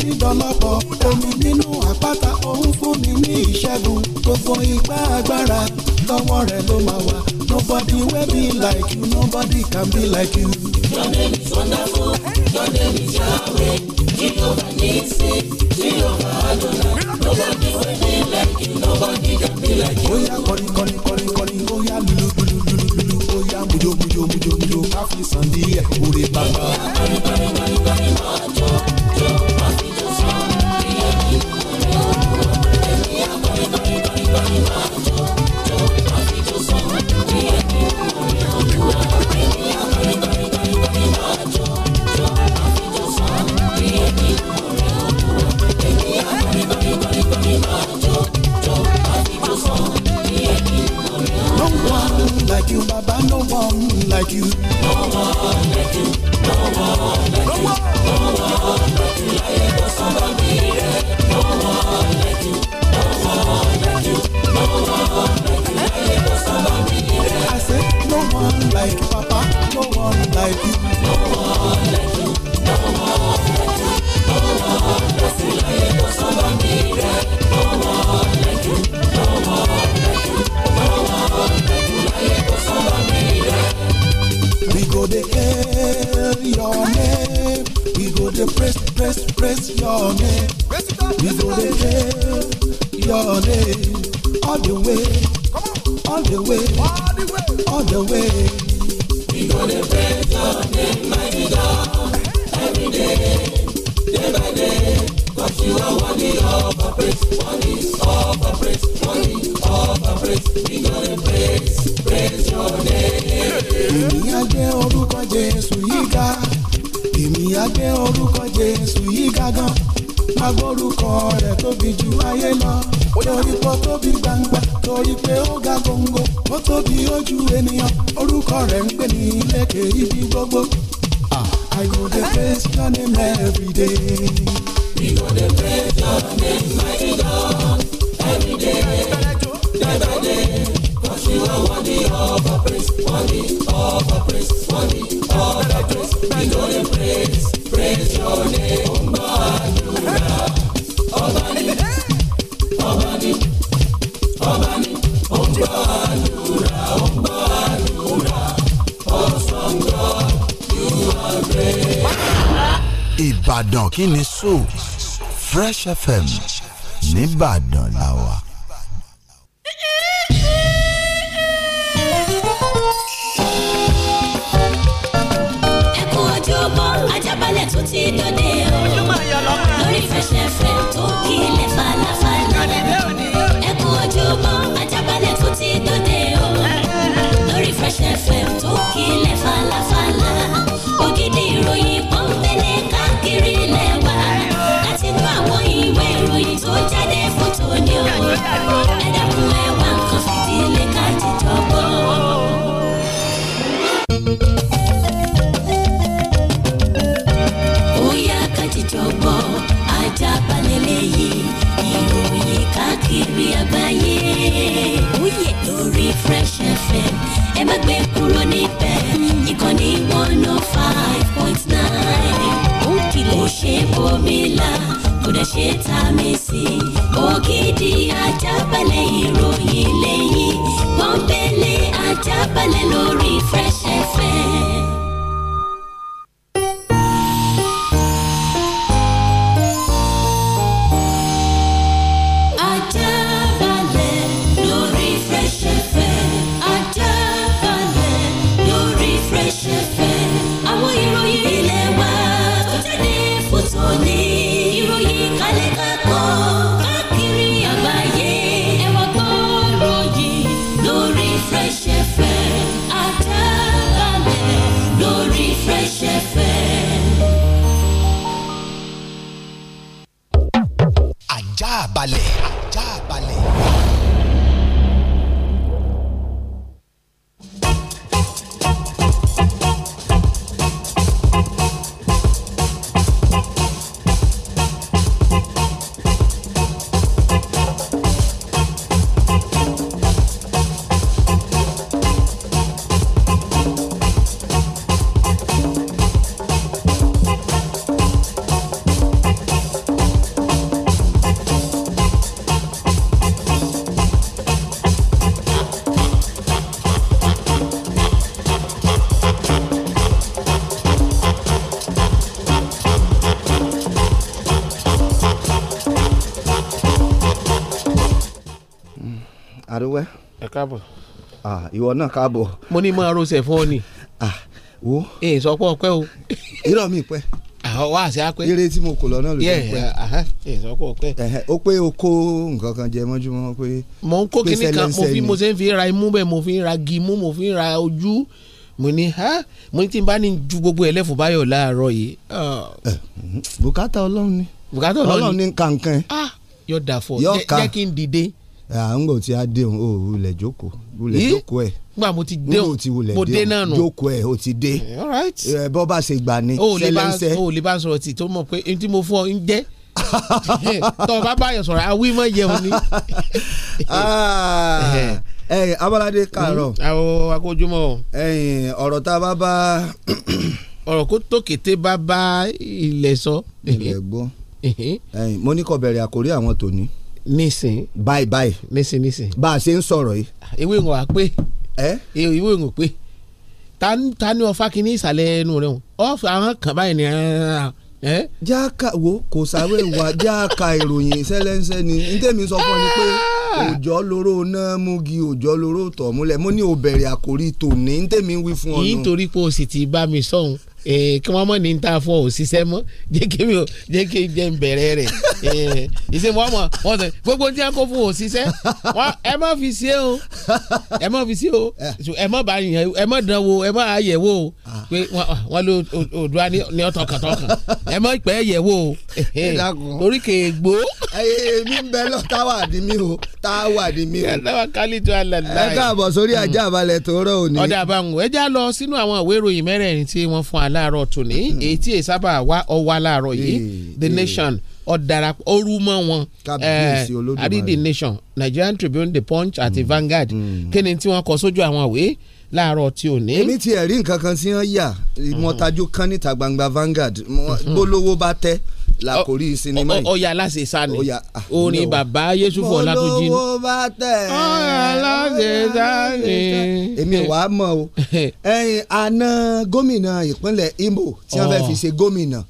nídọ̀lọ́pọ̀ omi nínú àpáta òun fún mi ní ìṣẹ́gun gbogbo ipá agbára lọ́wọ́ rẹ̀ ló máa wà nobody wey be like you nobody can be like you. Your name is wonderful, your name is Yahweh, Jehovah Nissi, Jehovah Aduna. nobody wey be like you, nobody can be like you. Oya kọrin kọrin kọrin kọrin, oya lulu lulu lulu lulu, oya mujo mujo mujo mujo, káfíńsàn díẹ̀ kúrè bàbá. Ìbàdàn kí ni so Fresh FM nìbàdàn la wà. ẹ kú ojúbọ Ajaabale tó ti dòde o lórí Fresh FM tó kílẹ̀ falafala ẹ kú ojúbọ Ajaabale tó ti dòde o lórí Fresh FM tó kílẹ̀ falafala. fm ẹ má gbé kúrò níbẹ̀ ìkànnì one oh five point nine ó kìlọ̀ ṣe bòmílà kódà ṣe tá a mi sí ògidì ajábalẹ̀ ìròyìn lẹ́yìn pọ́npẹ́lẹ́ ajábalẹ̀ lórí fresh fm. ìwọ náà káàbọ̀. mo ní máa rọṣẹ̀ fún ọ ni. ah wo. ẹ sọ pé ọpẹ o. irọ́ mi pẹ́. wá àṣẹ apẹ. eré tí mo kò lọ náà ló ti pẹ́. ẹ sọ pé ọpẹ. ó pé o kó nǹkan kan jẹ mọ́júmọ́ pé. mo ń kó kinní kan mo fi mo ṣe ń fi ra imú bẹ́ẹ̀ mo fi ń ra gimú mo fi ń ra ojú mo ní ha mo ní tí n bá ní ju gbogbo ẹlẹ́fù báyọ̀ láàárọ̀ yìí. Ah. Eh, mhm. bùkátà ọlọ́run ni bùkátà ọlọ́run ni kankan. Ah, yóò dà fọ jẹ́ kí n dìde à ń gbọ́ tí a dé òun wulẹ̀ jókòó wulẹ̀ jókòó ẹ̀ gbà mo ti dé o mo dé náà nù jókòó ẹ̀ o ti dé eh, bọ́ bá ṣe gbà ni sẹlẹ́nsẹ́. o lè bá sọ̀rọ̀ tì tó mọ̀ pé n mo fún ọ ń jẹ́ eh, tọ́ bá báyọ̀ sọ̀rọ̀ awí mọ̀ yẹun ni. ẹyìn ah, eh. abalade kàárọ̀. Hmm, àwọn akójúmọ́ ẹyìn ọ̀rọ̀ tá a bá bá. ọ̀rọ̀ kó tó kété bá bá ilẹ̀ sọ. ilẹ̀ gbọ́ mo ní kó bẹ̀rẹ̀ àkórí àwọn tòní. nísìn. báyìí báyìí. nísìn nísìn. bá a ṣe ń sọ̀rọ̀ yìí. ìwé ìwọ̀n á pé. ẹ. ìwé ìwọ̀n pé. ta ni ọ̀fà kìíní ìsàlẹ̀ ẹnu rẹ̀ wọ̀n ọ̀fà àwọn kan báyìí ni wo kò sáré wa já ìròyìn sẹ́lẹ́nsẹ́ ni ntẹ́mi sọ fún pé ah! òjò lóró náà òjò lóró tọ̀ múlẹ̀ mo ní àkórí tòní ntẹ́mi wí fún ọ nù. yìí o sì ti bá mi Eh, kí wọ́n mọ̀ ní ta fún ọ òṣìṣẹ́ mọ́ jẹ́ kí mi ò jẹ́ kí n jẹ́ n bẹ̀rẹ̀ rẹ̀ eh, ìṣe wọ́n mọ̀ wọ́n sọ gbogbo tí wọ́n kó fún òṣìṣẹ́ ẹ má fi ṣe o ẹ má fi ṣe o ẹ má bá yẹn ẹ má dán wo ẹ má yẹ̀ wò o pé wọ́n lo òdua ní ọ̀tọ̀kàntọ̀kàn ẹ má pẹ́ yẹ̀ wò o eh, torí kèégbó. èmi ń bẹ lọ táwa ni mi o táwa ni mi o. táwa kálí tó àlà láì. ẹ káàbọ̀ sórí hmm. ajá àbálẹ̀ tó rọ̀ òní. ọ̀dà àbáwọn ẹja lọ sínú àwọn ìwé ìròyìn mẹ́rẹ̀ẹ̀rin tí wọ́n fún wa láàárọ̀ tòní mm-hmm. èyí tí èyí sábà wá ọwá láàárọ̀ yìí the nation ọ̀darapọ̀ ooru mọ́ wọn àrí eh, the nation Nigerian Tribune the Punch àti mm-hmm. Vanguard mm-hmm. kí ni tí wọ́n kọ sójú àwọn ìwé láàárọ̀ tí ò ní. èmi ti ẹ̀rí nǹkan kan tí wọ́n yà mọ́tajú kan níta gbangba Vanguard bólówó bá tẹ́ làkórí sinimá yìí. ọ̀yà aláṣẹ sani ah, orin bàbá Yusufu Ọlátúnjí. olówó bá tẹ̀. ọ̀yà aláṣẹ sani. èmi wà á mọ̀ o ẹ̀yin àná gómìnà ìpínlẹ̀ Imo tí wọ́n fẹ́ fi ṣe gómìnà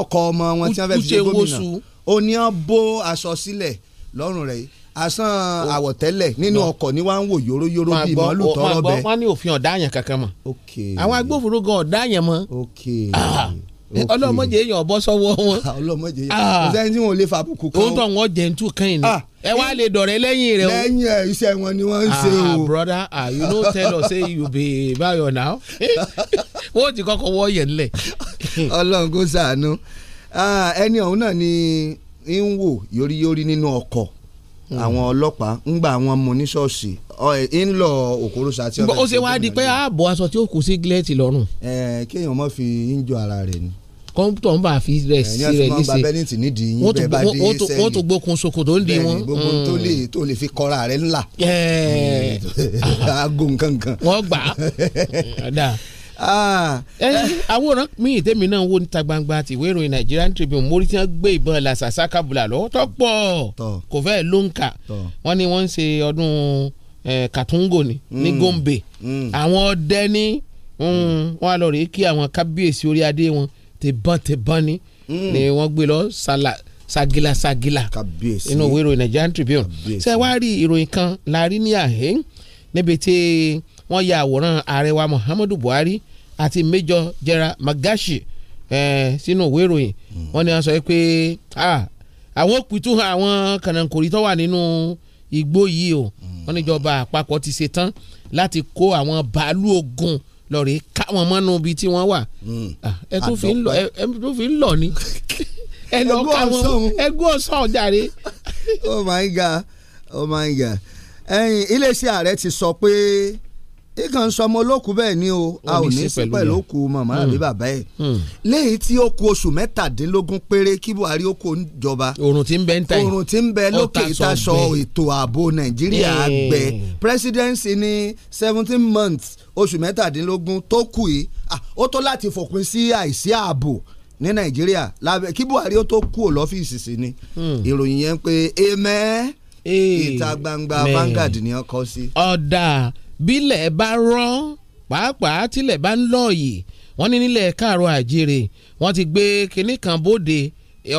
ọkọ̀ ọmọ wọn tí wọ́n fẹ́ fi ṣe gómìnà ó ní ọ́ bó aṣọ sílẹ̀ lọ́rùn rẹ̀ yìí asán àwọ̀tẹ́lẹ̀ nínú ọkọ̀ ni wá ń wò yóróyóró bíi màálù tọrọ bẹ́ẹ̀. wọ́n ní òfin ọ̀daràn kankan mọ́ àwọn agbófinró gan ọ̀daràn mọ́. Ah. Eh, ọlọmọdé èèyàn bọ́ sọ́wọ́ wọn. Ah, ọlọmọdé èèyàn ah. kò sẹ́ni tí wọn ò lè fa àbùkù kan. òun tó wọn jẹ ntú kan yìí ni ah. ẹ wá lè dọ̀rẹ́ lẹ́yìn rẹ o. lẹ́yìn ẹ iṣẹ́ wọn ni wọ́n ń ṣe o. ah brother ah you no tell us say you be bayo now. wọ́n ti kọ́kọ́ wọ́ yẹn lẹ̀. ọlọ́run kò sàánú ẹni ọ̀hún náà ni ń wò yóríyórí nínú ọkọ̀ Mm. àwọn ọlọ́pàá ńgbà àwọn ọmọ oníṣọ́ọ̀ṣì ń lọ òkúrúsà tí. ó ṣe wá di pé ààbò aṣọ tí ó kù sí gílẹ́ẹ̀tì lọ́rùn. ẹ kéèyàn mọ fi injọ ara rẹ ni. kọ́ńtọ̀ ń bá fi rẹ̀ sí rẹ̀ níṣe wọ́n tún gbókun ṣòkòtò ń di wọn. bẹ́ẹ̀ni gbogbo tó mm. lè tó lè fi kọ́ra rẹ̀ ńlá. aago nkankan. wọ́n gbà Ah. àwòrán mi ìtẹ́mi náà wo níta gbangba ti ìwé ìròyìn Nigerian Tribune mórí tí wọ́n gbé ìbọn làṣàṣà kábùlà lọ́wọ́ tó pọ̀ kò fẹ́ ló ń kà wọ́n ní wọ́n ń ṣe ọdún Katungo ni ní mm. Gombe mm. àwọn ọdẹ ní mm, wọ́n á lọ rèé kí àwọn kábíyèsí orí adé wọn tìbọn tìbọn ni ni wọ́n gbé lọ sàlà sagila sagila inú ìwé ìròyìn Nigerian Tribune ṣe wá rí ìròyìn kan la rí ní àhẹ́ níbi tí wọ́n ya àwòrán ààrẹ wa Muhammadu Buhari àti Major General Magashi sínú ìwé ìròyìn hmm. wọ́n ní wọ́n sọ pé àwọn òpìtú àwọn kànáńkòrí tó wà nínú igbó yìí o hmm. wọ́n níjọba àpapọ̀ ti ṣe tán láti kó àwọn bàálù ogun lọ́ọ̀rẹ́ káwọn mọ́nú ibi tí wọ́n wà hmm. ẹ tó fi ń lọ ni ẹ lọ káwọn ẹgbẹ́ ọ̀sán ọ̀jàre. oh my god oh my god ẹyin iléeṣẹ́ ààrẹ ti sọ pé ìkàn ń sọmọ olókùú bẹ́ẹ̀ ni o a ò ní sí pẹ̀lú òkú màmá hmm. àbí bàbá ẹ̀ hmm. léyìí tí ó ku oṣù mẹ́tàdínlógún péré kí Buhari ó kó jọba oòrùn tí ń bẹ ń tẹ̀ oòrùn tí ń bẹ lókè ìtaṣọ ètò ààbò Nàìjíríà hmm. gbẹ presidency ní seventeen months oṣù mẹ́tàdínlógún tó kù yìí ó tó láti fòpin sí àìsí ààbò ní Nàìjíríà lábẹ́ kí Buhari ó tó kú ò lọ́fíìsì sí ni ìròyìn yẹn pé emẹ́ ìta gbangba Vanguard ni wọ́n kọ sí. ọ̀dà bílẹ̀ bá rán pàápàá tílẹ̀ bá ń lọ́ọ̀yì wọ́n ní nílẹ̀ káàrọ̀ àjèrè wọ́n ti gbé kinní kan bóde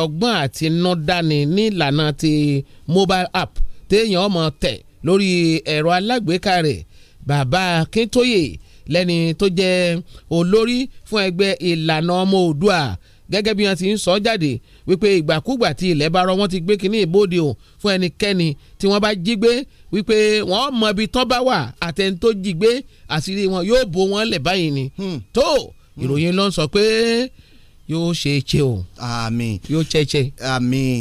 ọgbọ́n àti nọ́dání ní ìlànà ti mobile app téèyàn ọmọ tẹ̀ lórí ẹ̀rọ alágbèéká rẹ̀ bàbá Kíntóyè lẹ́ni tó jẹ́ olórí fún ẹgbẹ́ ìlànà ọmọ Oòduà gẹ́gẹ́ bí wọ́n ti ń sọ jáde wípé ìgbàkúgbà tí ilẹ̀ bá rọ wọ́n ti gbé kínní ìbòde o fún ẹnikẹ́ni tí wọ́n bá jí gbé wípé wọ́n mọ ibi tán bá wà àtẹni tó jí gbé àṣírí wọn yóò bo wọn lẹ̀ báyìí ni hmm. tó hmm. ìròyìn ló ń sọ pé yóò ṣe ṣe o àmín yóò ṣe é ṣe. àmín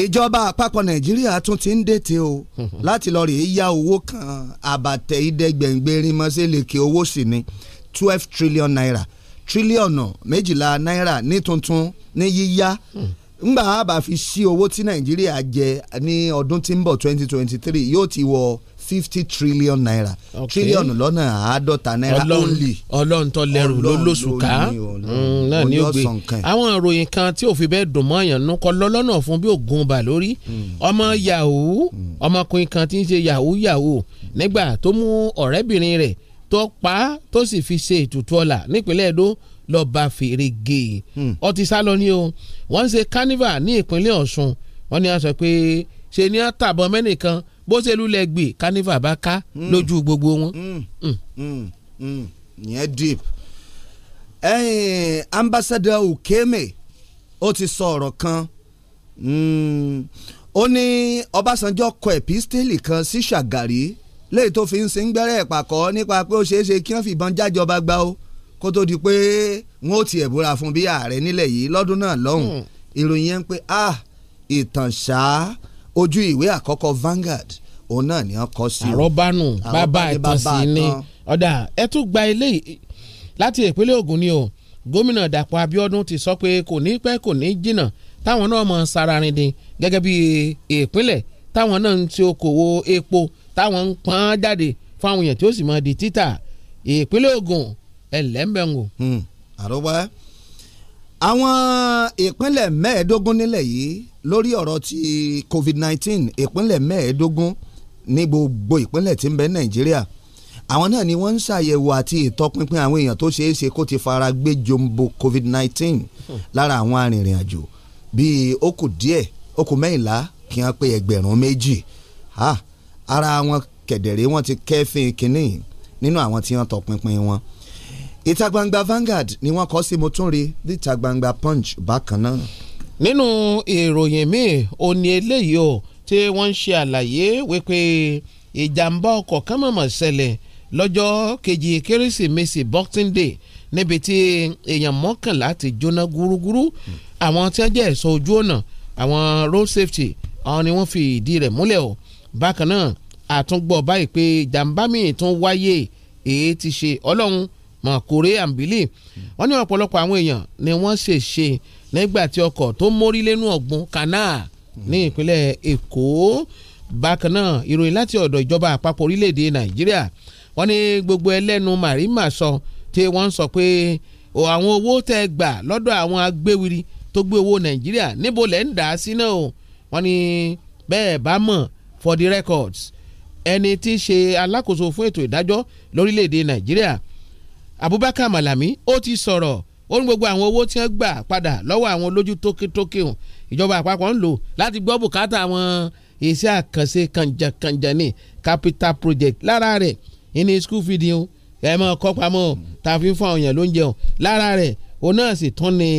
ìjọba àpapọ̀ nàìjíríà tún ti ń dètè o láti lọ rèé yá owó kan àbàtẹ ìdẹ́gbẹ̀ngbẹ̀rin mọ́sẹ́lẹ̀kẹ̀ owó sì ni twelve trillion naira tírílíọ̀nù méjìlá náírà ní tuntun ní yíyá ńgbà àbá fi sí owó tí nàìjíríà jẹ ní ọdún tí ń bọ̀ twenty yóò ti wọ fifty trillion naira Trillion lọ́nà àádọ́ta naira only. ọlọ́run tó lẹ́rù ló lóṣù ká mm, náà ní ògbé àwọn ìròyìn kan tí òfin bẹ́ẹ̀ dùn mọ́ èèyàn nù kọ́ lọ́lọ́nà fún bí ògùn bà lórí mm. ọmọ yahoo mm. ọmọkùnrin kan tí ń ṣe yahoo yahoo nígbà tó mú ọ̀rẹ́bìnrin rẹ̀ tó pa á tó sì fi ṣe ètùtù ọ̀la nípínlẹ̀ Edo lọ bá fèrè gé e hmm. o wọ́n ń ṣe carnival ní ìpínlẹ̀ Ọ̀ṣun wọ́n ní a sọ pé ṣe ni a tàbọn mẹ́nìkan bó ṣe lulẹ̀ gbé carnival bá ká hmm. lójú gbogbo wọn. Hmm. ìyẹn deep ambassador Ukeme ó ti sọ ọ̀rọ̀ kan ó ní Ọbásanjọ́ kọ ẹ̀písítélì kan sí Ṣàgàrí léyìí tó fi ń sin gbẹ́rẹ́ ìpàkọ́ nípa pé ó ṣeé ṣe kí wọ́n fìbọn jájọba gbá o kó tó di pé wọ́n ó tiẹ̀ búra fún bí ààrẹ nílẹ̀ yìí lọ́dún náà lọ́hùn hmm. ìròyìn yẹn ń pé ah ìtànṣá ojú ìwé àkọ́kọ́ Vanguard òun náà ni wọ́n kọ́ sí o. àrọ́bánu bàbá ìtànsí ni ọ̀dà ẹ tún gba eléyìí láti ìpínlẹ̀ Ògùn ni o gómìnà Dàpọ̀ Abíọ́dún ti sọ pé kò ní pẹ́ kò ní jìnnà táwọn náà mọ̀ sára rìn dín gẹ́gẹ́ bí ìpínlẹ̀ táwọn náà ń ti okòwò epo táwọn ń pọ́n jáde fáwọn èèyàn tí ó sì mọ di títà ìpínlẹ̀ Ògùn ẹlẹ́mbẹ̀ngò. Hmm, àròwá àwọn ìpínlẹ̀ mẹ́ẹ̀ẹ́dógún nílẹ̀ yìí lórí ọ̀rọ̀ ti COVID-19 ìpínlẹ̀ mẹ́ẹ̀ẹ́dógún ní gbogbo ìpínlẹ̀ tí ń bẹ Nàìjíríà àwọn náà ni wọ́n ń ṣàyẹ̀wò àti ìtọpinpin àwọn èèyàn tó ṣeé ṣe kó ti fara gbé jombo COVID-19 hmm. lára àwọn arìnrìn-àjò bíi ó kù díẹ̀ ó kù mẹ́yìnlá kí wọ́n pé ẹgbẹ̀rún méjì ara wọn kẹ̀dẹ̀rẹ́ wọn ti kẹ́fìn kínní nínú àwọn tí wọ́n tọpinpin wọn ìta gbangba Vanguard ni wọ́n kọ sí mo tún rí níta gbangba Punch bákan náà. nínú ìròyìn míì ò ní eléyìí o tí wọ́n ń ṣe àlàyé wípé ìjàmbá ọkọ̀ kan mọ̀mọ́ ṣẹlẹ̀ lọ́jọ́ kejì kérésìmesì Boxing Day níbi tí èèyàn mọ́kànlá ti jóná gúrúgúrú àwọn tí wọ́n jẹ́ ẹ̀ṣọ́ ojú ọ̀nà àwọn road safety àwọn ni wọ́n fi ìdí rẹ̀ múlẹ̀ o bákan náà àtúngbọ̀ báyìí pé jàǹbá míì tún wáyé èyí ti ṣe ọlọ́run mọ̀ kórè àǹbílì wọ́n ní ọ̀pọ̀lọpọ̀ àwọn èèyàn ni wọ́n ṣe ṣe nígbà tí ọkọ̀ tó mórí lẹ́nu ọ̀gbun kanáà ní ìpínlẹ̀ èkó bákan náà ìròyìn láti ọ̀dọ̀ ìjọba àpapọ̀ orílẹ̀-èdè nàìjíríà wọ́n ní gbogbo ẹlẹ́nu màrímà sọ tí wọ́n ń sọ pé àwọn owó tẹ́ gbà lọ́dọ̀ àwọn agbéwiri tó gbé owó nàìjíríà níbo lẹ́ ń dà á sí náà wọ́n ní bẹ́ẹ̀ bá mọ̀ for the records ẹni tí í ṣe alákòóso fún ètò ìdájọ́ lórílẹ̀‐èdè nàìjíríà abubakar malami ó ti sọ̀rọ̀ ó ní gbogbo àwọn owó tí wọ́n gbà padà lọ́wọ́ àwọn olójú tókè-tókè hàn ìjọba àpapọ̀ ń lò láti gbọ́ bùkátà àwọn iṣẹ́ àkànṣe kànjàkànjà capital project lára rẹ̀ ìní school feeding o ẹ̀ mọ̀ ọkọ̀ O tààfin fún àwọn èèyàn ló ń jẹun lára rẹ̀ òun náà sì tún ní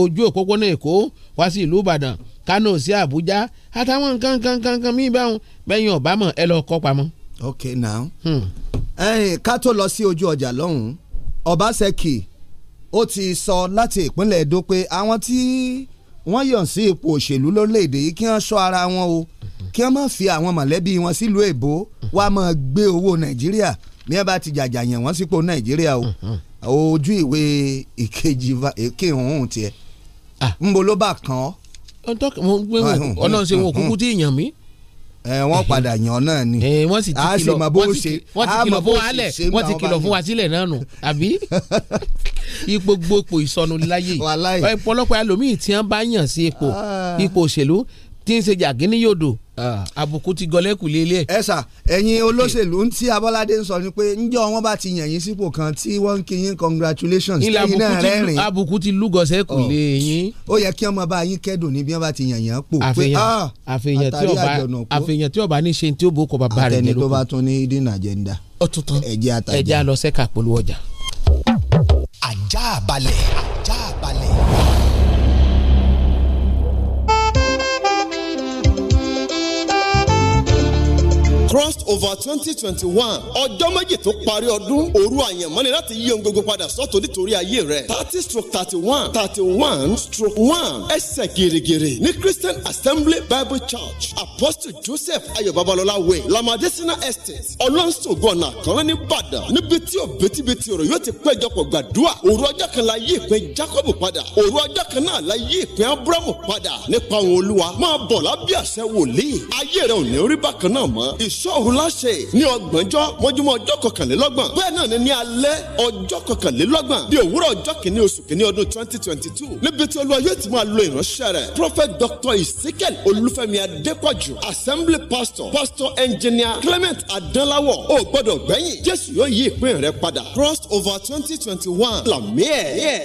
ojú òpópónà èkó wá sí ìlú ìbàdàn Kano sí Àbújá àtàwọn nǹkan kan kan kan báwọn bẹ́yìn ọ̀bámọ̀ ẹ lọ kọ́ pamọ́. ok now hmm. ká tó lọ sí ojú ọjà lọ́hùn-ún Ọbaṣẹ́kì ó ti sọ láti ìpínlẹ̀ Edo pé àwọn tí wọ́n yàn sí ipò òṣèlú lórílẹ̀‐èdè yìí kí wọ́n ṣọ́ ara wọn o kí wọ́n má fi àwọn mọ̀lẹ́bí wọn sílùú èbó wá máa gbé owó Nàìjíríà ní ẹ bá ti jàjà yàn wọ́n sípò Nàìjíríà o ojú ìwé ìkejì ìkehùn tiẹ̀ ń ah. bo ló bá kàn ọ́ ọlọ́run ṣe wọn kúkú tí èèyàn mi. Eh, wọ́n padà yàn náà ni eh, wọ́n sì ti kìlọ̀ wọ́n ti kìlọ̀ fún wa lẹ̀ wọ́n ti kìlọ̀ fún wa sílẹ̀ náà nù àbí gbogbo ipò ìsọnù láyé ọ̀pọ̀lọpọ̀ ẹlòmíì tí wọ́n bá yàn sí ipò ah. ipò òṣèlú tí ń ṣe jàgínní yòdò Ah. àbùkù ti gọlẹ́kù lélẹ̀. ẹ sà ẹ̀yin olóṣèlú ń tí abọ́ládé ń sọ ni pé ǹjọ́ wọn bá ti yàn sípò kan tí wọ́n ń kí yín congratulations lẹ́yìn náà rẹ́rìn. àbùkù ti lúgọ̀ọ́sẹ̀ kù lé oh. yín. ó yẹ kí ọmọ bá yín kẹ́dùn ní bí wọ́n bá ti yàn yàn pò. Ah, àfihàn tí ọba ní ṣe tí ó bó kọ bàbá rẹ̀ nílùú. àtẹni tó bá tún ní hidden agenda. ó tún tán ẹ̀jẹ̀ àlọ́sẹ̀ká polówó ọjà. àjà crossed over twenty twenty one ọjọ́ méjì tó parí ọdún òru àyànmọ́ni láti yí ohun gbogbo padà sọ́tò nítorí ayé rẹ̀ thirty stroke thirty one thirty one stroke one ẹsẹ̀ gèrègèrè ní Christian Assembly Bible Church Apostle Joseph Ayọ̀ Babalọlá way Lamadesina Estate ọlọ́nṣogọ́nà kan ní Ìbàdàn níbi tí òbítíbitì ọ̀rọ̀ yóò ti péjọpọ̀ gbàdúrà òru ọjọ́ kan la yí ìpín Jacob padà òru ọjọ́ kan náà la yí ìpín Abrahamu padà nípa òun Olúwa máa bọ̀ lábí àṣẹ wòlíì ayé rẹ̀ ò ní rí bákan náà mọ́ ìṣ ṣọ́ọ̀hù láṣẹ ní ọgbọ̀njọ́ mọ́júmọ́ ọjọ́ kọkànlélọ́gbọ̀n bẹ́ẹ̀ náà ni ní alẹ́ ọjọ́ kọkànlélọ́gbọ̀n bí òwúrọ̀ ọjọ́ kìíní oṣù kìíní ọdún twenty twenty two níbi tí olúwa yóò ti máa lo ìránṣẹ́ rẹ̀ prophet dr ezekiel olúfẹ́mi adépọ̀jù assembly pastor pastor engineer clement adánláwọ̀ ò gbọ́dọ̀ gbẹ́yìn jésù yóò yí ìpín rẹ̀ padà cross over twenty twenty one làmí ẹ̀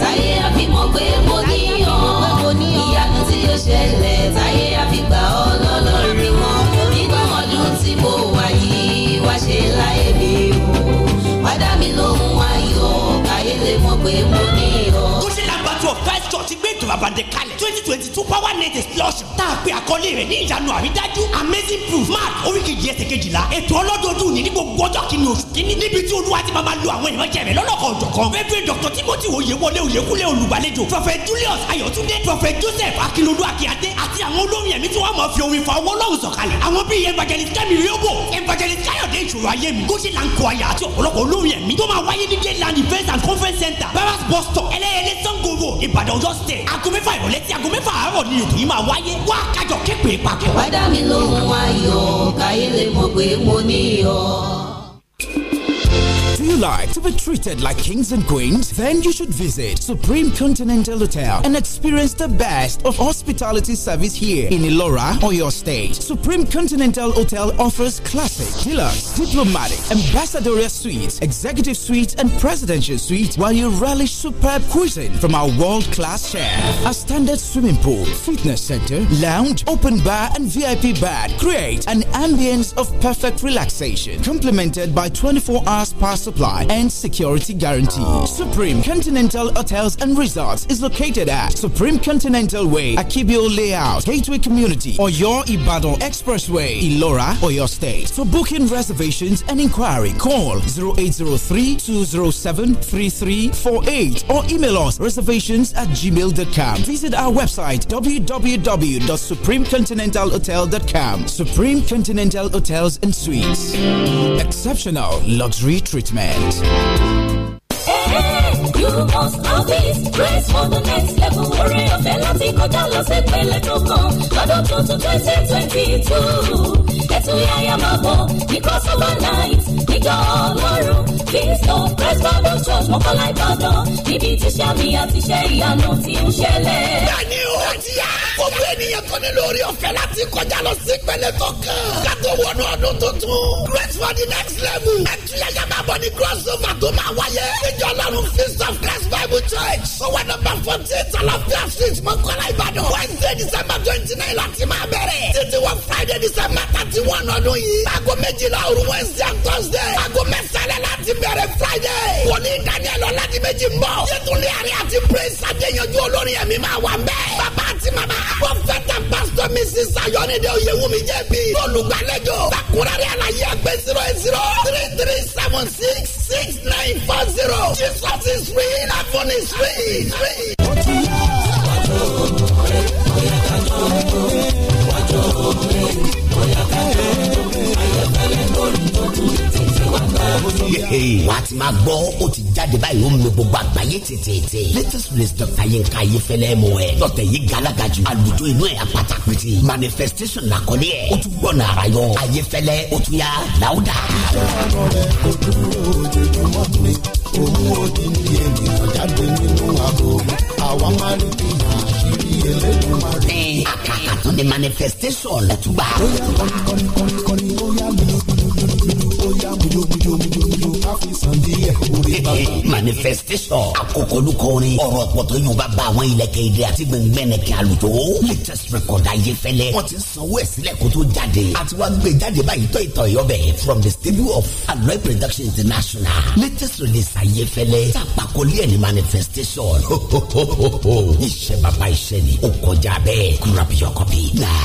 Ọlọ́run ti gbé ìtura bàdé kalẹ̀ twenty twenty two power net explosion tá a pe àkọlé rẹ̀ ní ìyanu àrídájú amazing proof mark oríkejì ẹsẹ̀ kejìlá ètò ọlọ́dọọdún ní ní gbogbo ọjọ́ kìíní oṣù kìíní níbi tí olúwa ti máa lo àwọn ìrànjẹ́ rẹ̀ lọ́lọ́kọ̀ ọ̀jọ̀kan reverend doctor timothy oyewole oyekule olùgbàlejò prophet julius ayọ̀túndé prophet joseph akilolu akíade àti àwọn olórin ẹ̀mí tí wọ́n máa fi orin fa owó lọ́rùn sọ̀kalẹ̀ àwọn bíi evangelist kẹ́mi riobo evangelist káyọ̀dé ìṣòro ayé mi kó sì là ń kọ àyà àti ọ̀pọ̀lọpọ̀ olórin ẹ̀mí tó máa wáyé ní dayland events and conference center barras bus stop ẹlẹ́yẹlé sango road ìbàdàn ọjọ́ thursday aago mẹ́fà ìrọ̀lẹ́ tí aago mẹ́fà àárọ̀ ni ètò yìí máa wáyé wá kájọ képe papọ̀. wá dá mi lóhùn ayọ̀ káyé lè mọ̀ pé mo ní iyọ̀. you like to be treated like kings and queens? Then you should visit Supreme Continental Hotel and experience the best of hospitality service here in Elora or your state. Supreme Continental Hotel offers classic, deluxe, diplomatic, ambassadorial suites, executive suites, and presidential suites while you relish superb cuisine from our world class chef. A standard swimming pool, fitness center, lounge, open bar, and VIP bar create an ambience of perfect relaxation, complemented by 24 hours spa supply and security guarantee. Supreme Continental Hotels and Resorts is located at Supreme Continental Way, Akibio Layout, Gateway Community, or your Ibadan Expressway, Ilora, or your state. For booking reservations and inquiry, call 0803 207 3348 or email us reservations at gmail.com. Visit our website www.supremecontinentalhotel.com. Supreme Continental Hotels and Suites. Exceptional luxury treatment. government. Hey, you must always this for the next level. Orí ọ̀fẹ́ láti kọjá lọ sí ìpele tó kàn lọ́dún tuntun twenty twenty two. Ẹ̀tún yáyà máa bọ̀ ní crossover night níjọ́ ọlọ́run feast of praise bible church mọ́kànlá Ìbàdàn níbi tíṣà mi àti iṣẹ́ ìyanu ti ń ṣẹlẹ̀. Bẹ́ẹ̀ni o ti yá gbogbo ènìyàn tó nílò orí ọ̀fẹ́ láti kọjá lọ sí ìpele tó kátó wọnú ọdún tuntun. grace for the next level. ẹtúyẹyẹ máa bọ̀ ní over tó máa wáyé. ìjọ ọlọ́run feast of christ bible church. owó nọmba fourteen tọ́lọ́fíà street mọ́kànlá ìbàdàn. wednesday december twenty nine láti máa bẹ̀rẹ̀. títí wọ friday december thirty one ọdún yìí. aago méjìlá òru wednesday and thursday. aago mẹ́sàlẹ̀ láti bẹ̀rẹ̀ friday. wòlíì daniel ọ̀làdìmẹ́jì ń bọ̀. yẹtùlẹ̀ àrẹ àti praise adéyanjú olórin ẹ̀mí máa wà ń bẹ́ẹ̀. bàbá àti màmá Pọfẹ́tà pásítọ̀ Mrs. Ayọ̀nidé Oyewumi JB. Olùgbàlejò. Takurari àlàyé àgbẹ̀ zero eight zero three three seven six six nine four zero. Jesus is real. Heaven is real. gbọ́. wà á ti máa gbọ́ ó ti jáde báyìí ó mi gbogbo àgbáyé tètè. latest release dr yinka ayefẹlẹ mọ ẹ lọtẹ yìí galaga jù àlùjọ inú ẹ apata kuti. manifestation làkọlé ẹ ó tún gbọ́nà ara yọ ayefẹlẹ ó tún yà láwùdà. Owó odi ni ènìyàn jáde nínú àgọ́, àwa máa ń bí ẹlẹ́dùn máa rí. Àkàkà tún ni manifestation lọ́túbà. Ó kọ́ni kọ́ni kọ́ni kọ́ni mi manifestation akokolukọ orin ọ̀rọ̀ ọ̀pọ̀tọ̀ yóò bá àwọn ilẹ̀kẹ̀ ìdè àti gbẹngbẹ̀nẹ̀kẹ̀ àlùjọ latest record ayéfẹ́lẹ́ wọ́n ti sanwó ẹ̀ kó tó jáde àti wá gbé e jáde báyìí tọ́ ìtọ̀ ìyọ́bẹ̀ from the studio of Aloy Production International latest release ayéfẹ́lẹ́ tàpákọ́lé ẹ̀ ní manifestation iṣẹ́ bàbá iṣẹ́ ni ó kọjá bẹ́ẹ̀ grab your copy now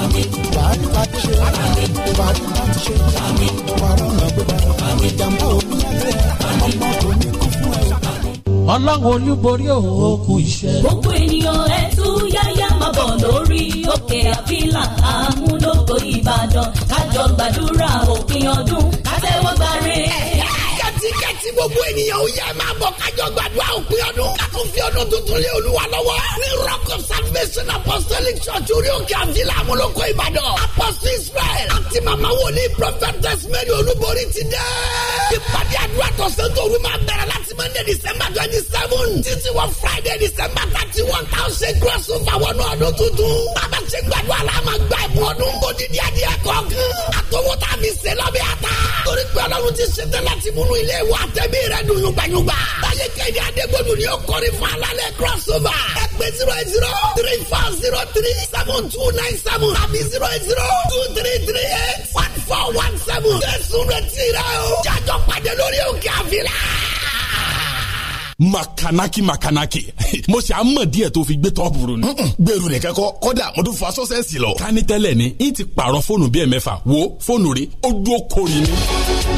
ìbáàdì láti ṣe ìbáàdì láti ṣe wàrà ọ̀nà gbéra ìjàmbá òbí lábẹ́ ọmọ tó ní kú fún ẹ. Ọlọ́run olúborí òkú iṣẹ́. Gbogbo ènìyàn ẹ tú yáyá máa bọ̀ lórí òkè àfílà àmúlòkọ Ìbàdàn kájọ gbàdúrà òpin ọdún kátẹ́wọ́ gbàre gbogbo ènìyàn ó yẹ máa bọ̀ kájọ gbàdúrà òpin ọdún kátó fi ọdún tuntun lé olúwa lọ́wọ́ ní rock of salvation apostolic church orí òkè àfilà àmúlòkọ ìbàdàn apostle israel àti màmá wòlíì prophetess mary olúborí ti dé. ìpàdé àdúrà tọ̀sán tòru máa bẹ̀rẹ̀ láti monday december twenty seven títí wọ friday december thirty one thousand cross over wọnú ọdún tuntun. bàbá ṣe gbàdúrà láàmà gba ẹ̀bùn ọdún odidi adìyẹ kọ̀ọ̀kan àtọwọ́ta ẹbí rẹ dùn yùgbàyùgbà. báyìí kéde adégbòdù ni ó kọrin fún alalẹ crossover. ẹ pè zero eight zero three four zero three seven two nine seven àbí zero eight zero two three three eight one four one seven. jésù retí rẹ o. jájọ pàdé lórí òkè àfilà makanaki makanaki mo ṣe àmọ̀ díẹ̀ tó fi gbé tọ́pù rò ni. gbèrú nìkan kọ kọ́dà mo tún fọ aṣọ sẹ́ǹsì lọ. kání tẹ́lẹ̀ ni n ti pààrọ̀ fóònù bíi ẹ̀mẹ́fà wo fóònù rí ó dúró kori ni.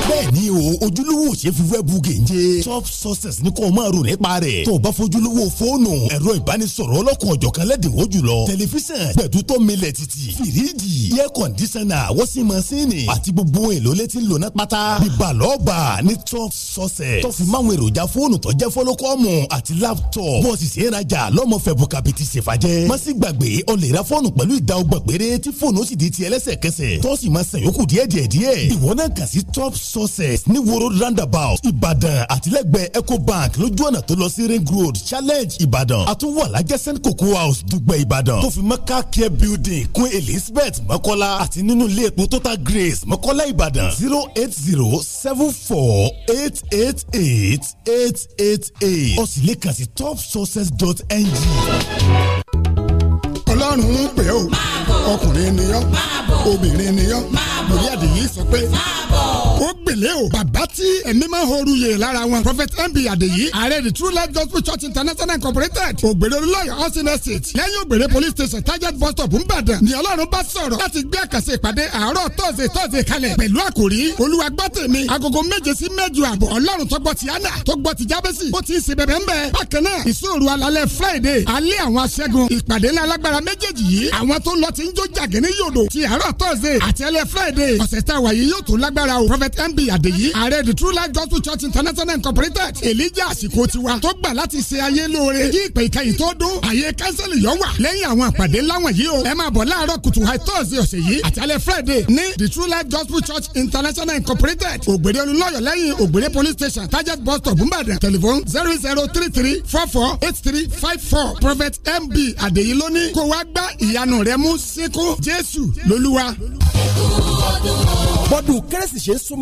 bẹ́ẹ̀ni o ojúlówó ṣe fífẹ́ bu gèje top success ní kò máa rò nípa rẹ̀ tó o bá fojúlówó fóònù ẹ̀rọ ìbánisọ̀rọ̀ ọlọ́kùn ọ̀jọ̀kan lẹ́dínwó jùlọ tẹlifíṣàn gbẹ̀dútọ́ milẹ̀ títì fìrídì air conditioner wọ́sí masínì àti gbogbo èlò létí lónà pátá bíbalọ́ọ̀bà ní top success tó fi máwọn èròjà fóònù tó jẹ́ fọ́lọ́ kọ́mù àti laptop bọ́ọ̀sì sì ń rajà lọ́mọ fẹ̀bù kàbìtì ṣèfàjẹ́ má sì gbàgbé ọ lè ra fọ́ọ̀nù pẹ̀lú ìdá ọgbà péré tí fóònù ó sì di tiẹ̀ lẹ́sẹ̀kẹsẹ̀ tọ́sí máa ṣàn yòókù díẹ̀ díẹ̀ díẹ̀ ìwọ náà kà sí top sources ní woro roundabout ìbàdàn àtìlẹ́gbẹ̀ẹ́ ecobank lójú ọ̀nà tó lọ sí ring road challenge ìbàdàn àtúwọ̀ alájẹ́ send cocoa house dùgbẹ̀ ìbàdàn tó fi mẹ́ka care building kún elizabeth mọ́kọ́lá àti nínú ilé epo total grace mọ́kọ́lá ìbàdàn zero eight zero seven four eight eight eight eight eight eight o sì lè kàn sí topsources.ng. ọlọ́run ń pè ó ọkùnrin ni ọ́ obìnrin ni ọ́ lórí àdìyí sọ pé. máa bọ̀ ó gbèlè o bàbá tí ẹ̀mí máa horu yè lára wọn prophet mb adeyi ààrẹ the true life gospel church international incorporated ògbèrè olùlọ́yọ̀ ọ̀sìn estate lẹ́yìn ògbèrè police station target bus stop ńbàdàn ni ọlọ́run bá sọ̀rọ̀ láti gbé àkànṣe ìpàdé àárọ̀ tọ́sẹ̀ tọ́sẹ̀ kalẹ̀ pẹ̀lú àkòrí olúwa gbọ́tẹ̀mí agogo méje sí mẹ́jọ àbọ̀ ọlọ́run tó gbọ́ ti yánà tó gbọ́ ti jábẹ́sì ó ti ń ṣe bẹ̀bẹ̀ ńbẹ bákan náà ìṣòro alalẹ́ friday alẹ́ àwọn aṣẹ́gun ìpàdé ńlá alágbára méjèèjì yìí àwọn tó lọ ti ń jó jàgé ní yòdò ti àárọ̀ tọ́sẹ̀ àti alẹ́ friday ọ̀sẹ̀ tá a wà yìí yóò tó lágbára o prophet prophet mb adeyi ààrẹ the true life gospel church international incorporated èlíjà àsìkò tiwa tó gbà láti ṣe ayé lóore kí ìpè ìkẹyìn tó dún àyè kánsẹ́lì yọ wà lẹ́yìn àwọn àpàdé láwọn yìí o ẹ máa bọ̀ láàárọ̀ kùtù high thursday ọ̀sẹ̀ yìí àtàlẹ́ friday ní the true life gospel church international incorporated ògbèrè olùlọ́yọ̀ lẹ́yìn ògbèrè police station target bus stop mbàdàn telephone zero zero three three four four eight three five four prophet mb adeyi lónìí kó wá gbá ìyanu rẹ mú síkú jésù lolúwa. bọ́dún kérésì ṣe ń súnmọ́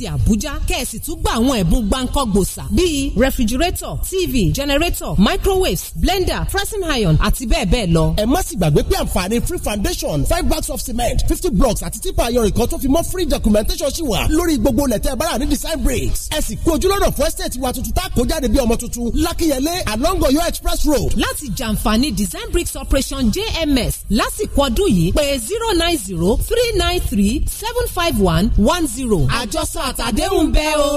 àti Àbújá kẹ̀sì tún gba àwọn ẹ̀bùn gbàǹkọ́gbòsà bíi rẹfrigirétọ̀ tv jẹnẹrétọ̀ microwaves blender pressing iron àti bẹ́ẹ̀ bẹ́ẹ̀ lọ. ẹ má sì gbàgbé pé àǹfààní free foundation five bags of cement fifty blocks àti tipa ayọ̀rìn kan tó fi mọ́ free documentation sí wa lórí gbogbo lẹ́tẹ̀ bára ní design bricks ẹ sì kú ojúlọ́nà fún estate wa tuntun tá a kó jáde bí ọmọ tuntun lákìyẹlé along Ọ̀yọ́ express road. láti jàǹfààní design bricks operation jms lásìkò ọdún yìí pé zero nine zero three nine three seven five one one zero àjọsọ àtàdéhùn bẹ́ẹ̀ o.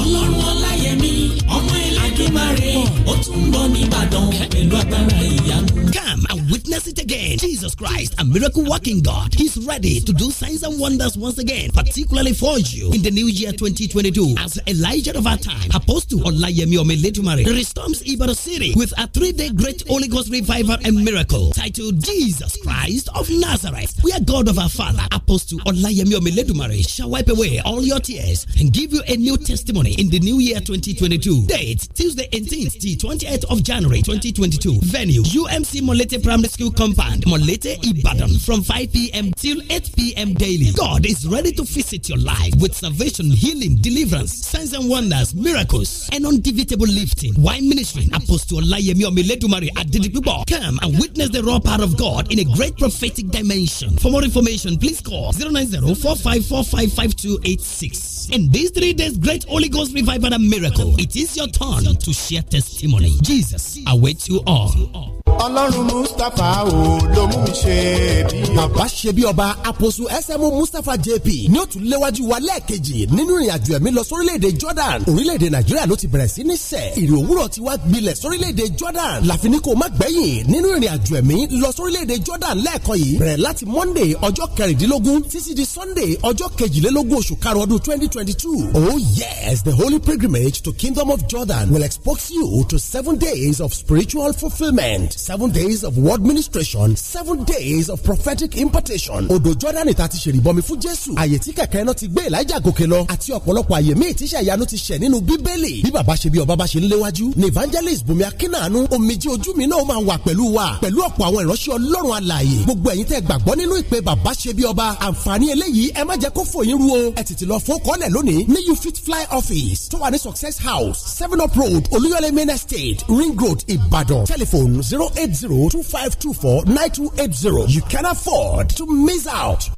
ọlọ́run ọláyẹmí ọmọ ìlàjúmọ̀rẹ́ ó tún bọ̀ nìbàdàn pẹ̀lú agbára ìyanu. Come and witness it again. Jesus Christ, a miracle working God, is ready to do signs and wonders once again, particularly for you in the new year 2022. As Elijah of our time, Apostle Olayemi Omeletumare, restores Ibadan City with a three day great Holy Ghost revival and miracle titled Jesus Christ of Nazareth. We are God of our Father, Apostle Olayemi Omeletumare, shall wipe away all your tears and give you a new good testimony in the new year 2022. Date Tuesday 18th the 28th of January 2022. Venue UMC Molete Primary School Compound, Molete Ibadan from 5 p.m. till 8 p.m. daily. God is ready to visit your life with salvation, healing, deliverance, signs and wonders, miracles, and undeviable lifting. Why ministering Apostle Olayemi Omiledumari Adedipibo. Come and witness the raw power of God in a great prophetic dimension. For more information, please call 090 In these three days, great Holy Ghost revival and miracle. It is your turn to share testimony. Jesus awaits you all. ọlọ́run mustapha o ló mú mi ṣe bí ọba. bàbá ṣe bí ọba àpòsù ẹsẹmú mustapha jp ní òtún léwájú wa lẹ́ẹ̀kejì nínú ìrìnàjò ẹ̀mí lọ sórílẹ̀‐èdè jordan orílẹ̀‐èdè nàìjíríà ló ti bẹ̀rẹ̀ sí ní sẹ̀ ìrì òwúrọ̀ ti wá gbilẹ̀ sórílẹ̀‐èdè jordan láfi ní kò má gbẹ̀yìn nínú ìrìnàjò ẹ̀mí lọ sórílẹ̀‐èdè jordan lẹ́ẹ̀kan yìí bẹ̀rẹ̀ láti monday ọjọ́ kẹrìndínlógún títí di sunday ọjọ́ kejìlélógún oṣù karùn-ún ọdún twenty twenty 2022. Oh, yes, the holy pilgrimage to Kingdom of Jordan will expose you to seven days of spiritual fulfillment, seven days of word ministration, seven days of prophetic impartation. Odo Jordan ìta ti bomi fu Jésù. Àyè tí kẹ̀kẹ́ náà ti gbé Elijah gòkè lọ àti ọ̀pọ̀lọpọ̀ àyè míì tíṣà ìyanu ti ṣẹ̀ nínú Bíbélì. Bí bàbá ṣe bí ọba bá ṣe ń ni evangelist Bùnmi Akínàánú omijì ojú mi náà máa wà pẹ̀lú wa pelu ọ̀pọ̀ àwọn ìránṣẹ́ Ọlọ́run alààyè. Gbogbo ẹ̀yin tẹ́ gbàgbọ́ nínú ìpè bàbá ṣe bí ọba àǹfààní eléyìí ẹ má jẹ́ kó fòyín ru o. Ẹ tètè lọ fún kọ́lẹ̀ sílẹ̀ lónìí ní you fit fly office tó wà ní success house seven up road olúyọlé main estate ring road ìbàdàn telephone zero eight zero two five two four nine two eight zero you can afford to miss out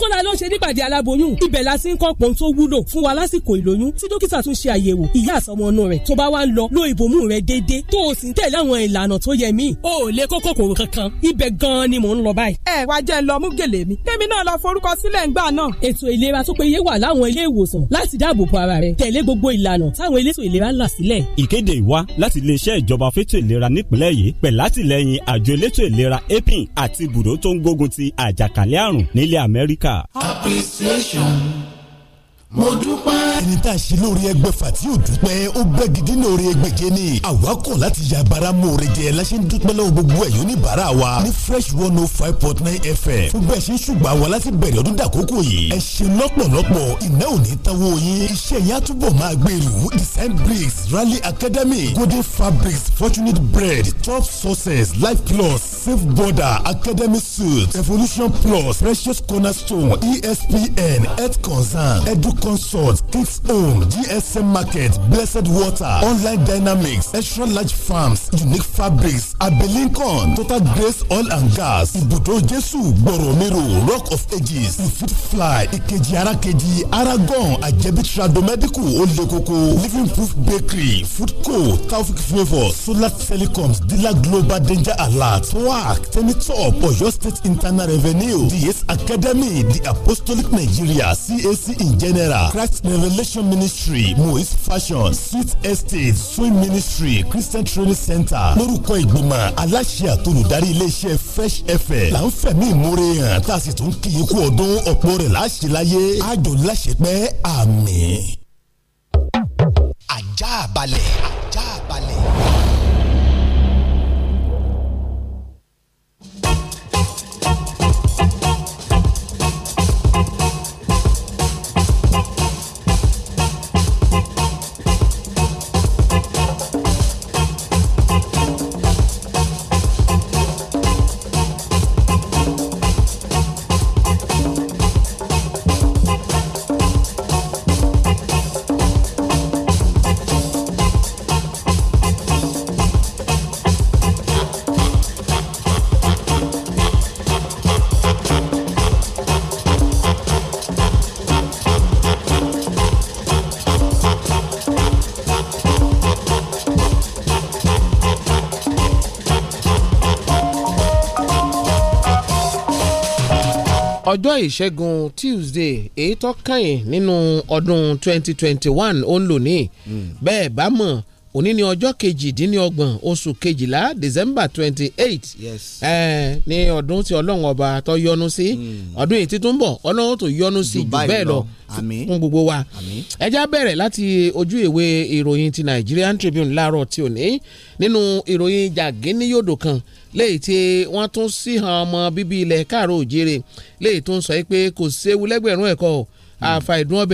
kọ́lá ló ṣe nípàdé aláboyún ibẹ̀ la sì ń kọ́ pọ́n tó wúlò fún wa lásìkò ìlóyún tí dókítà tún ṣe àyẹ̀wò ìyá àsọmọnú rẹ̀ tó bá wá ń lọ lo ìbomú rẹ̀ déédéé tó o sì ń tẹ̀lé àwọn ìlànà tó yẹ míì o ò lè kó kòkòrò kankan ibẹ̀ gan-an ni mò ń lọ báyìí. ẹ wá jẹ́ lọ mú gèlè mi kémi náà lọ forúkọ sílẹ̀ ńgbà náà. ètò ìlera tó péye wà láwọn ilé ìwòsàn láti dáàbò bo ara rẹ tẹ̀lé gbogbo ìlànà táwọn elétò ìlera là sílẹ̀. ìkéde ìwá láti iléeṣẹ́ ìjọba fétò ìlera nípìnlẹ̀ yìí pẹ̀lú látìlẹ́yìn àjọ elétò ìlera apin àti ibùdó tó ń gbógun ti àjàkálẹ̀ àrùn nílẹ̀ Amẹ́ríkà Africa. Appreciation mo dúpẹ́. ẹni tá a ṣe lórí ẹgbẹ́fà tí yóò dúpẹ́ ó bẹ́ gidi lórí ẹgbẹ̀je ni. àwa kọ̀ láti ya bara mòore jẹ láṣẹ ń dúpẹ́ lọ́wọ́ gbogbo ẹ̀yọ́ ní bàárà wa ní fresh one oh five point nine fm fún bẹ́ẹ̀ ṣe ń ṣùgbọ́n wa láti bẹ̀rẹ̀ ọdún dàkókò yìí. ẹ ṣe lọ́pọ̀lọpọ̀ iná ò ní tanwó yín. iṣẹ́ yẹn á túbọ̀ máa gbèrú design bricks rally academy golden fabrics fortunate bread top sources life plus safe border academy suits evolution plus precious cornerstone espn health concern educ consult kids own gsm market blessed water online dynamics extra large farms unique fabrics abelincon total grace oil and gas ibùdó jésù gbọ̀rọ̀mẹ́rò rock of ages ifit fly ìkejì arákejì aragon àjẹbí Medical, olèkoko living proof bakery Food Co, taufik favour solar telecoms dealer global danger alert twac tenitop oyo state internal revenue ds academy the apostolic nigeria cac in general. Plaza, Christ Revelation Ministry, Moist Fashion, Sweet Estate, Swing Ministry, Christian Training Center. Lórúkọ ìgbìmọ̀ aláṣẹ àtolùdarí iléeṣẹ́ Fresh FM là ń fẹ̀mí ìmúre hàn tá a sì tún kì í kú ọdún ọ̀pọ̀ rẹ̀ láṣẹ láyé. Àjò láṣepẹ́ àmín. Àjààbalẹ̀. Àjààbalẹ̀. ọjọ́ ìṣẹ́gun Tuesday èyí tó kàn nínú ọdún 2021 ó ń lò ní hmm. bẹ́ẹ̀ bá mọ̀ òní ni ọjọ́ kejìdínlọ́gbọ̀n oṣù kejìlá december twenty eight ní ọdún tí ọlọ́run ọba tó yọ́nú sí hmm. ọdún yìí títún bọ̀ ọlọ́run tó yọ́nú sí jù bẹ́ẹ̀ lọ fún gbogbo wa ẹjá bẹ̀rẹ̀ láti ojú ìwé ìròyìn ti Nigerian Tribune láàárọ̀ tí ò ní nínú ìròyìn jàgínníyòdò kan léyìí tí wọ́n tún síhan ọmọ bíbí ilẹ̀ káàró òjèrè léyìí tó ń sọ pé kò séwu lẹ́gbẹ̀rún ẹ̀kọ́ hmm. àfàìdún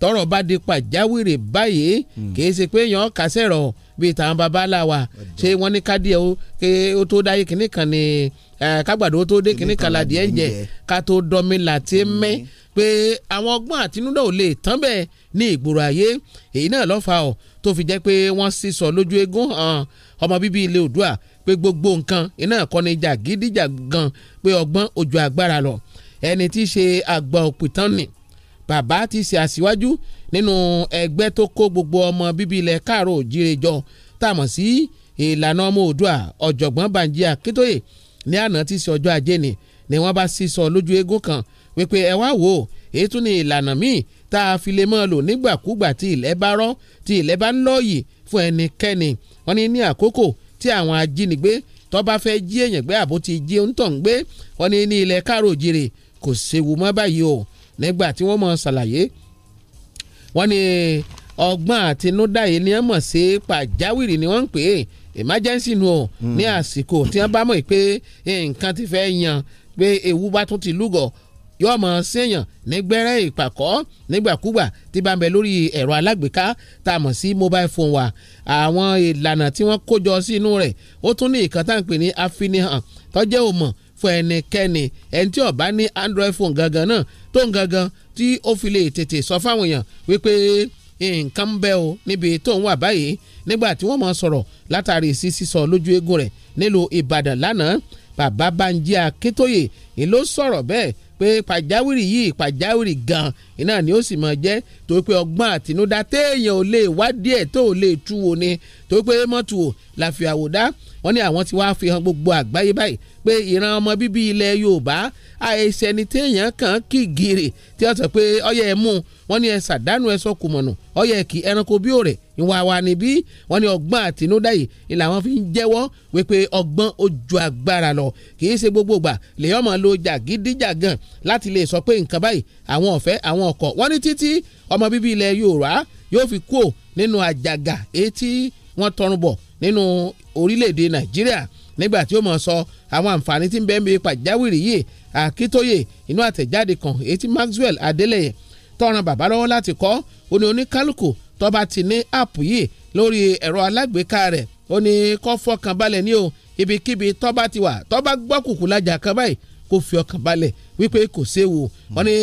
tọ́rọ̀ bá di pàjáwìrì báyìí hmm. kì í ṣe pé èèyàn kásẹ̀rọ̀ bíi tàwọn babaláwa ṣé wọ́n ní kádìẹ o kí ó tó dáyé kìnnì kan ní kágbàdo tó dé kìnnì kan ládìẹ ń jẹ ká tó dọmi láti hmm. mẹ́ pé àwọn ọgbọ́n àtinúdá ò lè tán bẹ́ẹ̀ ní ìgboro ayé èyí náà ló fà ọ́ tó fi jẹ́ pé wọ́n sì sọ lójú eégún hàn ọmọ bíbí ilé Oòduà pé gbogbo nǹkan iná kọ́ni jàgídíjàgan pé ọgbọ́n ojú agbára lọ ẹni tí í ṣe àgbà òpìtán ni. Mm bàbá ti ṣe àṣìwájú nínú ẹgbẹ́ tó kó gbogbo ọmọ bíbí ilẹ̀ káàrọ̀ òjìrè jọ tá a mọ̀ sí ìlànà ọmọ oòdùà ọ̀jọ̀gbọ́n Bánjí Akíntóyè ní àná tí ṣe ọjọ́ ajé ni ni wọ́n bá sísọ lójú eégún kan wípé ẹ wá wò ó èyí tún ni ìlànà míì tá a fi lè máa lò nígbàkúgbà tí ilẹ̀ bá rọ́ tí ilẹ̀ bá ń lọ́ọ̀yì fún ẹnikẹ́ni wọ́n ní ní àkókò tí àwọn ajínigbé tó bá fẹ́ jí èèyàn gbé àbó ti jí ń tàn gbé wọ́n ní ní ilẹ̀ kárò jèrè kò séwu mọ́ báyìí o nígbà tí wọ́n mọ̀ ṣàlàyé wọ́n ní ọgbọ́n àtinúdá yìí ni wọ́n mọ̀ sí pàjáwìrì ni wọ́n ń pè é emergency nu o ní hmm. àsìkò tí wọ́n bá mọ̀ pé nǹkan ti fẹ́ yan pé ewu bá tún ti lúgọ̀ yóò mọ̀ séèyàn nígbẹ́rẹ́ ìpàkọ́ nígbàkúgbà tí bá ń bẹ lórí ẹ̀rọ alágbèéká tá a mọ̀ sí mobile phone wa àwọn ìlànà tí wọ́n kó jọ sínú rẹ̀ ó tún ní ìkan tá à ń pè ní àfinihàn tọ́jẹ́ òmọ̀ fún ẹnikẹ́ni ẹni tí ó ní android phone gangan náà tó ń gangan tí ó fi lè tètè sọ fáwọn èèyàn wípé nǹkan ń bẹ o níbi tó ń wà báyìí nígbà tí wọ́n mọ̀ sọ̀rọ̀ látàrí sí sísọ lójú eegun rẹ̀ nílùú Ìbàdàn lánàá bàbá Bánjí Akíntóyè ló sọ̀rọ̀ bẹ́ẹ̀ pé pàjáwìrì yìí pàjáwìrì gan iná ni ó sì mọ̀ jẹ́ tó pé ọgbọ́n àtinúdá téèyàn ò lè wádìí ẹ̀ tó ò lè tú wo ni tó pé mọ́tò ò láfi àwòdá wọ́n ní àwọn tí wàá fi hàn gbogbo àgbáyé báyìí pé ìran ọmọ bíbí ilẹ̀ Yorùbá àìsẹ̀ ni téèyàn kàn kì gírì tí wọ́n sọ pé ọyẹ ẹ̀ mú wọ́n ní ẹ sàdánù ẹ sọkù mọ̀nà ọyẹ kì ẹranko bí òrẹ̀ ìwà wa níbí wọ́n ní ọgbọ́n àtinúdá yìí làwọn fi ń jẹ́wọ́ wípé ọgbọ́n ó ju agbára lọ kì í ṣe gbogbo gbà lèyàn lo jàgídíjàgàn láti lè sọ pé nǹkan báyìí àwọn ọ̀fẹ́ àwọn àwọn ọkọ̀ wọ́n ní títí ọmọ bíbí ilẹ̀ Yorùbá yóò fi kúò nínú àjàgà etí wọ́n tọrùn bọ̀ nínú orílẹ̀-èdè Nàìjíríà nígbà tí ó mọ̀ sọ àwọn àǹfààní tí ń bẹ́ẹ̀ mi pàjáwìrì yìí Akíntóyè inú àtẹ̀jáde kan etí Maxwell Adeleye tọ́ran bàbá lọ́wọ́ láti kọ́ ó ní oníkálukú tó ti ní app yìí lórí ẹ̀rọ alágbèéká rẹ̀ ó ní kó fọkàn balẹ̀ ní o ibikíbi tó ti wà tó bá gbọ́ kan báyìí kó fi ọkàn balẹ̀ wípé kò séwu wọ́n ní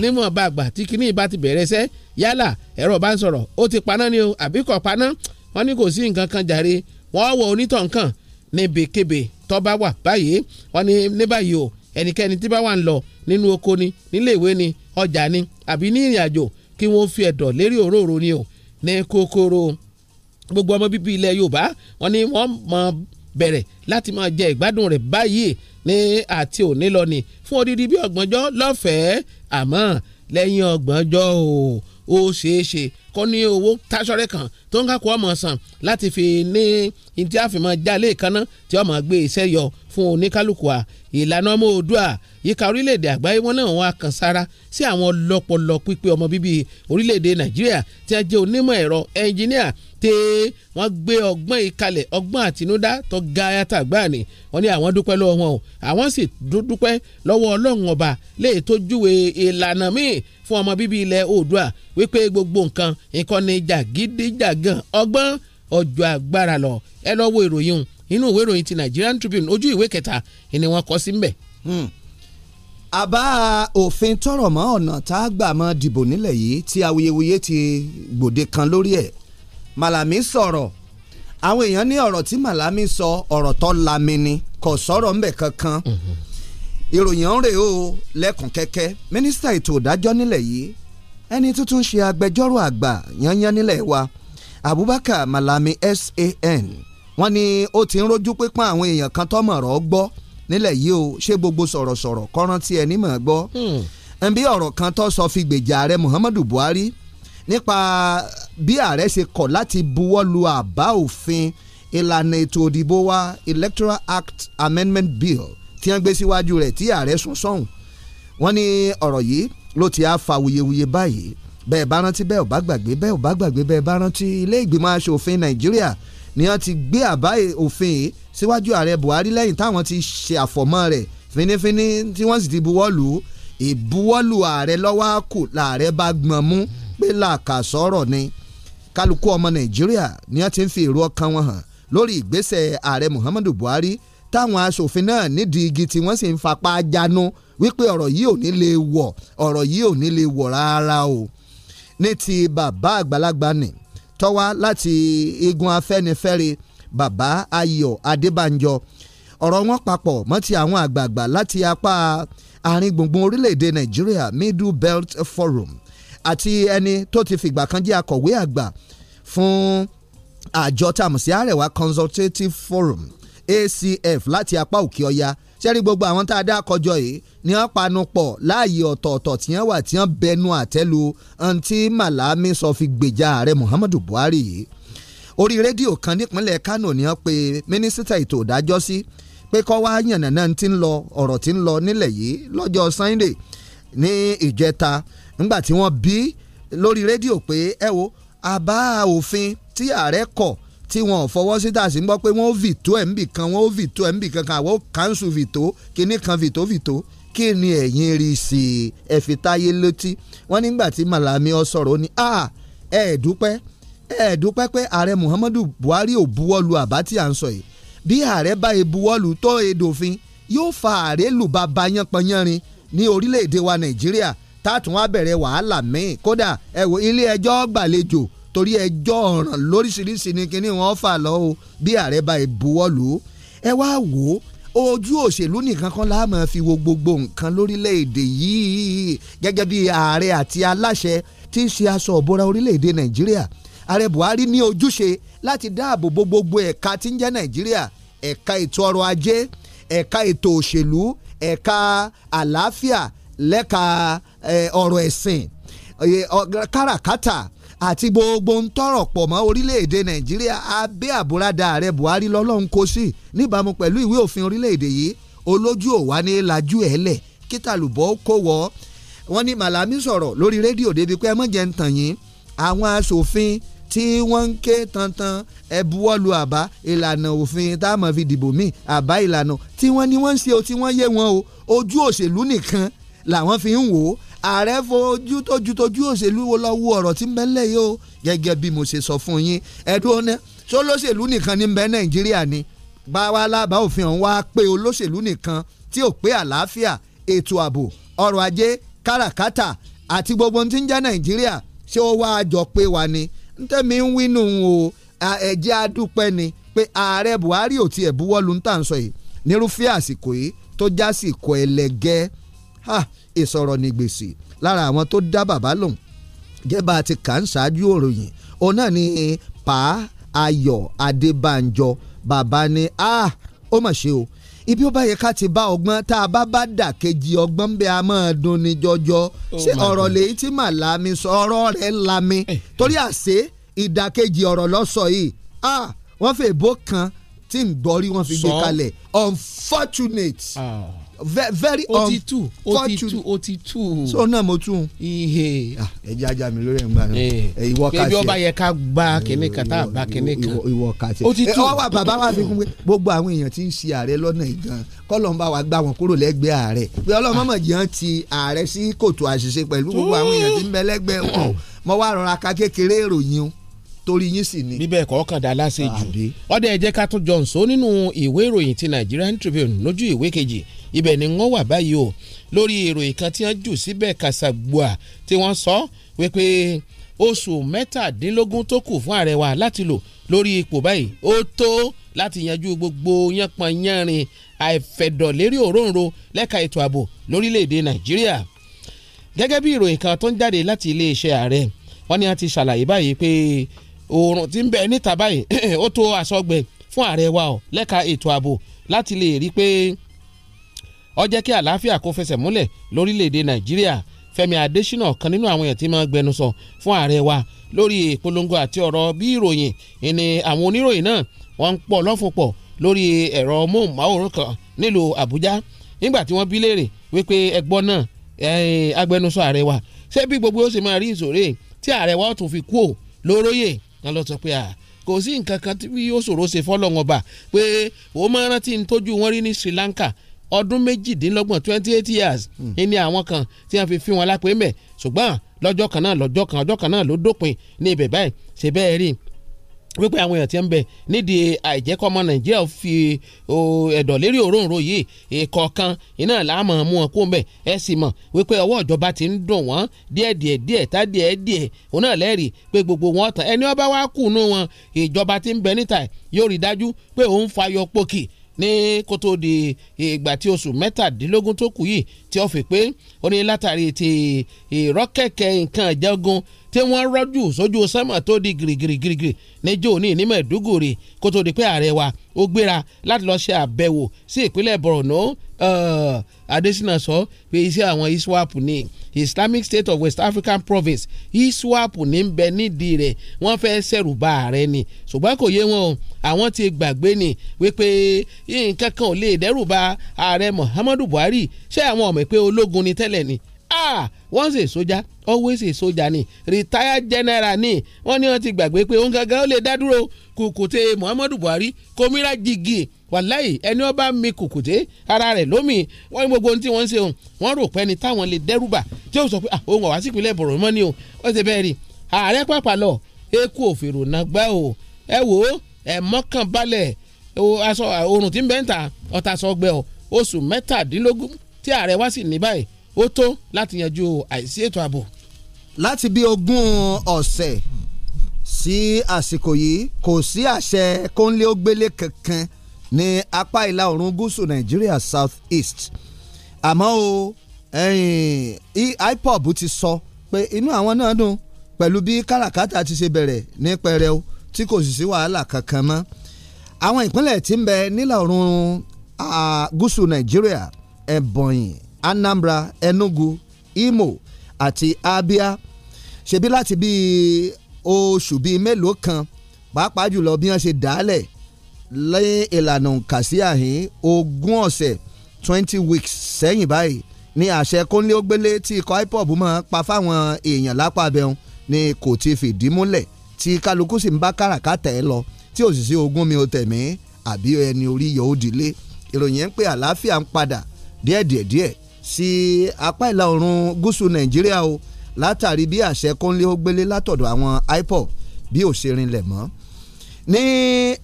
nímọ̀ bá àgbà tí kinní bá ti bẹ̀rẹ̀ sẹ́ yálà ẹ̀rọ bá ń sọ̀rọ̀ ó ti paná ni o àbí kò paná wọ́n ní kò sí nǹkan kan jàre wọ́n wọ onítọ̀nkàn níbikíbi tó bá wà báyìí wọ́n ní ní báyìí o ẹnikẹ́ni tí bá wà ń lọ nínú oko ni nílé ìwé ni ọjà ni àbí ní ìrìn àjò kí wọ́n fi ẹ̀dọ̀ lérí òróró ni o ní kòkòrò gbogbo ọmọ bíbí ilẹ̀ Yorùbá wọ́n ní wọ́n mọ bẹ̀rẹ̀ láti máa jẹ ìgbádùn rẹ̀ báyìí ní àti òní lọ ni fún odidi bí ọgbọ̀njọ́ lọ́fẹ̀ẹ́ àmọ́ lẹ́yìn ọgbọ̀njọ́ o ó ṣeé ṣe kọ́ ní owó táṣọ́rẹ́ kan tó ń kákó ọmọ sàn láti fi ní ìdí àfimọ́ jálé kaná tí ọmọ gbé iṣẹ́ yọ fún oníkálukú à ìlànà ọmọ òdua yíká orílẹ̀-èdè àgbáyé wọn náà wọn kàn sára sí àwọn lọ́pọ̀lọ́ pípé ọmọ bíbí orílẹ̀-èdè nàìjíríà tí a jẹ́ onímọ̀ ẹ̀rọ ẹnjìníà tètè wọ́n gbé ọgbọ́n ìkalẹ̀ ọgbọ́n àtinúdá tó ga ayata gbáà ni wọ́n ní àwọn dúpẹ́ lọ́wọ́ wọn o àwọn sì dúpẹ́ lọ́wọ́ ọlọ́run ọba lè tójúwe ìlànà míì fún ọmọ bíbí ilẹ̀ oòdùà wípé gbogbo nǹkan ìkọ́ni jàgídíjàgàn ọgbọ́n ọjọ́ agbára lọ ẹ lọ wo ìròyìn inú ìwé ìròyìn ti Nigerian Tribune ojú ìwé kẹta ni wọ́n kọ sí mbẹ̀. Hmm. àbá òfin tọrọ mọ ọ̀nà tá a gbà mọ dìbò nílẹ̀ yìí tí awuyewuye ti gbòde kan lórí ẹ̀ Malami sọ̀rọ̀ àwọn èèyàn ní ọ̀rọ̀ tí Malami sọ ọ̀rọ̀ tó lami ni kò sọ̀rọ̀ ńbẹ̀ kankan ìròyìn ọ̀rẹ́ o lẹ́kùn kẹ́kẹ́ mínísítà ètò ìdájọ́ nílẹ̀ yìí ẹni tuntun ṣe agbẹjọ́rò àgbà yanyan nílẹ̀ wa Abubakar Malami SAN wọ́n ní ó ti ń rojú pípọ́n àwọn èèyàn kan tọ́mọ̀ ọ̀rọ̀ gbọ́ nílẹ̀ yìí o ṣé gbogbo sọ̀rọ̀sọ̀rọ̀ kọ́rántí ẹni mọ̀ gbọ́ nbí hmm. ọ̀rọ̀ kan tó sọ fi gbèjà ààrẹ Muhammadu Buhari nípa bí ààrẹ ṣe kọ̀ láti buwọ́ lu àbá òfin ìlànà ètò òdìbò wa Electoral Act Amendment Bill tí wọ́n gbé síwájú rẹ̀ tí ààrẹ sún sọ́hùn wọ́n ní ọ̀rọ̀ yìí ló ti á fa wuyewuye báyìí bẹ́ẹ̀ bá rántí bẹ́ẹ̀ ò bá gbàgbé bẹ́ẹ̀ ò bá gbàgbé bẹ́ẹ̀ bá rántí ilé ìgbìmọ̀ asòfin Nàìjíríà ni wọ́n ti gbé àbá òfin yìí síwájú ààrẹ Buhari lẹ́yìn táwọn ti ṣe àfọ̀mọ́ rẹ̀ finifini tí wọ́n sì ti buwọ́lù ìbuwọ́lù ààrẹ lọ́wọ́ kù làárẹ̀ bá gbọ̀n mú. Mm -hmm pé làkàsọ́rọ̀ ni kálukú ọmọ nàìjíríà ni wọ́n ti ń fi èrò ọkàn wọn hàn lórí ìgbésẹ̀ ààrẹ muhammadu buhari táwọn asòfin náà nídìí igi tí wọ́n sì ń fapá jánu wípé ọ̀rọ̀ yìí ò ní lè wọ̀ ọ̀rọ̀ yìí ò ní lè wọ̀ rárá o ní ti bàbá àgbàlagbà ni tọ́wá láti igun afẹ́nifẹ́re bàbá ayọ̀ adébánjọ ọ̀rọ̀ wọn papọ̀ mọ́ ti àwọn àgbààgbà láti apá àárín gbùngbùn orílẹ̀-èdè nàìjíríà middle belt forum àti ẹni tó ti fìgbà kan jẹ́ akọ̀wé àgbà fún àjọ tàmùsí àrẹwà consultative forum ACF láti apá òkè ọya sẹ́rí gbogbo àwọn tá a dá kọjọ yìí ni wọ́n panu pọ̀ láàyè ọ̀tọ̀ọ̀tọ̀ tí wọ́n wà tí wọ́n bẹnu àtẹ́lu àǹtí Malami sọ fi gbèjà ààrẹ Muhammadu Buhari yìí orí rédíò kan nípínlẹ̀ Kano ni wọ́n pe mínísítà ètò ìdájọ́ sí pé kọ́ wá yànnàná ti ń lọ ọ̀rọ̀ ti ń lọ nílẹ̀ yìí lọ́jọ́ Sunday ní ìjẹta nígbà tí wọ́n bí lórí rédíò pé ẹ wo àbá òfin tí ààrẹ kọ̀ tí wọn ò fọwọ́ sí tà sí ń gbọ́ pé wọ́n ó vìtó ẹ̀ ń bì kan wọ́n ó vìtó ẹ̀ ń bì kan kan àwọn ó kánṣu vìtó kíní kan vìtó vìtó kí ni ẹ̀yin rí sí i ẹ̀ fi táyé létí wọ́n nígbà tí Malami ọ sọ̀rọ̀ ó ní ẹ̀ dúpẹ́ ẹ̀ dúpẹ́ pé ààrẹ Muhammadu Buhari ò buwọ́lu àbá tí à ń sọ yìí bí ààrẹ bá e buwọ́lu tó edòfin yóò fa ààrẹ lùbá bayánpọnyánrin ní orílẹ̀-èdè wa Nàìjíríà tààtún wá bẹ̀rẹ̀ wàhálà míì kódà ẹ wò ilé ẹjọ́ gbàlejò torí ẹjọ́ ọ̀ràn lóríṣiríṣi ni kíní wọn fà lọ o bí ààrẹ bá ìbuwọ́ lù ú ẹ wá wò ó ojú òṣèlú nìkan kan láàmú fi wo gbogbo nǹkan lórílẹ̀‐èdè yìí gẹ́gẹ́ bí ààrẹ àti aláṣẹ tí í ṣe aṣọ òbora orílẹ̀‐èdè nàìjíríà ààrẹ buhari ní ojúṣe láti dáàbò bo gbogbo ẹ̀ka tí ń jẹ́ nàìjíríà ẹ̀ka ètò ọrọ̀ ajé ẹ̀ka ètò òṣèlú ẹ̀ka àlàáfíà lẹ́ka ọ̀rọ̀ ẹ̀sìn káràkátà àti gbogbo ń tọrọ pọ̀ mọ́ orílẹ̀-èdè nàìjíríà abẹ́ àbúradà ààrẹ buhari lọ́lọ́run kò sí níbàámu pẹ̀lú ìwé òfin orílẹ̀-èdè yìí olójú òwa ní lajú ẹ̀ lẹ̀ kítàlùbọ́ kó wọ́ wọ́n ní màlámí sọ̀rọ̀ lórí rédíò débi pé ẹ mọ̀ jẹ́ ń tàn yín àwọn asòfin tí wọ́n ń ké tantan ẹ buwọ́lu àbá ìlànà òfin táwọn fi dìbò míì àbá ìlànà tí wọ́n ní wọ́n ń ṣe o tí wọ́n yé wọn o ojú òṣèlú nìkan làwọn fi ń wò ó ààrẹ fojú tójú tójú òṣèlú wo lọ wo ọ̀rọ̀ tí ń bẹ ńlẹ̀ yìí o gẹ́gẹ́ bí mo ṣe sọ fún yín ẹ̀dùn ọ̀nà ṣó lóṣèlú nìkan ní bẹ nàìjíríà ni báwa lábá òfin ọ̀hún wá pé olóṣèlú nìkan tí ò pé àlàáfíà ètò ààbò ọrọ̀ ajé káràkátà àti gbogbo tí ń jẹ́ nàìjíríà ṣé ó wá jọ pé wa ni ntẹ́mi ń wínú o ẹ̀jẹ̀ adúpẹ́ ni pé ààrẹ buhari ò tiẹ̀ buwọ́lu ń tà ń sọ yìí nírúfẹ́ àsìkò yìí tó já sí ìsọ̀rọ̀ ní gbèsè lára àwọn tó dá bàbá lòun jẹ́bà ti kà ń ṣáájú òròyìn òun náà ni pa ayọ̀ adébánjọ bàbá ni ó mà ṣe o ibi ó bá yẹ ká ti bá ọgbọ́n tá a bá bá dà kejì ọgbọ́n ń bẹ a máa dùn ní jọjọ oh ṣé ọ̀rọ̀ lèyí tí mà lámi sọ ọ̀rọ̀ rẹ̀ lámi eh, eh. torí àṣé ìdàkejì ọ̀rọ̀ lọ́sọ̀ yìí wọ́n fẹ́ bó kan tí ń gbọ́rí wọ́n fi gbé kalẹ̀ unfortunate. Oh very unfortunate. o ti two, o two. tú o so náà mo tú un. ihe. Ah, ẹ jẹ́ ajá mi lórí ẹ̀ ń gbà náà. Eh. ìwọ kàtí ẹ. bébí ọba yẹ ká gba eh, kínní kan tá a gba kínní kan. ìwọ kàtí ẹ. o bàbá wa fi kún pé gbogbo àwọn èèyàn ti ń ṣe ààrẹ lọ́nà ìgan kọ́lọ̀ ń bá wa gbá wọn kúrò lẹ́gbẹ̀ẹ́ ààrẹ pé ọlọ́mọmọ jẹun ti ààrẹ sí kòtò àṣìṣe pẹ̀lú gbogbo àwọn èèyàn ti ń bẹ lẹ́gbẹ̀ẹ́ wọn mo wá rọra ka kékeré ìròyìn o torí yín sì ni. bíbẹ̀ ẹ̀kọ́ kan dá láṣẹ jù ọ̀dà ẹ̀jẹ̀ ká tún jọ ǹso nínú ìwé ìròyìn ti Nigerian Tribune lójú ìwé kejì ibẹ̀ ni wọ́n wà báyìí o lórí ìròyìn kan tí wọ́n jù síbẹ̀ kàṣàgbùà tí wọ́n sọ wípé oṣù mẹ́tàdínlógún tó kù fún ààrẹ wa láti lò lórí ipò báyìí ó tó láti yanjú gbogbo yánpọnyánrin àìfẹ̀dọ̀lérí òróǹro lẹ́ka ètò ààbò lórílẹ̀‐èdè Nàìjíríà gẹ́gẹ́ bí ìròyìn kan tó ń jáde láti iléeṣẹ́ ààrẹ wọ́n ní a ti ṣàlàyé báyìí pé oòrùn tí ń bẹ níta báyìí ó tó àsọgbẹ fún ààrẹ wa ọ lẹ́ka ètò ààbò láti lè rí i pé ó jẹ́ kí àlàáfíà kó fẹsẹ̀ múlẹ̀ lórílẹ̀‐èdè nàìjíríà fẹ́mi adésínà kan nínú àwọn èèyàn tí máa ń gbẹnusọ fún ààrẹ wa lórí ìpolongo àti ọ̀rọ̀ bí ìròyìn ìní àwọn oníròyìn náà wọ́n ń pọ̀ lọ́fọ̀pọ̀ lórí ẹ̀rọ móhùnmáwòrán kan nílùú àbújá nígbà tí wọ́n bí léèrè wípé ẹgbọ́n náà agbẹnusọ ààrẹ wa ṣé bí gbogbo ó sì máa rí ìṣòro tí ààrẹ wa ó tún fi kú ò lóróyè kan lọ sọ pé à kò sí nǹkan kan tí yóò ṣòro ṣe fọlọ́wọ́n bá pé ó máa rántí ń tójú wọn rí ní Sri Lanka ọdún méjìdínlọ́gbọ̀n twenty eight years hmm. ní àwọn kan tí wọ́n fi fi wọn lápẹ́ mẹ́ ṣùgbọ́n lọ́jọ́ kan náà lọ́jọ́ kan ọjọ́ kan náà ló dópin ní ibẹ̀ báyìí ṣe bẹ́ẹ̀ rí i wípé àwọn èèyàn ti ń bẹ nídìí àìjẹ́kọ́mọ nàìjíríà fi ẹ̀dọ̀ lérí òróǹro yìí ìkọ̀ọ̀kan iná làámọ̀ mú wọn kó mbẹ̀ ẹ sì mọ̀ wípé ọwọ́ ìjọba ti ń dùn wọ́n díẹ̀ díẹ̀ díẹ̀ tá díẹ̀ díẹ̀ òun náà lẹ́rìí pé gbogbo wọn tán ẹni ọba wa kù nù wọn ìjọba ti ń bẹ níta yóò rí dájú pé òun fayọ pòkì ní kótó di ìgbà tí oṣù mẹ́tàdínlógún tó kù yìí tí ó fi pé ó ní látàrí ti ìrọ́kẹ̀kẹ̀ nǹkan ìjẹ́gun tí wọ́n rọ́jú sójú sẹ́mọ̀ tó di girigirigiri níjó ní ní Maiduguri kó tó di pé ààrẹ wa ó gbéra láti lọ́ọ́ ṣe àbẹ̀wò sí ìpínlẹ̀ Borno uh, Adesina sọ pé iṣẹ́ àwọn ISWAP ni Islamic State of West African Province ISWAP ní ń bẹ nídìí rẹ̀ wọ́n fẹ́ ṣẹ̀rù bà ààrẹ ni ṣùgbọ́n kò yé wọn o àwọn ti gbàgbé ni wípé nǹkan kan ò lè dẹ́rù bà ààrẹ Muhammadu Buhari ṣé àwọn ọ̀mọ̀ pé ológun ni tẹ́lẹ̀ ni wọ́n ṣe sójà always ṣe sójà ni retired general ni wọ́n ní wọ́n ti gbàgbé pé òun gangan ó lè dá dúró kùkùté Muhammadu Buhari komira jigi wàláyé ẹni ọba mi kùkùté ara rẹ̀ lómi wọ́n ní gbogbo ohun tí wọ́n ń ṣe òun wọ́n rò pẹ́ni táwọn lè dẹ́rùbà tí ó sọ pé ah, òun ọ̀wá sípínlẹ̀ bọ̀rọ̀ mọ́ ni o wọ́n ti bẹ́ẹ̀ rí ààrẹ pàpà lọ eku òfèrò nàgbà o ẹ wò ó ẹ mọ́kàn balẹ̀ aṣọ oorun tí ń bẹ́ẹ̀ ta ọ̀tà sọgbẹ́ o oṣù mẹ́tàdínlógún tí ààrẹ wá sí ní báyìí ó tó láti yanjú àìsí ètò ààbò. láti bí ogún ọ̀sẹ̀ sí àsìkò yìí kò sí àṣẹ kóńlé ó gbélé kankan ní apá ìlà oòrùn gúúsù nàìjíríà south east àmọ́ o ipob ti sọ pé inú àwọn náà dùn pẹ̀lú bí káràkátà ti ṣe bẹ̀rẹ̀ ní pẹrẹu tí kò sì sí wàhálà kankan mọ́ àwọn ìpínlẹ̀ tí ń bẹ nílà oòrùn gúúsù nàìjíríà ẹ̀bọ̀nyìn Anambra Enugu Imo àti Abia ṣebí láti bíi oṣù bíi mélòó kan pàápàá jùlọ bí wọ́n ṣe dálẹ̀ lẹ́yìn ìlànà òǹkà àhín ogún ọ̀sẹ̀ twenty weeks sẹ́yìn báyìí ni àṣẹ kónlé ógbélé tí ikọ̀ ipob máa pa fáwọn èèyàn lápá abẹ́hùn ni kò ti fìdí múlẹ̀ tí kálukú sì ń bá káràkátà ẹ̀ lọ tí ò sì sí ogún mi ò tẹ̀mí àbí ẹni orí yọ ó dilé ìròyìn ń pè àlàáfíà ń padà díẹ̀díẹ̀díẹ̀ sí apá ìlà oòrùn gúúsù nàìjíríà o látàrí bí àṣẹ kónlé ó gbélé látọ̀dọ̀ àwọn ipob bí ò ṣe rinlẹ̀ mọ́ ní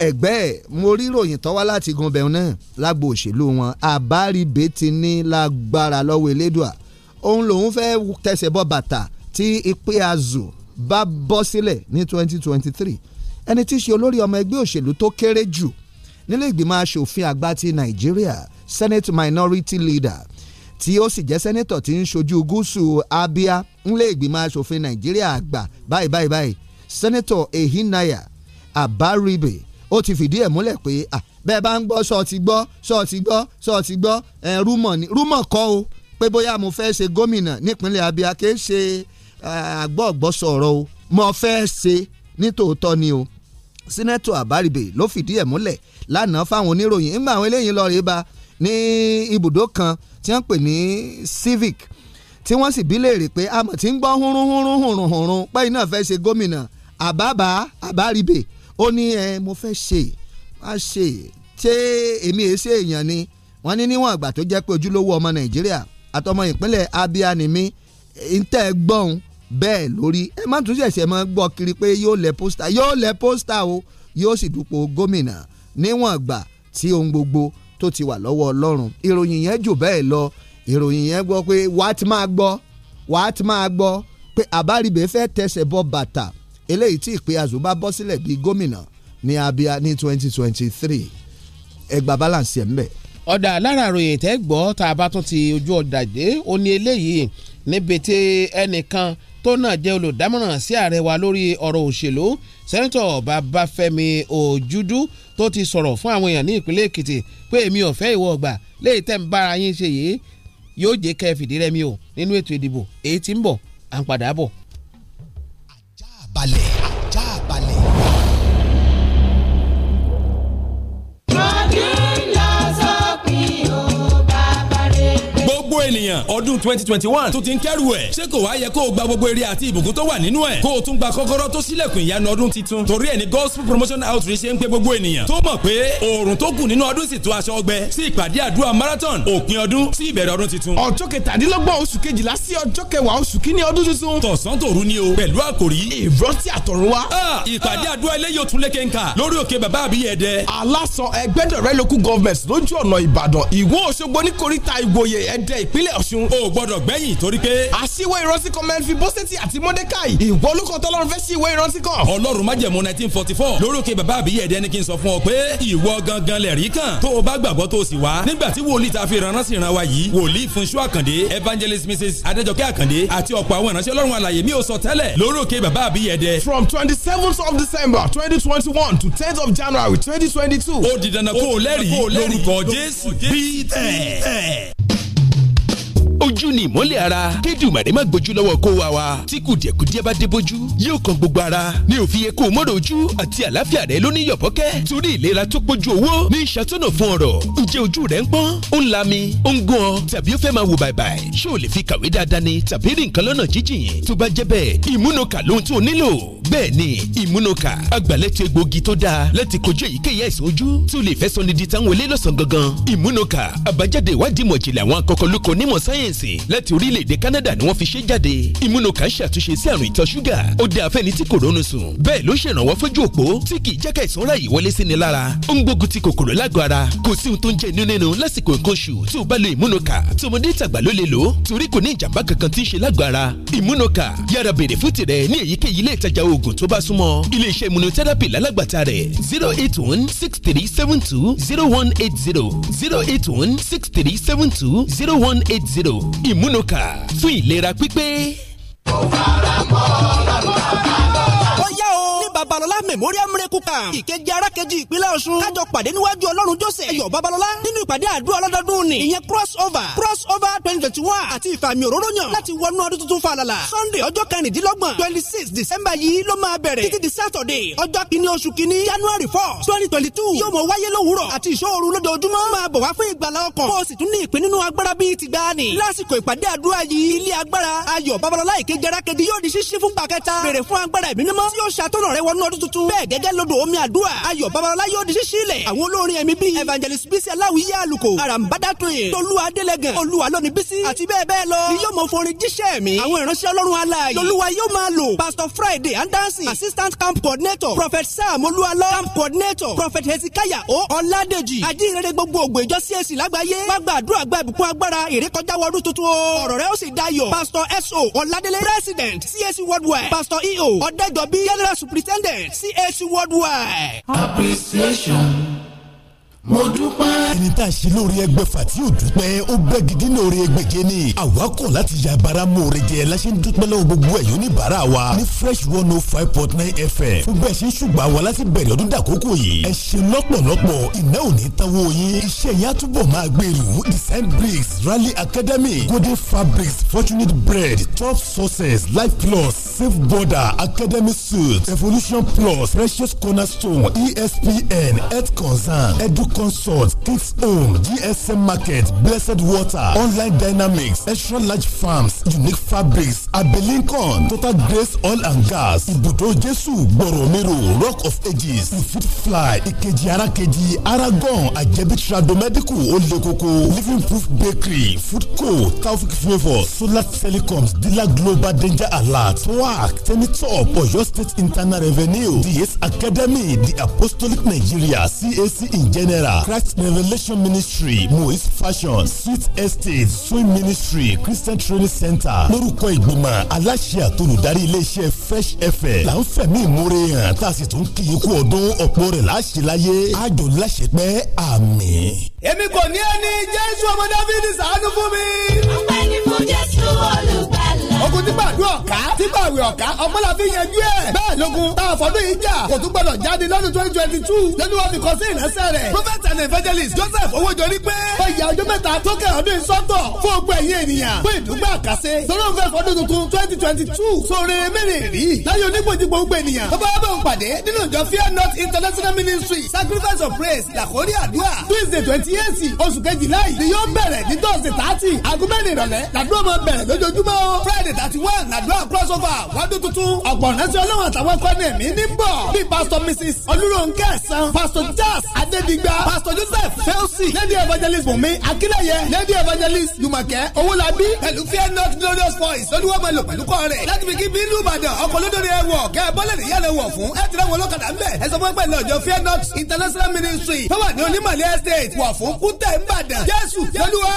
ẹ̀gbẹ́ mo rí ròyìn tó wá láti gun bẹ̀rù náà lágbo òṣèlú wọn àbáríbe ti ní lágbára lọ́wọ́ elédùà òun lòun fẹ́ tẹsẹ̀ bọ́ bàtà tí ipe azù bá bọ́ sílẹ̀ ní 2023 ẹni tí í ṣe olórí ọmọ ẹgbẹ́ òṣèlú tó kéré jù nílé ìgbìmọ̀ asòfin àgbà ti nàìjíríà senate minority leader tí ó sì jẹ́ sẹ́nẹ́tọ̀ tí ń ṣojú gúúsù Abia ńlé ìgbìmọ̀ asòfin Nàìjíríà àgbà báyìí báyìí báyìí sẹ́nẹ́tọ̀ Ehinaya Abaribe ó ti fìdí ẹ̀ múlẹ̀ pé bẹ́ẹ̀ bá ń gbọ́ sọ ti gbọ́ sọ ti gbọ́ sọ ti gbọ́ ẹ̀ rúmọ̀ ni rúmọ̀ kọ́ o pé bóyá mo fẹ́ ṣe gómìnà nípínlẹ̀ Abia kì í ṣe àgbọ̀gbọ́ o mo fẹ́ ṣe nítòótọ́ ni o sẹ́nẹ́tọ̀ Abaribe ló fìdí ẹ̀ múlẹ̀ lánàá fáwọn oníròyìn ńgbà àwọn eléyìí lọ rèé ba ní ibùdó kan tí wọ́n pè ní civic tí wọ́n sì bí léèrè pé àmọ̀ tí ń gbọ́ hurun hurun hurun hurun pẹ́yì náà fẹ́ ṣe gómìnà àbábà àbáribè ó ní ẹ mo fẹ́ ṣe má ṣe ṣé èmi èé ṣe èèyàn ni wọ́n ní níwọ̀n àgbà tó jẹ́ pé ojúlówó ọmọ nàìjíríà àtọmọ ìpínlẹ̀ abia ni mí ń tẹ́ ẹ gbọ́n bẹ́ẹ̀ lórí ẹ má tún ṣẹ̀ṣẹ̀ máa gbọ́ kiri pé yóò lẹ pósítà yóò lẹ pósítà o yóò sì dupò gómìnà níwọ̀n àgbà tí ohun gbogbo tó ti wà lọ́wọ́ ọlọ́run ìròyìn yẹn jù bẹ́ẹ̀ lọ ìròyìn yẹn gbọ́ pé wàá ti máa gbọ́ wàá ti máa gbọ́ pé àbáribè fẹ́ tẹsẹ̀ bọ bàtà eléyìí tí ìpè àzùbá bọ́ sílẹ̀ bíi gómìnà ní abia ní 2023 ẹgbà balance ẹ̀ ń bẹ̀. ọ̀dà lára àròyìn tẹ́ gbọ́ tá a bá tún ti ojú ọ̀dà dé ó ní eléyìí níbi tí ẹnìkan tó náà jẹ́ olùdámọ̀ràn sí ààrẹ wa lórí ọ̀rọ̀ òṣèlú sẹ́ńtọ̀ babafẹ́mi òjúdú tó ti sọ̀rọ̀ fún àwọn èèyàn ní ìpínlẹ̀ èkìtì pé èmi ò fẹ́ ìwọ ọgbà léyìí tẹ́ ń bára yín ṣe yìí yóò jẹ́ kẹ́ ẹ fìdí rẹmi o nínú ètò ìdìbò èyí tí ń bọ̀ à ń padà bọ̀. ènìyàn ọdún twenty twenty one tó ti ń kẹ́rù ẹ̀ ṣé kò wá yẹ kó o gba gbogbo eré àti ìbùkún tó wà nínú ẹ̀ kó o tún gba kọ́kọ́rọ́ tó sílẹ̀kùn ìyanu ọdún titun torí ẹ̀ ní gospel promotion outreach ṣe ń pe gbogbo ènìyàn tó mọ̀ pé oòrùn tó kù nínú ọdún sì tó aṣọ ọgbẹ́ sí ìpàdé àdúrà marathon òpin ọdún sí ìbẹ̀rẹ̀ ọdún titun. ọjọ́ kẹtàdínlọ́gbọ̀n oṣù kejìlá sí ọjọ́ kẹwàá oṣù kínní ọdún tuntun. tọ̀sán tòru ni o pẹ̀lú àkòrí. ìrántí àtọ̀run wa. ìpàdé àdúrà eléyìí òtún lékè ń kà lórí òkè bàbá àbí ẹ̀dẹ. aláṣọ ẹgbẹ́dọ̀rẹ́ local government lójú ọ̀nà ìbàdàn ìwó òṣogbo ní koríta ìwòye ẹ̀dẹ́ ìpínlẹ̀ Ọ̀ṣun o gbọ́dọ̀ gbẹ́yìn torí pé. àṣìwé ìrántí kan mẹ́rin fi bọ́sẹ̀tì àti mọ́dékàì ìwọ olùkọ́ tọ́lọ́run fẹ́ sí ìwé ìrántí kan. ọlọ́run májẹ̀mú nineteen forty bàbá àbíyẹ ẹ̀dẹ́ ni kí n sọ fún ọ pé ìwọ gangan lẹ̀ kan tó o bá gbàgbọ́ tó o sì wá nígbà tí wòlíì ta fi ìrànràn sí ìran wa yìí wòlíì Fúnṣọ́ Àkàndé evangelist Mrs Adéjọkẹ́ from twenty seventh of December twenty twenty one to of January twenty ojú ni ìmọ́lẹ̀ ara kédùmàrè má gbójú lọ́wọ́ kó wa wa tí kùdìẹ̀kudiẹ bá dé bójú yóò kan gbogbo ara ní òfin yẹ kó o mọ́rọ̀ ojú àti àlàáfíà rẹ ló ní yọ̀bọ́kẹ́ torí ìlera tó pójú owó ní ìṣàtọ̀nà fún ọ̀rọ̀ ǹjẹ́ ojú rẹ ń pọ́n ó ń lami ó ń gún ọ tàbí ó fẹ́ máa wò bàìbàì ṣé o lè fi kàwé dáadáa ni tàbí rìn kan lọ́nà jíjìn tó bá jẹ́ bẹ́ẹ̀ ìmúnukà lóhun ni ìmúnukà agbálẹ́tì medicine láti orílẹ̀-èdè Canada ni wọ́n fi ṣe jáde immunocan ṣàtúnṣe sí àrùn ìtọ̀ ṣúgà ó dá afẹ́ni tí kò rónú sùn bẹ́ẹ̀ ló ṣèrànwọ́ fójú òpó tí kì í jẹ́ káìsàn ráàyè wọlé sí ni lára ó ń gbógun ti kòkòrò lágọ̀ọ́ ara kò sí ohun tó ń jẹ inú nínú lásìkò nǹkan oṣù tí o bá lo immunocan tọmọdé tàgbà ló lè lò ó torí kò ní ìjàmbá kankan tí ń ṣe lágọ̀ọ́ zero eight one six three seven two zero one eight zero zero eight one six three seven two zero one eight zero Milo ìmúnuka fún ìlera pípé. ó fara mọ́ ọ̀rọ̀ bàbá babalọla memorial miracle camp ìkejì arákejì ìpínlẹ̀ ọ̀ṣun kájọ pàdé níwájú ọlọ́run jọ́sẹ̀ ẹ̀yọ̀ babalọla nínú ìpàdé àdúrà ọlọ́dọọdún ni ìyẹn cross over cross over twenty twenty one àti ìfàmì òróró yàn láti wọnú ọdún tuntun falala sunday ọjọ́ kẹrìndínlọ́gbọ̀n twenty six december yìí ló máa bẹ̀rẹ̀ títí di saturday ọjọ́ kìíní oṣù kìíní january four twenty twenty two yóò mọ wáyé lówùúrọ̀ àti ìṣòro lójoojúmọ́ máa bọ̀ wá fún ìgbàlá ọkàn kó o sì tún ní ìpín nínú agbára bíi ti gbá ni lásìkò ìpàdé àdúrà yìí ilé agbára ayọ̀ babalọla ìkejì arákejì yóò di ṣíṣí fún gbàkẹ́ta bèrè fún agbára ìbínú lọ́dún tuntun bẹ́ẹ̀ gẹ́gẹ́ lodò omi àdúrà ayọ̀ babalọlá yóò di ṣíṣí lẹ̀ àwọn olórin ẹ̀mí bíi evangelist bísí aláwí yé àlùkò arambada tóyè tolú adélẹ́gàn olúwa lóni bísí àti bẹ́ẹ̀ bẹ́ẹ̀ lọ ni yóò mọ forin jíṣẹ́ mi àwọn ìránṣẹ́ ọlọ́run aláàyè lolúwa yóò máa lò pastor friday andansi assistant camp coordinator prophet sam olúwalọ camp coordinator prophet hezekiah o ọládèjì ajínrere gbogbo ògbò ìjọ csc lágbàáyé wá gbàdúrà gba ch worldwide. appreciation mo dúpẹ́. ẹni tá a ṣe lóore ẹgbẹ́fà tí yóò dúpẹ́ ó bẹ́ gidi lóore ẹgbẹ́je ni àwa kọ̀ láti ya bara mòore jẹ láṣẹ ń dúpẹ́ lọ́wọ́ gbogbo ẹ̀yọ́ ní bara wa ní fresh one oh five point nine fm fún bẹ́ẹ̀ ṣe ń ṣùgbọ́n àwa láti bẹ̀rẹ̀ ọdún dàkókò yìí ẹ ṣe lọ́pọ̀lọpọ̀ iná ò ní tanwó yín iṣẹ́ yẹn á túbọ̀ máa gbèrú design bricks rally academy golden fabrics fortunate bread top sources life plus safe border academy suits evolution plus precious cornerstone espn health concern educ consort kids home gsm market blessed water online dynamics extra large farms unique fabrics abelincon total grace oil and gas ibùdó Jesu, gbọ̀rọ̀mìrò rock of ages fit fly ìkejì arákejì aragon àjẹbí trado medical ó living proof bakery Food Co, taufik flavour solar telecoms dealer global danger alert twac tenitop oyo state internal revenue ds academy the apostolic nigeria cac in general. Naira. Christ Revelation Ministry, Moise Fashion, Sweet Estate, Swing Ministry, Christian Training Center. Lórúkọ ìgbìmọ̀ aláṣẹ àtolùdarí iléeṣẹ́ Fresh FM. Là ń fẹ̀mí ìmúre hàn tá a sì tún kì í kú ọdún ọ̀pọ̀ rẹ̀ láṣẹ láyé. Àjò láṣẹ pẹ́ àmín èmi kò ní ẹni jésù ọmọ dáfídì ṣàánú fún mi. ọpẹ́ ni fún jésù olùgbàlà. ogun tí gbàdúrà ọ̀ká tí gbàwé ọ̀ká ọmọlá fi yanjú ẹ̀. bẹ́ẹ̀ lógun tá a fọdún yìí jà kò tún gbọdọ̀ jáde lọ́dún twenty twenty two lẹ́nu wọn fi sí ìrẹsẹ̀ rẹ̀. prophet and evangelist joseph owójorí pé. ó yà ọjọ́ mẹ́ta tó kẹ́ ọdún ìsọ́tọ̀ fún ogun ẹ̀yìn ènìyàn fún ìdúgbò àkàṣe tọ́lọ́ fẹ́ fọdún tuntun twenty twenty two sóore mẹ́rẹ̀ẹ̀rì láyé onígbòjìgbò gbogbo ènìyàn. bàbá bá òun pàdé nínú ìjọ fear not international ministry sacrifice of praise làkórí àdúrà tuesday twenty kábíyèsí oṣù kejìlá yìí ni yóò bẹ̀rẹ̀ ní tọ́sí tààtì àgùnbẹ́ni ìrọ̀lẹ́ làdúrà máa bẹ̀rẹ̀ lójoojúmọ́ friday thirty one làdúrà crossover wádùn tuntun ọ̀pọ̀ rẹ́sí ọlọ́run àtàwọn ẹ̀kọ́ni ẹ̀mí ní bọ̀ bí pastor mrs olúronke san pastor jazz adédigba pastor joseph felsi lady evangelist bùnmi akínlẹ̀yẹ lady evangelist jùmọ̀kẹ́ owólabí pẹ̀lú fear not glorious voice olúwọ́mọlò pẹ̀lú kọ́ọ̀rẹ́ láti fi kí bí ìlú ìbàdàn ọkọ̀ lódòdó ẹ̀ wọ̀ kẹ́ bọ́lẹ̀ níyàlẹ̀ wọ̀ fún ẹ̀ tẹ̀lé wọn olókàdá ń bẹ̀ ẹ̀ sọ fún pẹ̀lú ọjọ́ fear not international ministry tó wà ní onímọ̀lẹ́ estate wọ̀ fún kútẹ̀ ń bàdàn jésù jẹ́lúwa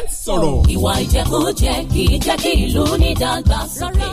sọ̀rọ̀. ìwà ìjẹkújẹ kì í jẹ́ kí ìlú ní dàgbàsókè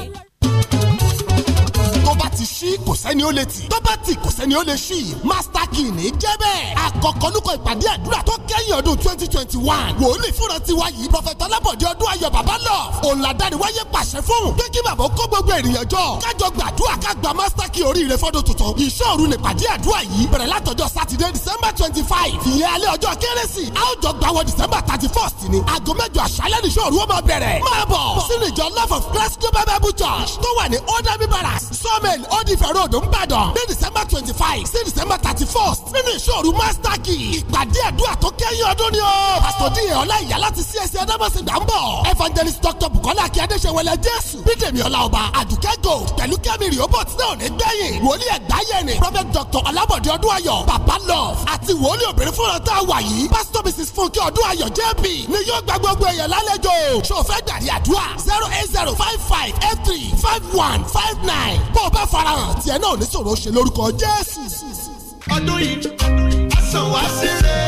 ṣí kò sẹ́ni ó lè tì tó bá tì kò sẹ́ni ó lè ṣí master key ní jẹ́ bẹ́ẹ̀ àkọ́kọ́nukọ ìpàdé àdúrà tó kẹ́yìn ọdún twenty twenty one wòlíì fúnra tiwa yìí prọfẹ̀tà ọlábọ̀dé ọdún ayọ̀ bàbá lọ òǹlàdáriwáyé pàṣẹ fún pé kí bàbá kó gbogbo ènìyàn jọ kájọ gbàdúrà ká gba master key oríire fọ́dún tuntun ìṣòro nípàdé àdúrà yìí bẹ̀rẹ̀ látọjọ́ Saturday december twenty five ìyẹn alẹ́ ọjọ́ kérésì a december thirty ni aago mẹ́jọ àṣálẹ́ nìṣòro ó máa bẹ̀rẹ̀ máa bọ̀ sínú love of christ global bible church tó wà ní older barracks sawmill ó di fẹ̀rẹ̀ odò ńbàdàn ní december twenty five sí december thirty first nínú ìṣòro master key ìpàdé àdúrà tó kẹ́yìn ọdún ni ó. pásítọ̀ díẹ̀ ọlá ìyá láti csc e adamasi gbà ń bọ̀ evangelist dr bukola akí adéṣewẹlẹ jésù bídèmí ọlá ọba àdùkẹ́ gold pẹ̀lú kẹ́mi rìóbọ̀tì náà ní gbẹ̀yìn wòlíì ẹ̀gbáyẹ̀nì prophet dr ọlábọ̀dé ọdúnayọ̀ baba love àti wòlíì obìnrin fúnra tá a wà yìí pásítọ̀ mrs funke ọdúnayọ̀ jb ni yóò gba gbogbo èèyàn lálejò ṣòfẹ́ dàrí àdúrà zero eight zero five five eight three five one five nine bó o bá agbára hàn tí ẹ náà ní sọ̀rọ̀ ṣe lórúkọ Jésù. ọdún yìí asan wa ṣeré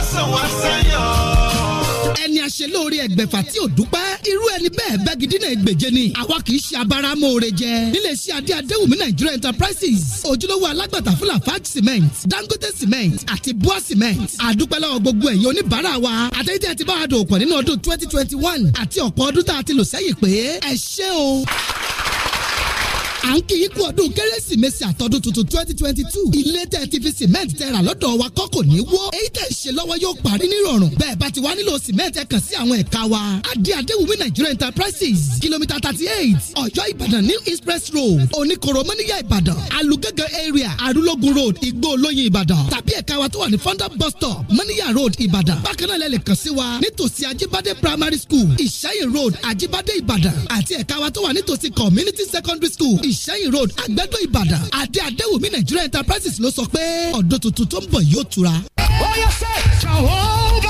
asan wa ṣayọ̀. ẹni àṣelóore ẹgbẹ̀fà tí ò dúpẹ́ irú ẹni bẹ́ẹ̀ bẹ́gidí náà ni àwa kì í ṣe abáramóore jẹ nílé iṣẹ́ adé adéwùmí Nigeria Enterprises ojúlówó alágbàtà fúlà fat cement Dangote cement àti Bua cement àdúpẹ́lẹ́ gbogbo ẹ̀yin oníbàárà wa àtẹ̀yẹ́tẹ̀ ti bá a dòpọ̀ nínú ọdún twenty twenty one àti ọ̀pọ̀ ọdún tá a ti lò sẹ́yìn pé ẹ ṣé o à ń kí ikú ọdún kérésìmesì àtọdún tuntun twenty twenty two ilé tẹ́ ti fi cement tẹ́ rà lọ́dọ̀ wa kọ́ kò ní wó èyí tẹ́ ń ṣe lọ́wọ́ yóò parí nírọ̀rùn bẹ́ẹ̀ bá ti wá nílò cement ẹ kàn sí àwọn ẹ̀ka wa adé adéwùmí nigeria enterprises kìlómítà thirty eight ọ̀yọ́ ìbàdàn new express road oníkoro mọ́níyà ìbàdàn alugẹ́gẹ́ area arúlógún road igbó olóyin ìbàdàn tàbí ẹ̀ka wa tó wà ní fonda bus stop mọ́níyà road ìbàdàn bákan náà lẹ lè kàn sí primary school ìṣàyè road ajibade ìbàdàn àti ẹ̀ka wa tó wà nítòsí community secondary school ìṣẹ́yìn road àgbẹ̀dọ̀ ìbàdàn adé adéwùmí nigeria enterprises ló sọ pé ọdún tuntun tó ń bọ̀ yóò tura. ó yẹ sẹ́ ṣàwọ́ bá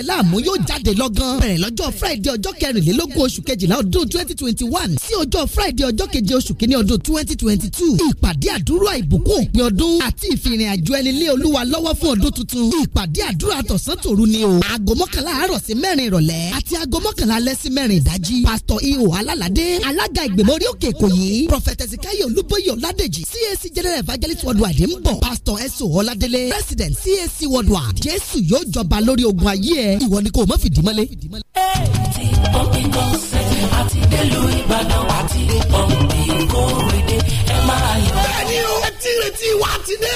bẹ láàmú yóò jáde lọ́gán. bẹ̀rẹ̀ lọ́jọ́ friday ọjọ́ kẹrìnlélógún oṣù kejìlá ọdún twenty twenty one sí ọjọ́ friday ọjọ́ keje oṣù kínní ọdún twenty twenty two. ìpàdé àdúrà ìbùkún òpin ọdún àti ìfìrìn àjò ẹni lé olúwa lọ́wọ́ fún ọdún tuntun. ìpàdé àdúrà tọ̀sán tòru ni o. aago mọ́kànlá àárọ̀ sí mẹ́rin ìrọ̀lẹ́ àti aago mọ́kànlá alẹ́ sí mẹ́rin ìdájí. pásítọ̀ ihò alálàdé alága ìgbìmọ̀ orí òkè èkó yìí. prọfẹtẹ sikayo olúbóyè ọládèjì cac general evangelist worldwide ń bọ̀. pásítọ̀ ẹ̀sùn ọládélé president cac worldwide jésù yóò jọba lórí ogun ayé ẹ ẹ ìwọ ni kò mọ fìdí mọ́lẹ̀. ti pọ́ǹpì kọ́nsẹ̀tì àti délùú ìbàdàn àti pọ́ǹpì kórèdè ẹ máa yọ. bẹ́ẹ̀ni o ẹ ti retí wa ti dé.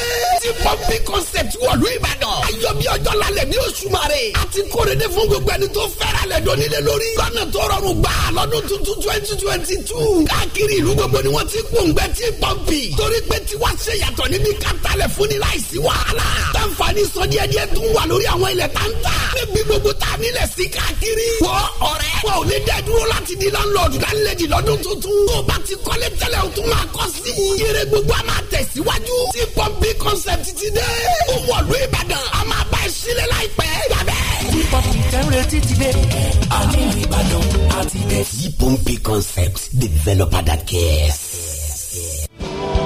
Jumping concept wọ̀lú Ìbàdàn. Ayọ̀ bí ọjọ́ lálẹ́ ní oṣù Mare. A ti kóre dé fún gbogbo ẹni tó fẹ́ràn lẹ̀ dọ́nílé lórí. Lọ́nà tó rọrùn gbà lọ́dún tuntun twenty twenty two. Káàkiri ìlú gbogbo ni wọ́n ti gbòǹgbẹ́ tí pọ́ǹpì. Torí pé tiwa ṣe yàtọ̀ níbi kátàlẹ̀ fún ni láìsí wàhálà. Táǹfààní sọ díẹ̀ díẹ̀ tún wà lórí àwọn ilẹ̀ táǹtà. Níbi gbogbo tá a nílẹ̀ sí káàkiri. Wọ́ ọ̀rẹ́. Wọ́n ò ní dẹ́ dúró láti di lọ́nlọ́ọ̀dù lálẹ́dì lọ́dún tuntun. Tó o bá ti kọ́lé tẹ́lẹ̀ o tún máa kọ́ sí. Yèrè gbogbo a máa tẹ̀síwájú. Tí pọ́ǹpì concept ti dé. ó wọ̀lú ìbàdàn a máa bá ẹ sílẹ̀ láìpẹ́. yàbẹ́. hip-hop ìtẹ́rẹ̀tì ti dé. àti ìbàdàn a ti dé. yipompi concept developer that cares. Yeah, yeah.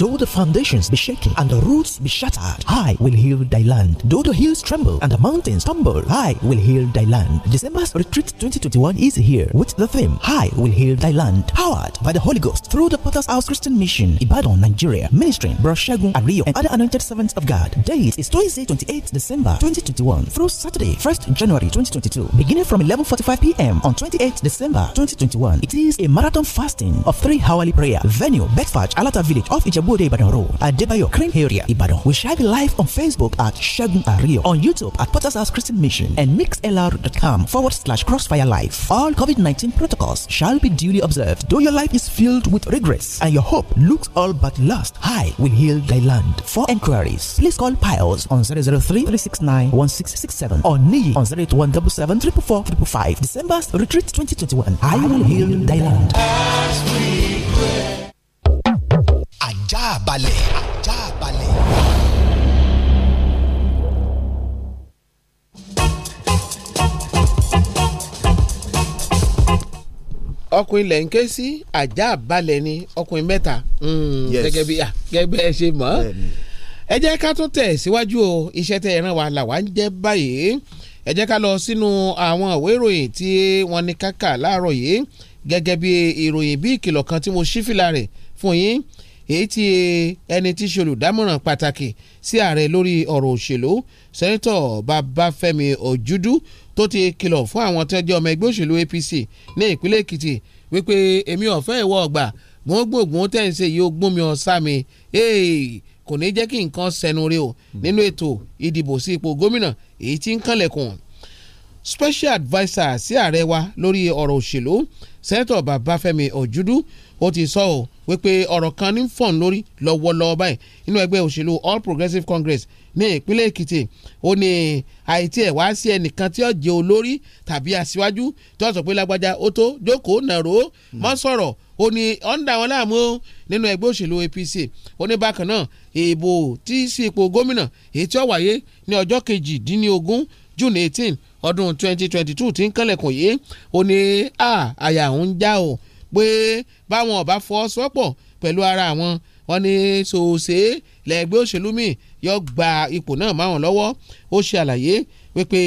Though the foundations be shaken and the roots be shattered, I will heal thy land. Though the hills tremble and the mountains tumble, I will heal thy land. December's retreat 2021 is here with the theme I will heal thy land. Powered by the Holy Ghost through the Potter's House Christian Mission, Ibadan, Nigeria, ministering Broshagun Ario and other anointed servants of God. Date is Tuesday, 28th December 2021 through Saturday, 1st January 2022, beginning from 11:45 p.m. on 28th December 2021. It is a marathon fasting of three hourly prayer. Venue Bedford Alata Village of Ijebode Ibadan Road, Adebayo Crane area, Ibadan. We shall be live on Facebook at Shagun Ario, on YouTube at Potter's House Christian Mission, and mixlr.com forward slash crossfire life. All COVID 19 protocols shall be duly observed. Though your life is filled with regrets and your hope looks all but lost, I will heal thy land. For inquiries, please call Piles on 003 369 1667 or NIE on 0817 444 December's Retreat 2021. I will heal thy land. ajá balẹ̀ ajá balẹ̀. ọkùnrin lẹ̀ ké sí ajá balẹ̀ ni ọkùnrin mẹ́ta hmm, gẹ́gẹ́ bí gẹ́gẹ́ ẹ ṣe mọ̀ ẹ jẹ́ ká tún tẹ̀ síwájú o iṣẹ́ tẹ̀ ẹ̀ràn wa làwa ń jẹ́ báyìí ẹ jẹ́ ká lọ sínú àwọn ìwé ìròyìn tí wọ́n ní kákà láàárọ̀ yìí gẹ́gẹ́ bí ìròyìn bí ìkìlọ̀ kan tí mo ṣí fìlà rẹ̀ fún yín èyí tí ẹni tí ṣe olùdámọ̀ràn pàtàkì sí ààrẹ lórí ọ̀rọ̀ òṣèlú sẹ́nitọ̀ babafẹ́mi ojúdú tó ti kìlọ̀ fún àwọn tó jẹ́ ọmọ ẹgbẹ́ òṣèlú apc ní ìpínlẹ̀ èkìtì wípé èmi ọ̀fẹ́ ìwọ ọ̀gbà mò ń gbòògùn tẹ̀ ń ṣe yìí ó gún mi ọ̀sá mi kò ní jẹ́ kí nǹkan sẹnu rí o nínú ètò ìdìbò sí ipò gómìnà èyí tí ń kànlẹ̀kùn special adviser sí ààrẹ wa lórí ọ̀rọ̀ òṣèlú sẹ́nitọ̀ babafẹ́mi ojúdú ó ti sọ ọ́ wípé ọ̀rọ̀ kan ní fọ̀n lórí lọ́wọ́lọ́wọ́ báyìí nínú ẹgbẹ́ òṣèlú All Progressives Congress ní ìpínlẹ̀ Èkìtì ó ní àìtí ẹ̀ wá sí ẹnìkan tí ó jẹ́ olórí tàbí aṣíwájú tí wọ́n sọ pé lágbájá ó tó jókòó nàró mọ́ hmm. sọ̀rọ̀ ó ní ọ̀ǹda wọn láàmú nínú ẹgbẹ́ òṣèlú APC ó ní bákan náà èèbò tí í sí ipò gómìnà èyí tí ó wáyé ní ọjọ́ kejìdínlógún June eighteen ọdún twenty twenty two ti ń kànlẹ̀kùn yìí ó ní àyà òun já o pé báwọn ọba fọ́ sọ́pọ̀ pẹ̀lú ara àwọn wọn ní sòòsè lẹ́gbẹ́ òṣèlú mi yọ gba ipò náà máwọn lọ́wọ́ ó ṣe àlàyé wípé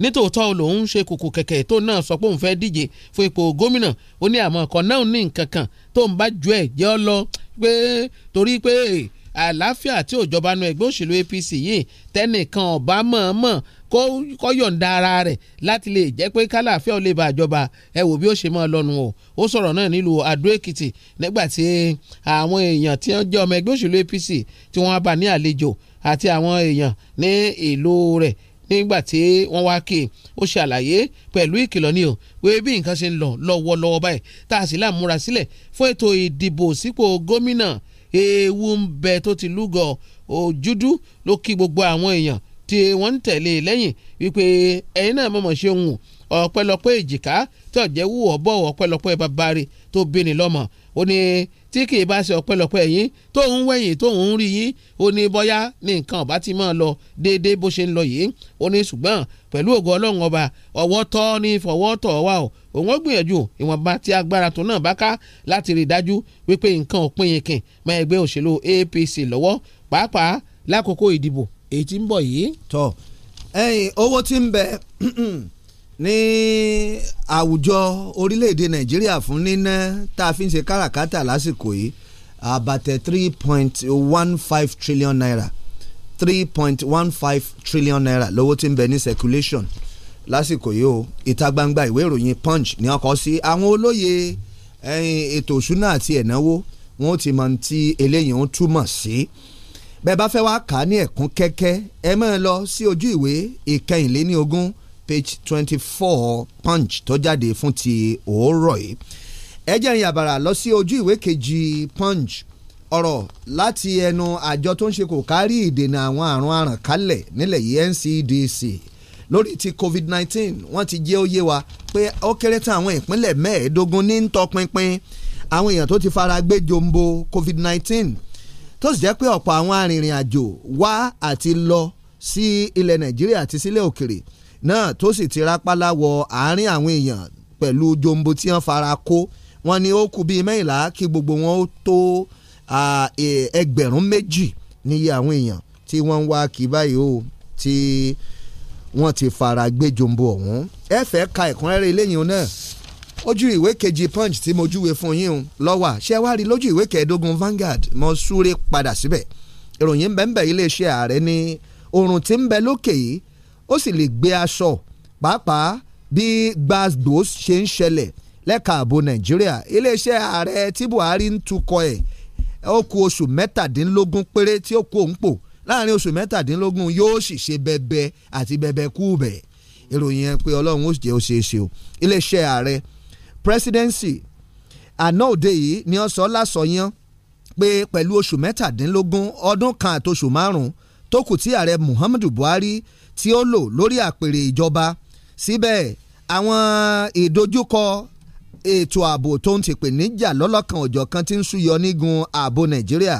nítòótọ́ lòun ṣe kòkò kẹ̀kẹ́ tó náà sọ pé òun fẹ́ díje fún ipò gómìnà ó ní àmọ́ ọkọ̀ náà ní nǹkan kan tó ń bá ju ẹ̀ jẹ́ ọ lọ pé torí pé àlàáfíà tí òjọba nu ẹgbẹ́ òṣèlú APC yìí tẹ́nìkan ọ̀bá mọ̀ọ́mọ̀ kó yọ̀ǹda ara rẹ̀ láti lè jẹ́ pé kálàfẹ́ ò lè bá àjọba ẹ wò bí ó ṣe máa lọ́nu o ó sọ̀rọ̀ náà nílùú Adó Èkìtì nígbà tí àwọn èèyàn tí wọ́n jẹ́ ọmọ ẹgbẹ́ òṣèlú APC tí wọ́n bá ní àlejò àti àwọn èèyàn ní ìlú rẹ̀ nígbà tí wọ́n wá kí ó ṣe àlàyé pẹ̀lú ìkìlọ̀ ni o pé bí nǹkan ṣe ń lọ lọ́wọ́lọ́wọ́ báyìí tá a sì láàmúra sílẹ̀ fún ètò ìdìbò sípò gómìnà ewu ń bẹ tó ti lúgọ òjúdú ló kí gbogbo àwọn èèyàn tí wọ́n ń tẹ̀lé e lẹ́yìn wípé ẹ̀yin náà mọ̀mọ́ ṣe ń wò ọ̀pẹ́lọpẹ́ èjìká tí ọ̀jẹ̀ wù ọ́ bọ̀ ọ̀pẹ́lọpẹ́ babare tó bini lọ́mọ ó ní tí kì í bá ṣe ọ̀pẹ́lọpẹ́ yín tó ń wẹ̀yìn tó ń rí yín ó ní bọ́yá ní nǹkan ọ̀bá ti máa lọ déédéé bó ṣe ń lọ yìí ó ní ṣùgbọ́n pẹ̀lú ògo ọlọ́run ọba ọwọ́ tọ́ ní fọwọ́ tọ̀ wá o òun ó gbìyànjú ìwọ̀nba tí agbára tó náà bá ká láti rí i dájú wípé nǹkan òpin yìí kìn ẹgbẹ́ òṣèlú APC lọ́wọ́ pàápàá lákòókò ìdìbò èyí tí ń bọ̀ yìí. tọ ẹyin owó tí ń bẹ ní àwùjọ orílẹ̀-èdè nàìjíríà fún níná tá a fi ń ṣe káràkátà lásìkò yìí àbàtẹ three point one five trillion naira three point one five trillion naira lówó tí ń bẹ ní circulation lásìkò yìí o ìta gbangba ìwé ìròyìn punch ní ọkọ sí àwọn olóye ètò òṣùnà àti ẹ̀náwó wọn ti mọ ti eléyìí ń túmọ̀ sí. Si bẹ́ẹ̀ bá fẹ́ wá kà á ní ẹ̀kún kẹ́kẹ́ ẹ máa lọ sí ojú ìwé ìkẹyìnléní page twenty four punch tó jáde fún ti òórọ̀ yìí ẹ jẹ́ ìyá àbàrà lọ sí ojú ìwé kejì punch ọ̀rọ̀ láti ẹnu àjọ tó ń ṣe kò kárí ìdènà àwọn àrùn àrànkálẹ̀ nílẹ̀ yìí NCDC lórí ti covid nineteen wọ́n ti jẹ́ ó yé wa pé ó kéré tán àwọn ìpínlẹ̀ mẹ́ẹ̀ẹ́dógún ní ń tọpinpin àwọn èèyàn tó ti fara gbé jombo covid nineteen tó sì jẹ́ pé ọ̀pọ̀ àwọn arìnrìn àjò wá àti lọ sí ilẹ̀ nàìjíríà àti sílẹ̀ òkèrè náà tó sì ti rápálá wọ àárín àwọn èèyàn pẹ̀lú jombo tí wọ́n fara kó wọ́n ní ó kù bíi mẹ́rìnlá kí gbogbo wọn ó tó ẹgbẹ̀rún méjì níye àwọn èèyàn tí wọ́n ń wá kí báyìí o tí wọ́n ti fara gbé jombo ọ̀hún ẹ fẹ́ ka ẹ̀kúnrẹ́rẹ́ eléyìí náà ojú ìwé kejì punch tí mo júwe fún yín lọ́wọ́ ṣé wá rí lójú ìwé kẹẹ̀ẹ́dógún Vanguard mo súré padà síbẹ̀ ìròyìn bẹ́ẹ̀ iléeṣẹ́ ààrẹ ní oòrùn tí ń bẹ lókè yìí ó sì lè gbé aṣọ pàápàá bí gbàgbós ṣe ń ṣẹlẹ̀ lẹ́ka ààbò Nàìjíríà iléeṣẹ́ ààrẹ tí Buhari ń tukọ̀ ẹ̀ ó kù oṣù mẹ́tàdínlógún péré tí ó kù òǹpò láàrin oṣù mẹ́tàdínlógún yóò sì ṣe bẹbẹ àti bẹbẹ kú ìròyìn ẹ pé Ọlọ́run ó jẹ́ ó ṣeé o iléeṣẹ́ ààrẹ presidency àná òde yìí ni wọ́n sọ lásọyán pé pẹ̀lú oṣù mẹ́tàdínlógún ọdún kan àtoṣù márùn-ún tó kù tí ààrẹ Muhammadu Buhari tí ó lò lórí àpèrè ìjọba síbẹ̀ àwọn ìdojúkọ ètò ààbò tó ń tìpèníjà lọ́lọ́kan òjọ̀kan tí ń súyọ nígun ààbò Nàìjíríà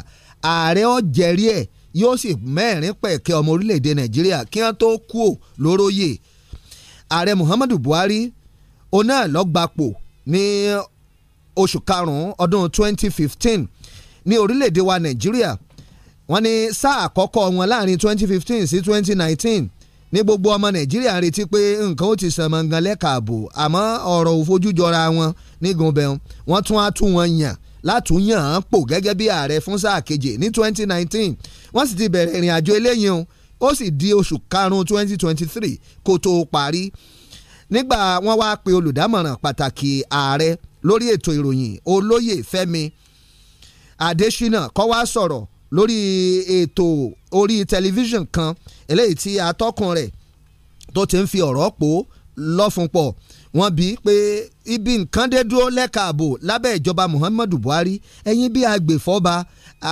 ààrẹ ọ̀jẹ̀rí ẹ̀ yóò sì mẹ́rin pẹ̀kẹ́ ọmọ orílẹ̀-èdè Nàìjíríà kí wọ́n tó kú ò lóróyè ààrẹ Muhammadu Buhari òun náà lọ́gbàpọ̀ ní oṣù karùn ọdún 2015 ní orílẹ̀-èdè wa nàìjíríà wọ́n ní sáà àkọ́kọ́ wọn láàrin 2015 sí 2019 ní gbogbo ọmọ nàìjíríà retí pé nǹkan ó ti sàmọ̀ǹgàn lẹ́ka ààbò àmọ́ ọ̀rọ̀ òfojújọra wọn nígun bẹ́ẹ̀ wọ́n tún á tún wọn yàn látúnyàn án pò gẹ́gẹ́ bí ààrẹ fún sáà keje ní 2019 wọ́n sì ti bẹ̀rẹ̀ ìrìn àjò eléyìí o ó sì di oṣù karùn 2023 kó tó parí nígbà wọ́n wá pe olùdámọ̀ràn pàtàkì ààrẹ lórí ètò ìròyìn olóyè Fẹ́mi Adésínà kó wá sọ̀rọ̀ lórí ètò orí tẹlifíṣàn kan eléyìí tí atọ́kùn rẹ̀ tó ti ń fi ọ̀rọ̀ pò lọ́fúnpọ̀ wọ́n bí pé ibi nǹkan dé dúró lẹ́ka ààbò lábẹ́ ìjọba Muhammadu Buhari ẹ̀yin bí agbèfọ́ba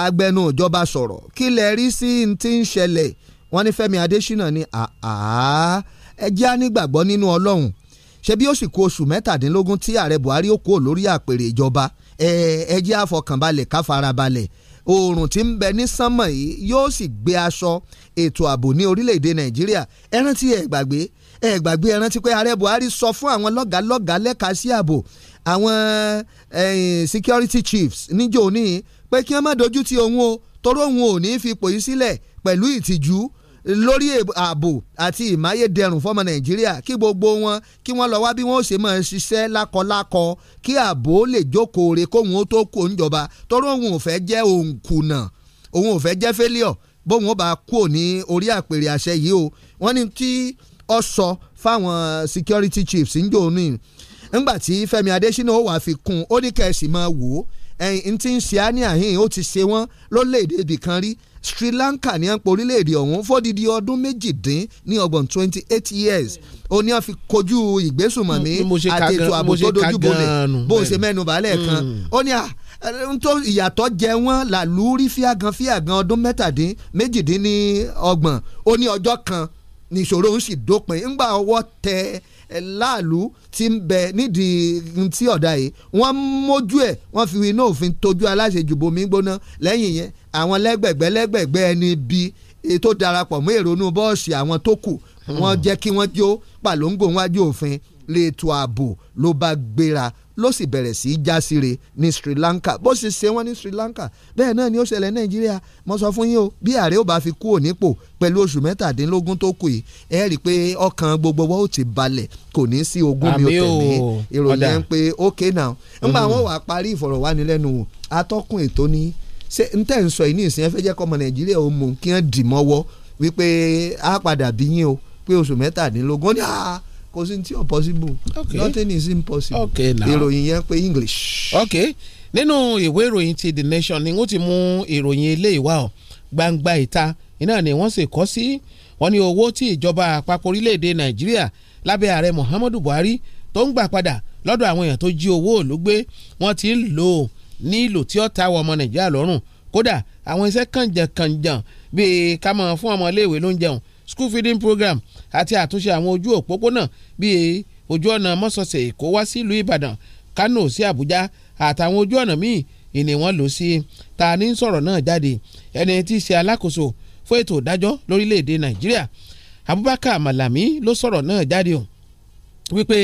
agbẹnu ìjọba sọ̀rọ̀ kí lẹ rí sí ti ń ṣẹlẹ̀ wọ́n ní Fẹ́mi Adésínà ní àá ẹ jẹ́ á nígbàgbọ́ nínú ọlọ́run ṣé bí ó sì kù oṣù mẹ́tàdínlógún tí ààrẹ buhari ó kúrò lórí àpèrè ìjọba ẹ jẹ́ á fọkànbalẹ̀ ká farabalẹ̀ oòrùn tí ń bẹ ní sánmọ̀ yìí yóò sì gbé aṣọ ètò ààbò ní orílẹ̀-èdè nàìjíríà ẹ rántí ẹ gbàgbé ẹ gbàgbé ẹ rántí pé ààrẹ buhari sọ fún àwọn lọ́gàálọ́gàá lẹ́ka sí ààbò àwọn security chiefs níjọ́ òní pé kí wọ́n má dojú ti òun o torí òun ò ní fipò yìí sílẹ̀ pẹ̀lú ìtìjú lórí ààbò àti ìmáyédẹrùn fọmọ nàìjíríà kí gbogbo wọn kí wọ́n lọ wá bí wọ́n ṣe máa ṣiṣẹ́ lákọlákọ kí ààbò lè jókòó re kóhun ó tó kó níjọba tọrọ òun ò fẹ́ jẹ́ òǹkùnà òun ò fẹ́ jẹ́ failure bóun ó bá kú ní orí àpèrè àṣẹ yìí o wọ́n ní tí ọ sọ fáwọn security chiefs ń jò ní ńgbà tí Fẹ́mi Adésínà ó wàá fi kún ó ní kẹsì máa wò ó ẹ̀yìn tí ń ṣe á ní àhín ó ti ṣe wọ́n lólè èdè ibì kan rí Sri Lanka ní àpò orílẹ̀-èdè ọ̀hún fódìdí ọdún méjìdín ní ọgbọ̀n twenty eight years ó ní àfi kojú ìgbésùmọ̀mí àti ètò ààbò tó dojú bolẹ̀ bó ṣe mẹ́nu bàálẹ̀ hmm. kan ó ní à tó ìyàtọ̀ jẹ wọ́n làlúrí fíàgàn fíàgàn ọdún mẹ́tàdín méjìdín ní ọgbọ̀n ó ní ọjọ́ kan nìṣòro ń sì dópin ńgbà ọwọ́ tẹ ẹ́ láàlú ti ń bẹ nídìí tí ọ̀dà yìí wọ́n mójú ẹ̀ wọ́n fi iná òfin tójú aláṣẹ jùbọ̀ mi gbóná lẹ́yìn yẹn àwọn lẹ́gbẹ̀gbẹ́ lẹ́gbẹ̀gbẹ́ ẹni bí tó darapọ̀ mọ́ èrònú bọ́ọ̀sì àwọn tó kù wọ́n jẹ́ kí wọ́n jó pàlóńgò wájú òfin lè to ààbò ló bá gbéra ló sì bẹ̀rẹ̀ sí í já síre ní Sri Lanka bó sì ṣe wọ́n ní Sri Lanka bẹ́ẹ̀ náà ni ó ṣẹlẹ̀ Nàìjíríà mo sọ fún yín o bí ààrẹ ò bá fi kú ònípò pẹ̀lú oṣù mẹ́tàdínlógún tó kù yìí ẹ rí i pé ọkàn gbogbo wọn ti balẹ̀ kò ní sí ogún mi ò tẹ̀lé ìròyìn ẹ̀ ń pe okay now nígbà mm-hmm. wọn wà parí ìfọ̀rọ̀wánilẹ́nuwò atọ́kùn ètò ní ṣé n tẹ́ ń sọ yìí ní ìsìn ẹ fẹ́ jẹ́ kọ́mọ Nàìjíríà ó mú kí wọ́n dì mọ́wọ́ wípé á padà bí yín o pé oṣù mẹ́tàdínlógún ni àá ah, kò sí tí ò possible okay. nothing is impossible okay, ìròyìn yẹn pé English. ok nínú ìwé ìròyìn ti The Nation ni wọ́n ti mú ìròyìn ilé ìwà ọ̀ gbangba ìta iná ni wọ́n sì kọ́ sí wọ́n ní owó tí ìjọba àpapọ̀ orílẹ̀-èdè Nàìjíríà lábẹ́ ààrẹ Muhammadu Buhari tó ń gbà padà lọ́dọ̀ àwọn èèyàn tó jí owó òlú gbé wọ́n ti ń lò ó ní ìlò tí ó ta wọ ọmọ Nàìjíríà lọ́rùn kódà àwọn iṣẹ́ kànjàkànjàn bíi ká máa fún ọmọ iléèwé ló ń jẹun school feeding program àti àtúnṣe àwọn ojú òpópónà bíi ojú ọ̀nà mọ́sọ̀ọ̀sẹ̀ èkó wá sílùú ìbàdàn kánò sí àbújá àtàwọn ojú ọ̀nà míì ìní wọn lò sí ta ní sọ̀rọ̀ náà jáde ẹni tí í ṣe alákòóso fún ètò ìdájọ́ lórílẹ̀‐èdè nàìjíríà abubakar malami ló sọ̀rọ̀ náà jáde o wípé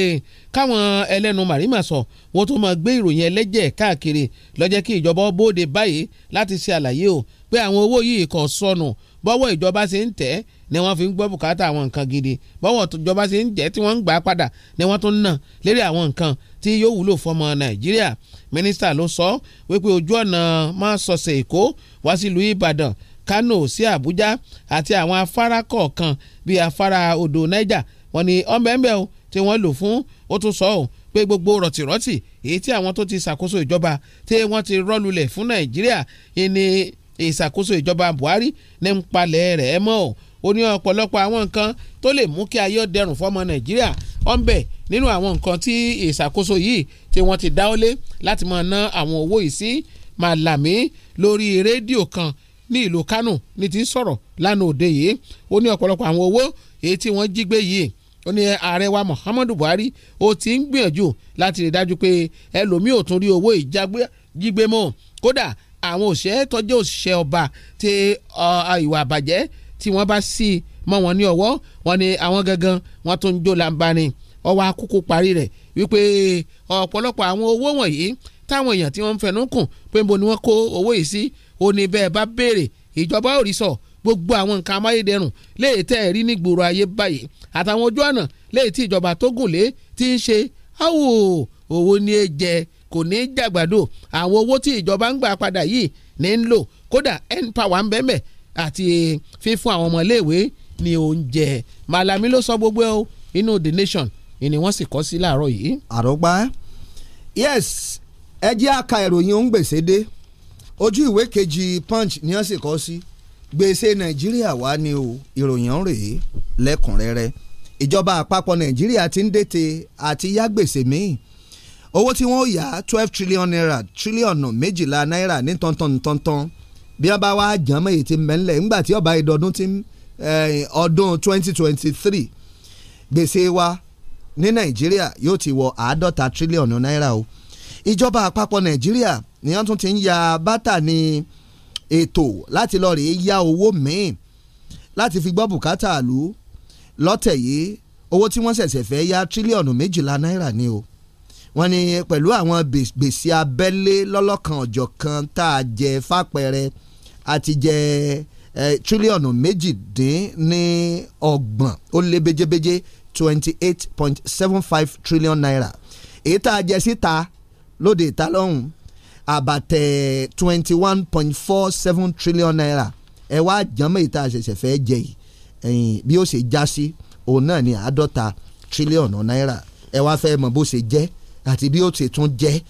káwọn ẹlẹ́nu màrímàsọ wọn tó máa gbé ìròyìn ẹlẹ́jẹ̀ káàkiri ló jẹ́ kí ìjọba bóde báyìí láti ṣe àlàyé o pé àwọn owó yìí kò sọnù bọ́wọ́ ìjọba ṣe ń tẹ̀ ni wọ́n fi ń gbọ́ bùkátà àwọn nǹkan gidi bọ́wọ́ ìjọba ṣe ń jẹ́ tí wọ́n ń gbà padà ni wọ́n tún ń ná lérí àwọn nǹkan tí yóò wúlò fọmọ Nàìjíríà mínísítà ló sọ wípé ojú ọ̀nà máa sọ̀sẹ̀ Èkó wá sílùú Ìbàdàn Kano sí Àbújá àti àwọn afárá kọ̀ọ̀kan bíi afárá odò Niger wọ́n ní ọ̀mẹ́mẹ́ o tí wọ́n lò fún ó tún sọ ọ́ pé gbogbo rọ̀tìrọ̀tì èyí tí àwọn tó ti ṣàkóso ìjọba tí wọ́n ti rọ́lulẹ̀ fún Nàìjíríà ìní ìṣàkóso ìjọba Buhari ní ń palẹ̀ rẹ̀ mọ́ ọ́ ó ní ọ̀pọ̀lọpọ̀ àwọn nǹkan tó lè mú kí ayọ̀ dẹrùn fọmọ Nàìjíríà ó ń bẹ nínú àwọn nǹkan tí ìṣàkóso yìí tí wọ́n ti dáwọ́lé láti máa ná àwọn owó yìí sí Màlàmí lórí rédíò kan ní ìlú Kánò ní ti sọ̀rọ̀ lánàá òde yìí ó ní ọ̀pọ̀lọpọ̀ àwọn owó èyí tí wọ́n jí gbé yìí ó ní ààrẹ wa Muhammadu Buhari ó ti ń gbìyànjú láti rí dájú pé ẹlòmíì ò tún rí owó ìjágbé jígbé mọ́ kódà àwọn òṣìṣẹ́ tọ́jú òṣìṣẹ́ ọba ti ìwà àbàjẹ́ tí wọ́n bá sí i mọ́ wọn ní ọwọ́ wọn ni àwọn gangan wọ́n tún ń jó làǹbà ni ọwọ́ akókó parí rẹ̀ wípé ọ̀pọ̀lọpọ̀ àwọn owó wọ̀nyí táwọn èèyàn tí wọ́n ń fẹnu kùn pé níbo ni wọ́n kó owó yìí sí ó ní bẹ́ẹ̀ bá béèrè ìjọba ò rí sọ gbogbo àwọn nǹkan amáyédẹrùn léè tẹ́ ẹ̀ rí ní gbòòrò ayé báyìí àtàwọn ojú ọ̀nà léè tí ìjọba tó gùn lé ti ń ṣe áwò owó ní e jẹ kò ní í jàgbàdo àwọn owó tí ìjọba ń gbà padà yìí ní ń lò kódà npower ń bẹ́ẹ̀ àti fífún àwọn ọmọléèwé ní oúnjẹ Malami ló sọ gbogbo ẹ o inú The Nation ni wọ́n sì kọ́ sí láàárọ̀ yìí. àrògbá yes ẹ jẹ́ àka ìròyìn òun gbèsè dé ojú ìwé kejì punch ni wọ́n sì kọ́ sí gbèsè nàìjíríà wà ní o ìròyìn ọ̀hún rèé lẹ́kùnrẹ́rẹ́ ìjọba àpapọ̀ nàìjíríà ti ń dètè àti yá gbèsè míì owó tí wọ́n yá twelve trillion naira trillion méjìlá náírà ní tọ́ntọ́n tọ́ntọ́n bí wọ́n bá wá jàn mọ́ èyí tí mẹ́lẹ̀ ńgbà tí ọba ìdọ̀dún ti eh, ọdún twenty twenty three gbèsè wa ní nàìjíríà yóò ti wọ àádọ́ta tírílíọ̀nù náírà o ìjọba àpapọ̀ nàìjíríà ni wọ́n tún ti ń ya bátà ní ètò láti lọ rèé yá owó míì láti fi gbọ́ bùkátà lù lọ́tẹ̀ yìí owó tí wọ́n ṣẹ̀ṣẹ̀ fẹ́ yá tírílíọ̀nù méjìlá náírà ni o wọ́n ní pẹ̀lú àwọn gbèsè abẹ́lé lọ́lọ́kan ọ̀jọ̀ kan tá a jẹ fápẹ́rẹ́ àti jẹ tírílíọ̀nù méjìdín ó lé bẹ́jẹ́bẹ́jẹ́ twenty eight point seven five trillion naira èyí tá a jẹ síta lóde ìta lọ́hùn àbàtẹ̀ twenty one point four seven trillion naira ẹ wá jàmọ́ èyí tá a ṣẹ̀ṣẹ̀ fẹ́ jẹ yìí bí ó ṣe já sí òun náà ní àádọ́ta tírílíọ̀nù náírà ẹ wá fẹ́ mọ̀ bó ṣe jẹ́ àti bí ó ti tún jẹ́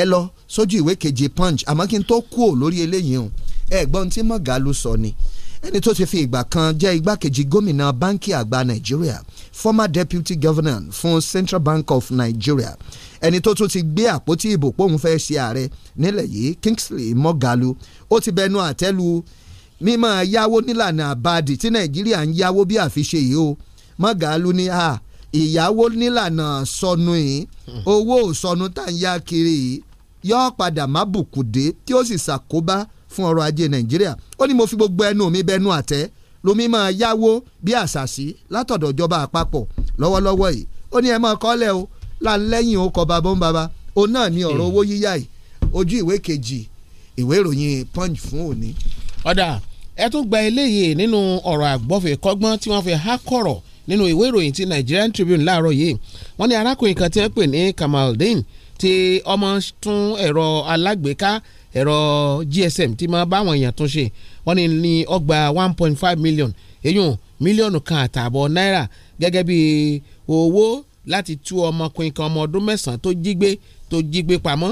ẹ lọ sójú ìwé keje punch àmọ́ kí n tó kú ò lórí eléyìí o ẹ̀gbọ́n tí mọ̀gálù sọ ni ẹni tó ti fi ìgbà kan jẹ́ igbákejì gómìnà báńkì àgbà nàìjíríà former deputy governor fún Central Bank of Nigeria ẹni tó tún ti gbé àpótí ìbò póun fẹ́ ṣe ààrẹ nílẹ̀ yìí Kingsley Mọ̀gálù ó ti bẹnu àtẹ́lu mímọ́ yáwó nílànà àbáàdì tí nàìjíríà ń yáwó bí àfiṣe yìí o Mọ̀gálù ní a. Ah, ìyàwó nílànà sọnù yìí hmm. owó sọnù tá ń yá kiri yìí yóò padà má bùkùdé tí ó sì ṣàkóbá fún ọrọ̀ ajé nàìjíríà ó ní mo fi gbogbo ẹnu mi bẹnu àtẹ́ lomi máa yáwó bí àṣàṣì látọ̀dọ̀ ìjọba àpapọ̀ lọ́wọ́lọ́wọ́ yìí ó ní ẹ máa kọ́lẹ̀ o láńlẹ́yìn ó kọ babó ń baba òun náà ní ọ̀rọ̀ owó yíyá yìí ojú ìwé kejì ìwé ìròyìn punch fún òní. ọ̀dà ẹ tún gba eléyìí nínú ọ̀rọ̀ àgbọ̀fẹ̀ kọ́gbọ́n tí wọ́n fi há kọ̀rọ̀ nínú ìwé ìròyìn ti Nigerian Tribune láàárọ̀ yìí wọ́n ní arákùnrin kan tí wọ́n pè ní Kamaldeen tí ọmọ tún ẹ̀rọ alágbèéká ẹ̀rọ GSM ti máa bá àwọn èèyàn tún ṣe wọ́n ní ní ọgbà one point five million eyín mílíọ̀nù kan àtààbọ̀ náírà gẹ́gẹ́ bí owó láti tú ọmọkùnrin kan ọmọ ọdún mẹ́sàn-án tó jí gbé tó jí gbé pamọ́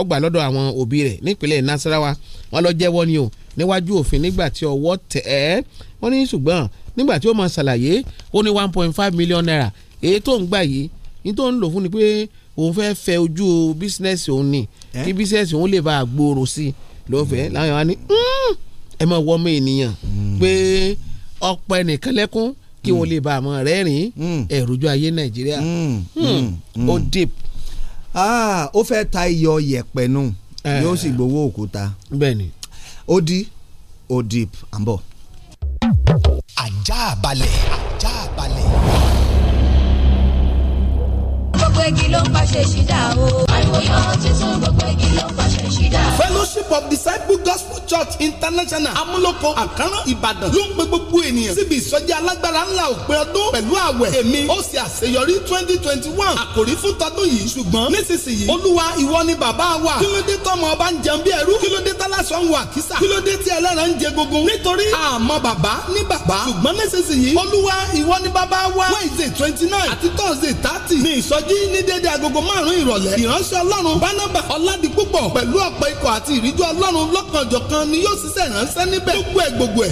ọgbà lọ́dọ̀ àwọn òbí rẹ̀ nípínlẹ̀ Nasarawa wọ́n lọ jẹ́wọ́ ni o níwájú òfin nígbà tí ọwọ́ tẹ̀ ẹ́ wọ́n ní ṣùgbọ́n nígbà tí ó máa ṣàlàyé ó ní one point five million naira èyí tó ń gbà yìí ní tó ń lò fún ni pé òun fẹ́ fẹ ojú bísínẹ́sì òun ni kí bísínẹ́sì òun lè bá a gbòòrò sí i ló fẹ́ hmm. láwọn wa ní hmm, ẹ máa wọ́ ọmọ ènìyàn hmm. pé ọ̀pọ̀ ẹnìkan lẹ́kún kí wọ́n lè bá a mọ̀ rẹ́rìn-ín ẹ̀rọjú ayé Nàìjíríà ó deep Ah, ó fẹ́ ta iyọ̀ yẹ̀pẹ̀ nù eh. yóò sì gbowó òkúta bẹ́ẹ̀ni odi odip àbọ̀. ajá balẹ̀ ajá balẹ̀. gbogbo igi ló ń bá ṣe ṣídà o fellowship of disciple gospel church international amúlòkọ àkàrán ìbàdàn ló ń pe gbogbo ènìyàn síbi ìsọjí alágbára ńlá òpin ọdún pẹ̀lú àwẹ̀ èmi ó sì àṣeyọrí twenty twenty one àkòrí fún tọdún yìí ṣùgbọ́n nísinsìnyí olúwa ìwọ ni bàbá wa kí ló dé tọmọ ọba ń jẹun bí ẹrú kí ló dé tálásọ ń wà kísà kí ló dé tí ẹlẹ́ran ń jẹ gógó nítorí àmọ́ bàbá ní bàbá ṣùgbọ́n nísinsìnyí olúwa ìwọ ni bàbá wa wednesday twenty nine thursday thirty ní ìsọjí ní déédéé agogo márùn-ún ìrọ̀lẹ́ ìránṣẹ́ ọlọ́run bánábà ọ̀làdìpúpọ̀ pẹ̀lú ọ̀pọ̀ ikọ̀ àti ìríjú ọlọ́run lọ́kànjọ̀kan ni yóò ṣiṣẹ́ ìránṣẹ́ níbẹ̀ gbogbo ẹ̀ gbogbo ẹ̀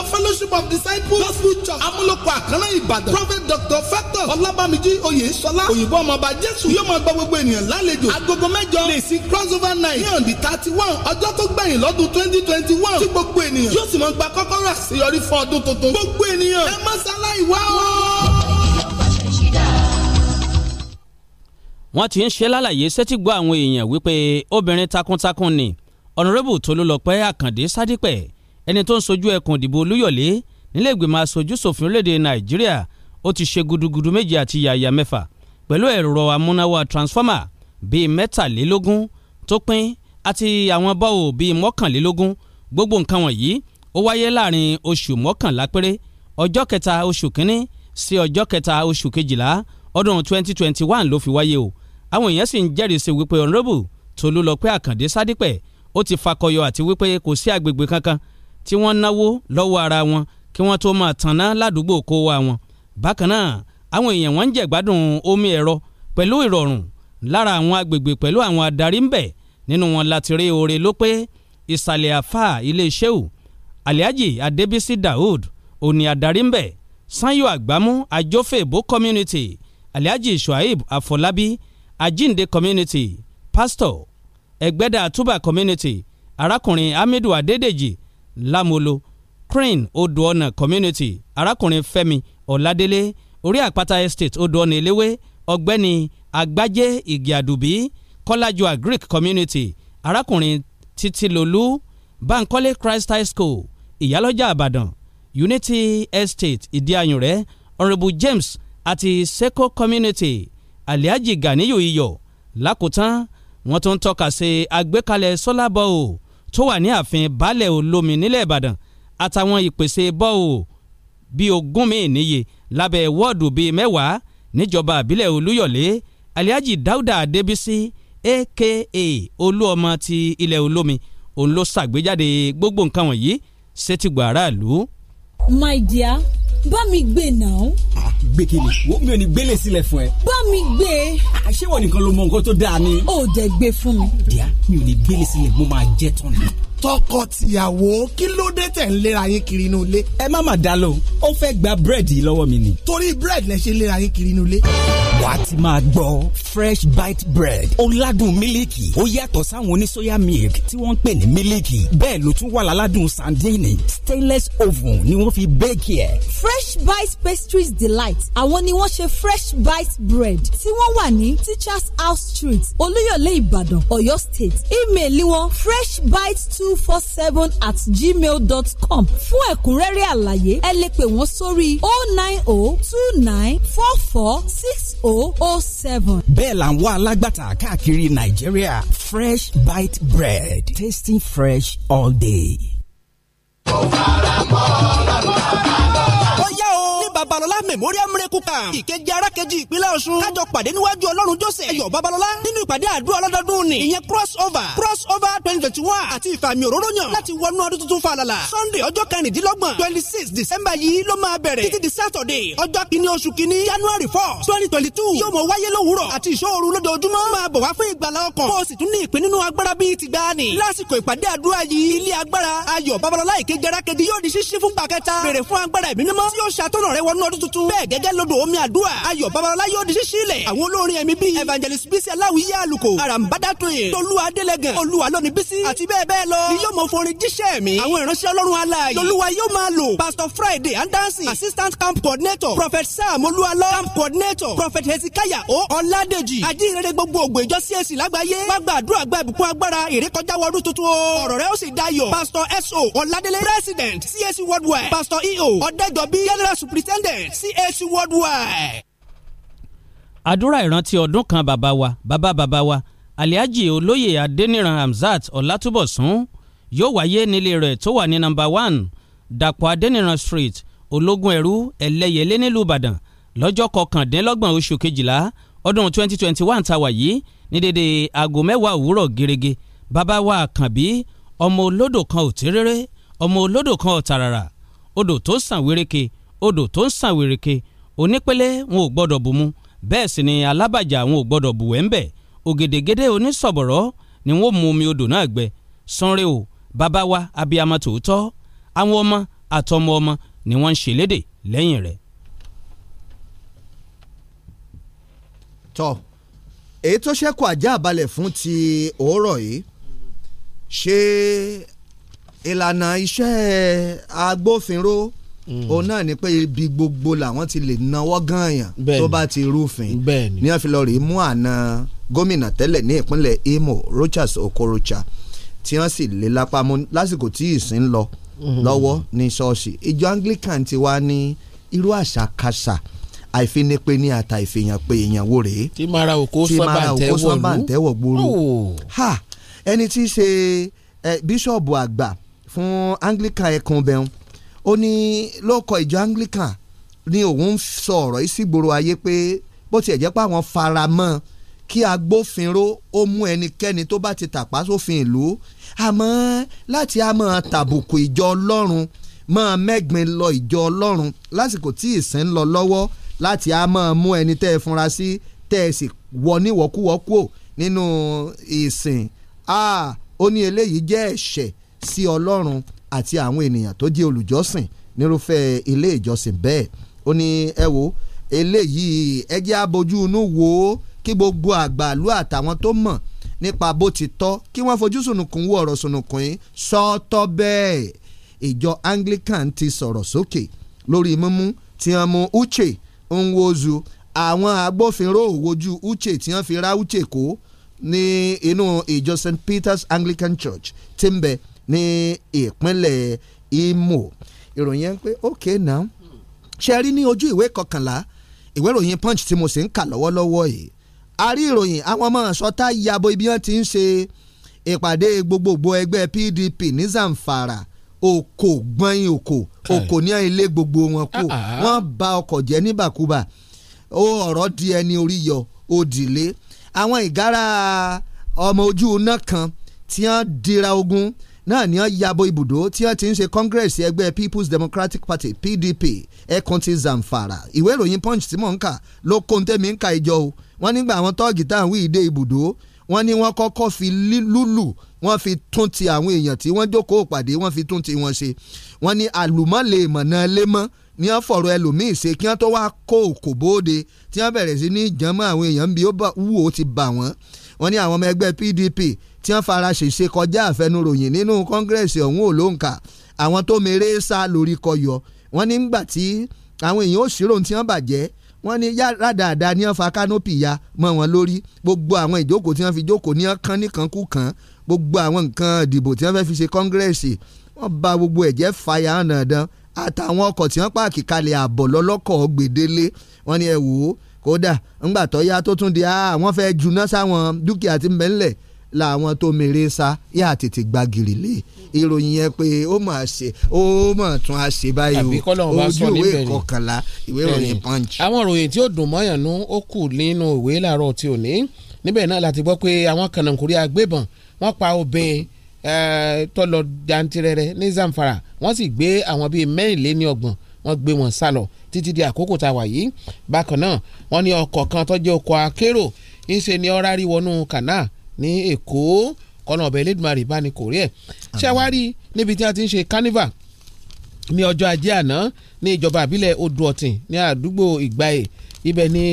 ó fellowship of disciples gospel church amúlòpọ̀ àkànlá ìbàdàn prophet doctor, factor ọlábàmíjì oyèsọlá òyìnbó ọmọọba jésù yóò máa gba gbogbo ènìyàn lálejò agogo mẹ́jọ lè sí crossover night ní ọ̀ndì thirty one ọjọ́ tó gbẹ̀yìn lọ́dún twenty twenty one tí gbogbo ènìyàn yóò sì máa gba kọ́kọ́rọ́ àṣeyọrí fún ọdún tuntun gbogbo ènìyàn ẹ má ṣaláì wá wọ́n ti ń ṣe lálàyé sétígbọ́ àwọn èèyàn wípé obìnrin takuntakun ni ọ̀nàrẹ́bù tolúlọpẹ́ àkàndé sádípẹ̀ ẹni tó ń sojú ẹkùn ìdìbò olúyọ̀lé nílẹ̀ ìgbìmọ̀ aṣojú ṣòfin orílẹ̀-èdè nàìjíríà ó ti ṣe gudugudu méje àti yàyà mẹ́fà pẹ̀lú ẹ̀rọ amúnáwá transformer bíi mẹ́tàlélógún tó pín àti àwọn bọ́ọ̀ bíi mọ́kànlélógún gbogbo nǹkan wọ̀nyí ó wáyé láàrin oṣù mọ́kànlá péré ọjọ́ kẹta oṣù kínní sí ọjọ́ kẹta oṣù kejìlá ọdún 2021 ló fi wáyé o àwọn èèyàn sì ń jẹ́rìí sí wípé ọ̀nrẹ́bù Tolúlọpẹ́ Àkàndé Sádípẹ̀ ó ti fakọyọ àti wípé kò sí agbègbè kankan tí wọ́n náwó lọ́wọ́ ara wọn kí wọ́n tó máa tanná ládùúgbò kó wa wọn bákan náà àwọn èèyàn wọn ń jẹ̀gbádùn omi ẹ̀rọ pẹ̀lú ìrọ̀rùn lára àwọn agbègbè pẹ̀lú àwọn adarí ń bẹ̀ nínú wọn láti rí oore ló pé ìsàlẹ̀ àfà ilé ṣéwù Alhaji Adébísí Daoud òní adarí ń bẹ̀ sanyo àgbámú àjọfẹ́ ìbò community Alhaji Shuaib afolabi Ajínde community pastor Ẹ̀gbẹ́dà Àtúbà community arákùnrin Hamidu Adédèjì Lámolo crane Odòọ̀nà community arákùnrin Fẹ́mi Ọ̀ládélé orí àpáta estate Odòọ̀nà eléwé ọ̀gbẹ́ni Àgbájé Ìgìàdùbí Kọ́lájúà Greek community arákùnrin Títílolú Bankole Christ High School Ìyálọ́jà Àbàdàn Unity Estate Ìdíayùnrẹ́ Honourable James àti Seco community Alhaji Ganiyu Iyọ̀ lákòótán wọ́n tún tọ́ka sí àgbékalẹ̀ sọ́lá bọ́ọ̀ tó wà ní ààfin baálẹ̀ olómi nílẹ̀ Ìbàdàn àtàwọn ìpèsè bọ́ọ̀ bíi ogún mi níye lábẹ́ wọ́ọ̀dù bíi mẹ́wàá níjọba àbílẹ̀ Olúyọ̀lé Alhaji Dauda Adébísí aka Olúọmọ ti ilẹ̀ olómi òun ló ṣàgbéjáde gbogbo nǹkan wọ̀nyí sétígbọ̀ aráàlú. my dear bá mi gbé e náà gbé kiri wo mi ò ní gbélé sílẹ̀ fún ẹ. bá mi gbé. àṣé ah, wọn nìkan ló mọ nǹkan tó dáa ni. ó dẹ gbé fún mi. díà mi ò ní gbélé sílẹ̀ mo máa jẹ tán ni tọkọ-tìyàwó kí ló dé tẹ̀ ń léra yín kiri inú ilé. ẹ má mà dá lóhùn ó fẹ́ gba búrẹ́dì lọ́wọ́ mi ni. torí búrẹ́dì lẹ ṣe léra yín kiri inú ilé. wàá ti máa gbọ́ fresh bite bread ó ládùn mílíkì ó yàtọ̀ sáwọn oníṣòyà milk tí wọ́n ń pè ní mílíkì bẹ́ẹ̀ ló tún wà láládùn sandini stainless oven ni wọ́n fi bẹ́ẹ̀kì ẹ̀. fresh bite pastries delight àwọn ni wọ́n ṣe fresh bite bread tí wọ́n wà ní teachers house street olúyọ̀lé ìbàdàn ọ̀yọ́ state email wọn freshbite two two four seven at gmail dot com fún ẹ̀kúnrẹ́rẹ́ àlàyé ẹ lè pè wọ́n sórí oh nine o oh two nine four four six o oh o oh seven. bẹ́ẹ̀ là ń wá alágbàtà káàkiri nàìjíríà fresh bite bread tasting fresh all day. ó fara mọ́ ọ́ lára. Ọlá Memorial Miracle Camp ìkejì arákejì ìpínlẹ̀ Ọ̀ṣun kájọ pàdé níwájú Ọlọ́run Jọ́sẹ̀ Ẹ̀yọ̀ Babalọ́lá nínú ìpàdé àdúrà ọlọ́dọọdún ni ìyẹn cross over cross over twenty twenty one àti ìfàmì òróró yàn láti wọnú ọdún tuntun falala Sunday ọjọ́ kẹrìndínlọ́gbọ̀n twenty six December yìí ló máa bẹ̀rẹ̀ títí di Saturday ọjọ́ kìíní oṣù kìíní January four twenty twenty two yóò mọ wáyé lówùrọ̀ àti ìṣòro lójoojúmọ́ máa bọ̀ wá fún ìgbàlá ọkàn kó o sì tún ní ìpín nínú agbára bíi ti gbani lásìkò ìpàdé àdúrà yìí ilé agbára Ayọ̀ Babalọ́lá ìkejì arákejì yóò di ṣíṣí fún gbàkẹ́ta tuntun. bẹ́ẹ̀ gẹ́gẹ́ lodò omi àdúrà ayọ̀ babalọlá yóò di ṣíṣí lẹ̀. àwọn olórin ẹ̀mí bíi evangelist bísí aláwìyé àlùkò arambada tóye tolúwa adélẹ́gàn olúwa lóni bísí àti bẹ́ẹ̀ bẹ́ẹ̀ lọ. ni yóò mọ forin jíṣẹ́ mi. àwọn ìránṣẹ́ ọlọ́run aláàyè lolúwa yóò máa lò. pastor friday andansi assistant camp coordinator prophet sam olúwalọ camp coordinator prophet hezekiah o ọládèjì ajínrere gbogbo ògbó ìjọ csc lágbàáyé wá gba àdúrà gba ìbùkún agbára ìrékọjá wọdún tuntun o. ọ̀rọ̀ rẹ pastor so ọládélé president csc worldwide pastor eo ọ̀dẹ́jọ́bí general superintendent CAC worldwide. àdúrà ìrántí ọdún kan bàbá wa bàbá bàbá wa Alhaji olóyè Adéníran Hamzat Ọlátúbọ̀sún yóò wáyé nílé rẹ̀ tó wà ní nọ́mbà one Dàpọ̀ Adéníran Street ológun ẹ̀rú ẹlẹ́yẹlé nílùú Ìbàdàn lọ́jọ́ kọkàndínlọ́gbọ̀n oṣù kejìlá ọdún 2021 tá wà yìí ní dédé aago mẹ́wàá òwúrọ̀ gẹ́rẹ́gẹ́ bàbá wa àkànbí ọmọ olódò kan òtéréré ọmọ olódò kan ọ̀tàràrà odò tó sàn wéréke odò tó ń sàn wèrèké onípele wọn ò gbọ́dọ̀ bù mu bẹ́ẹ̀ sì ni alábàjá wọn ò gbọ́dọ̀ bù wẹ́ńbẹ̀ ògèdègèdè onísọ̀bọ̀rọ̀ ni wọn ò mu omi odò náà gbẹ sanre o bàbá wa abiyamọ tòótọ́ àwọn ọmọ àtọmọ ọmọ ni wọ́n ń ṣèlédè lẹ́yìn rẹ̀. tọ́ èyí tó ṣẹ́kù ajá balẹ̀ fún ti òórọ̀ yìí ṣe ìlànà iṣẹ́ agbófinró Mm. òun náà ni pé ibi gbogbo làwọn ti lè náwó gànyàn tó bá ti rúfin ní wọ́n fi lọ rèé mú àna gómìnà tẹ́lẹ̀ ní ìpínlẹ̀ Imo Rochas Okorocha tí wọ́n sì lè lápá mú lásìkò tí ìsìn lọ mm-hmm. lọ́wọ́ ní ṣọ́ọ̀ṣì ìjọ Anglican ti wá ní irú àṣàkáṣà àìfinipe ní ata ìfihàn pé ìyàwó rèé tí mara òkú sábà ń tẹ́wọ̀ ha ẹni tí í ṣe bíṣọ̀bù àgbà fún Anglican ẹkùn bẹ́ẹ̀ ó ní lóòkọ ìjọ Anglican ni òun sọ ọ̀rọ̀ yìí sí gbòòrò ayé pé bó tiẹ̀ jẹ́ pé àwọn fara mọ́ kí agbófinró ó mú ẹnikẹ́ni tó bá ti tàpá sófin ìlú àmọ́ láti á máa tàbùkù ìjọ Ọlọ́run máa mẹ́gbin lọ ìjọ Ọlọ́run lásìkò tí ìsìn ń lọ lọ́wọ́ láti á máa mú ẹni tẹ́ ẹ fúnra sí tẹ́ ẹ sì wọ níwọ̀kúwọ̀kú nínú ìsìn ah, ó ní eléyìí jẹ́ ẹ̀ṣẹ̀ sí Ọlọ́run àti àwọn ènìyàn tó jẹ́ olùjọ́sìn nírúfẹ́ ilé ìjọsìn bẹ́ẹ̀ ó ní ẹ wo eléyìí ẹ jẹ́ abojú inú wò ó kí gbogbo àgbàlú àtàwọn tó mọ̀ nípa bó ti tọ́ kí wọ́n fojú sùnùkùn wo ọ̀rọ̀ sùnùkùn yìí sọ́ọ́tọ́ bẹ́ẹ̀ ìjọ Anglican ti sọ̀rọ̀ sókè lórí mímú tí wọ́n mú Uche Nwozu àwọn agbófinró òwojú Uche tí wọ́n fi ra Uche kó ní inú ìjọ St Peter's Anglican Church ti ń bẹ́ẹ̀ ní ìpínlẹ̀ Imo ìròyìn yẹn ń pé ok now ṣe rí ní ojú ìwé kọkànlá ìwé ìròyìn punch tí mo sì ń kà lọ́wọ́lọ́wọ́ yìí a rí ìròyìn àwọn ọmọ sọta yabo ibi wọn ti ń ṣe ìpàdé gbogbogbò ẹgbẹ́ PDP ní Zamfara oko gbọ́nyin oko oko ní ilé gbogbo wọn kú ah, ah. wọ́n ba ọkọ̀ jẹ́ níbàkúbà ó ọ̀rọ̀ di ẹni orí yọ òdìlé àwọn ìgárá ọmọ ojú iná kan tí wọ́n dira ogun náà ni wọ́n yabo ibùdó tí wọ́n ti ń ṣe congress ẹgbẹ́ people's democratic party pdp ẹkùn ti zamfara ìwé ìròyìn punch tí mò ń kà ló kóhun tẹ́mi ń ka ìjọ o wọ́n nígbà àwọn tọ́ọ̀gì tá à ń wí ìdè ibùdó wọ́n ní wọ́n kọ́kọ́ fi lúlù wọ́n fi tún ti àwọn èèyàn tí wọ́n jókòó pàdé wọ́n fi tún ti wọn ṣe wọ́n ní àlùmọ́lẹ̀ mọ̀nà lémọ́ ní wọ́n fọ̀rọ̀ ẹlòmíì ṣe kí wọ́n tó wá kó òkò bóde tí wọ́n bẹ̀rẹ̀ sí ní ìjànmọ́ àwọn èèyàn bí ó wù ti bà wọ́n wọ́n ní àwọn ọmọ ẹgbẹ́ PDP tí wọ́n fara ṣèṣe kọjá àfẹnuròyìn nínú kọ́ngírẹ́sì ọ̀hún ò ló ń kà àwọn tó mèrè sá lórí kọyọ wọ́n ní gbà tí àwọn èèyàn ò ṣírò tí wọ́n bàjẹ́ wọ́n ní rádaràda ní wọ́n fa kánópì ya mọ́ wọn lórí gbogbo àwọn ìjókòó tí wọ́n fi jókòó ní kán nìkan kú kan gbogbo àwọn nǹkan ìdìbò tí wọ́n fẹ́ fi ṣe kọ́ngírẹ́sì wọ́n ba gbogbo ẹ̀jẹ̀ fàyà dandan àtàwọn ọkọ̀ tí wọ́n pààkì kalẹ̀ àbọ̀ lọ́lọ́kọ̀ gbèdélé wọ́n ní ẹ wò ó kódà ńgbà tó yá tó tún di àwọn fẹ́ juná sáwọn dúkìá tí ń làwọn tó mèrè sá yà tètè gbàgìrì lé ìròyìn yẹn pé ó mà ṣe ó mà tún a ṣe báyìí o ojú ìwé kọkànlá ìwé ìròyìn punch. àwọn ìròyìn tí ó dùn mọ́yànnú ó kù nínú ìwé làárọ̀ tí ò ní níbẹ̀ náà láti gbọ́ pé àwọn kànáńkùrí agbébọn wọ́n pa obìnrin tó lọ jantirẹrẹ ní Zamfara wọ́n sì gbé àwọn bíi mẹ́rìnléníọgbọ̀n wọ́n gbé wọn sá lọ títí di àkókò tá a wà yìí bákan náà wọ́n ní ọkọ̀ kan tó ọkọ̀ akérò ńṣe ni ọ̀rárí wọnú kànáà ní Èkó kọ́nà ọ̀bẹ Elédùmarè bá ní kò rí ẹ̀ ṣé wàá rí níbi tí a ti ń ṣe carnival ní ọjọ́ ajé àná ní ìjọba àbílẹ̀ odò ọ̀tìn ní àdúgbò ìgbàyè ibẹ̀ ni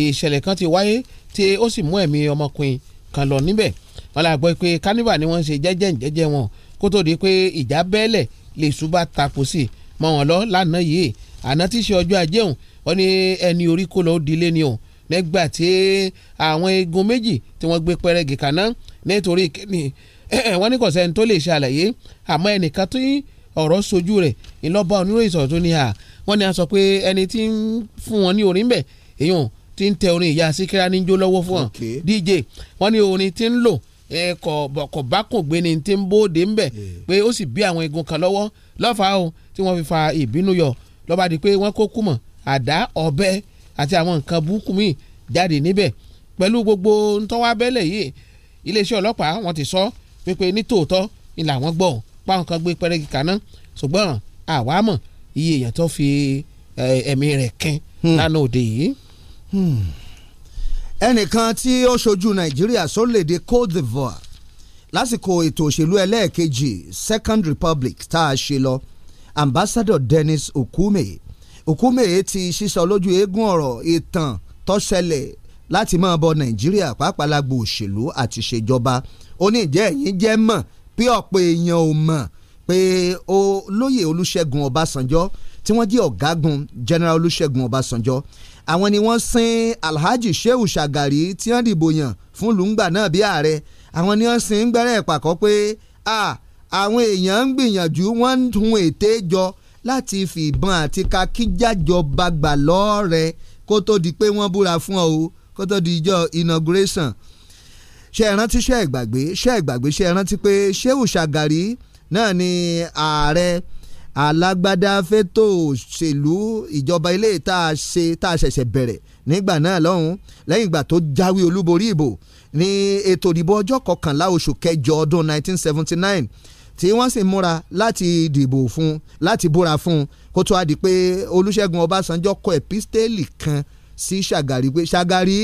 ìṣẹ̀lẹ̀ kan ti wáyé tí ó sì mú ẹ̀mí ọmọkùnrin kan lọ níbẹ̀ wọn la pé carnival ni wọ́n ń ṣe jẹ́jẹ́ jẹ́jẹ́ wọn kó tó di pé ìjà bẹ́ẹ̀lẹ̀ lè ṣùbà takò sí mọ́ wọn lọ lánàá yìí àná tí í ṣe ọjọ́ ajé òun wọ́n ní ẹni orí kó lọ́ọ́ dilé ni òun nígbà tí àwọn igun méjì tí wọ́n gbé pẹrẹgì kaná nítorí kíni wọ́n ní kò sẹ́ni tó lè ṣàlàyé àmọ́ ẹnìkan tó ọ̀rọ̀ sojú rẹ̀ ìlọ́ba oníròyìn sọ̀rọ̀ tó ní à wọ́n ní a sọ pé ẹni tí ń fún wọn ní orin bẹ̀ èèyàn tí ń tẹ orin ìyá síkírá ní jó lọ́wọ́ fún wọn DJ wọ́n ní orin tí ń lò kọ̀ bá kò gbé ni tí ń bóde ńbẹ̀ eh. pé ó sì bí àwọn igun kan lọ́wọ́ lọ́fàá o tí wọ́n fi fa ìbínú yọ lọ́ba di pé wọ́n kó kùmọ̀ àdá ọ̀bẹ àti àwọn nǹkan burúkú míì jáde níbẹ̀ pẹ̀lú gbogbo ntọ́wá bẹ́lẹ̀ yìí iléeṣẹ́ ọlọ́pàá wọn ti sọ pé ní ni làwọn gbọ́ páwọn kan gbé pẹ́rẹ́gì kaná ṣùgbọ́n àwa mọ̀ iye èèyàn tó fi ẹ̀mí rẹ̀ kẹ́n hmm. lánàá òde yìí. Hmm. ẹnìkan tí ó ṣojú nàìjíríà sórílẹ̀‐èdè Côte d'Ivoire lásìkò ètò òṣèlú ẹlẹ́ẹ̀kejì Second Republic tá a ṣe lọ ambassador Dennis Okume Okume ti sísọ lójú eégún ọ̀rọ̀ ìtàn tó ṣẹlẹ̀ láti máa bọ Nàìjíríà pàápàá lágbo òṣèlú àti ìṣèjọba ó ní ìjẹ́ ẹ̀yìn jẹ́ mọ̀ pé ọ̀pọ̀ èèyàn ò mọ̀ pé olóyè Olúṣẹ́gun Ọbásanjọ́ tí wọ́n jẹ́ ọ̀gágun General Olúṣẹ́gun Ọbásanjọ́ àwọn ni wọ́n sin Alhaji Shehu Shagari tí wọ́n dìbò yàn fún lùgbà náà bí ààrẹ àwọn ni wọ́n sin gbẹ́rẹ́ ìpàkọ́ pé àwọn èèyàn ń gbìyànjú wọ́n ń tún ète jọ láti fi ìbọn àti kakí jájọba gbà lọ́ọ̀rẹ́ kó tó di pé wọ́n búra fún ọ o kó tó di ìjọ inauguration ṣe é rántí ṣe é gbàgbé ṣe é gbàgbé ṣe é rántí pé Shehu Shagari náà ni ààrẹ alágbádá fẹ́tò òṣèlú ìjọba ilé tá a ṣe tá a ṣẹ̀ṣẹ̀ bẹ̀rẹ̀ nígbà náà lọ́hùn lẹ́yìn ìgbà tó jáwé olúborí ìbò ní ètò ìdìbò ọjọ́ kọkànlá oṣù kẹjọ ọdún 1979 tí wọ́n sì múra láti dìbò fún láti búra fún kó tó a di pé Olúṣẹ́gun Ọbásanjọ́ kọ ẹ̀písítẹ́ẹ̀lì kan sí Ṣàgàrí pé Ṣàgàrí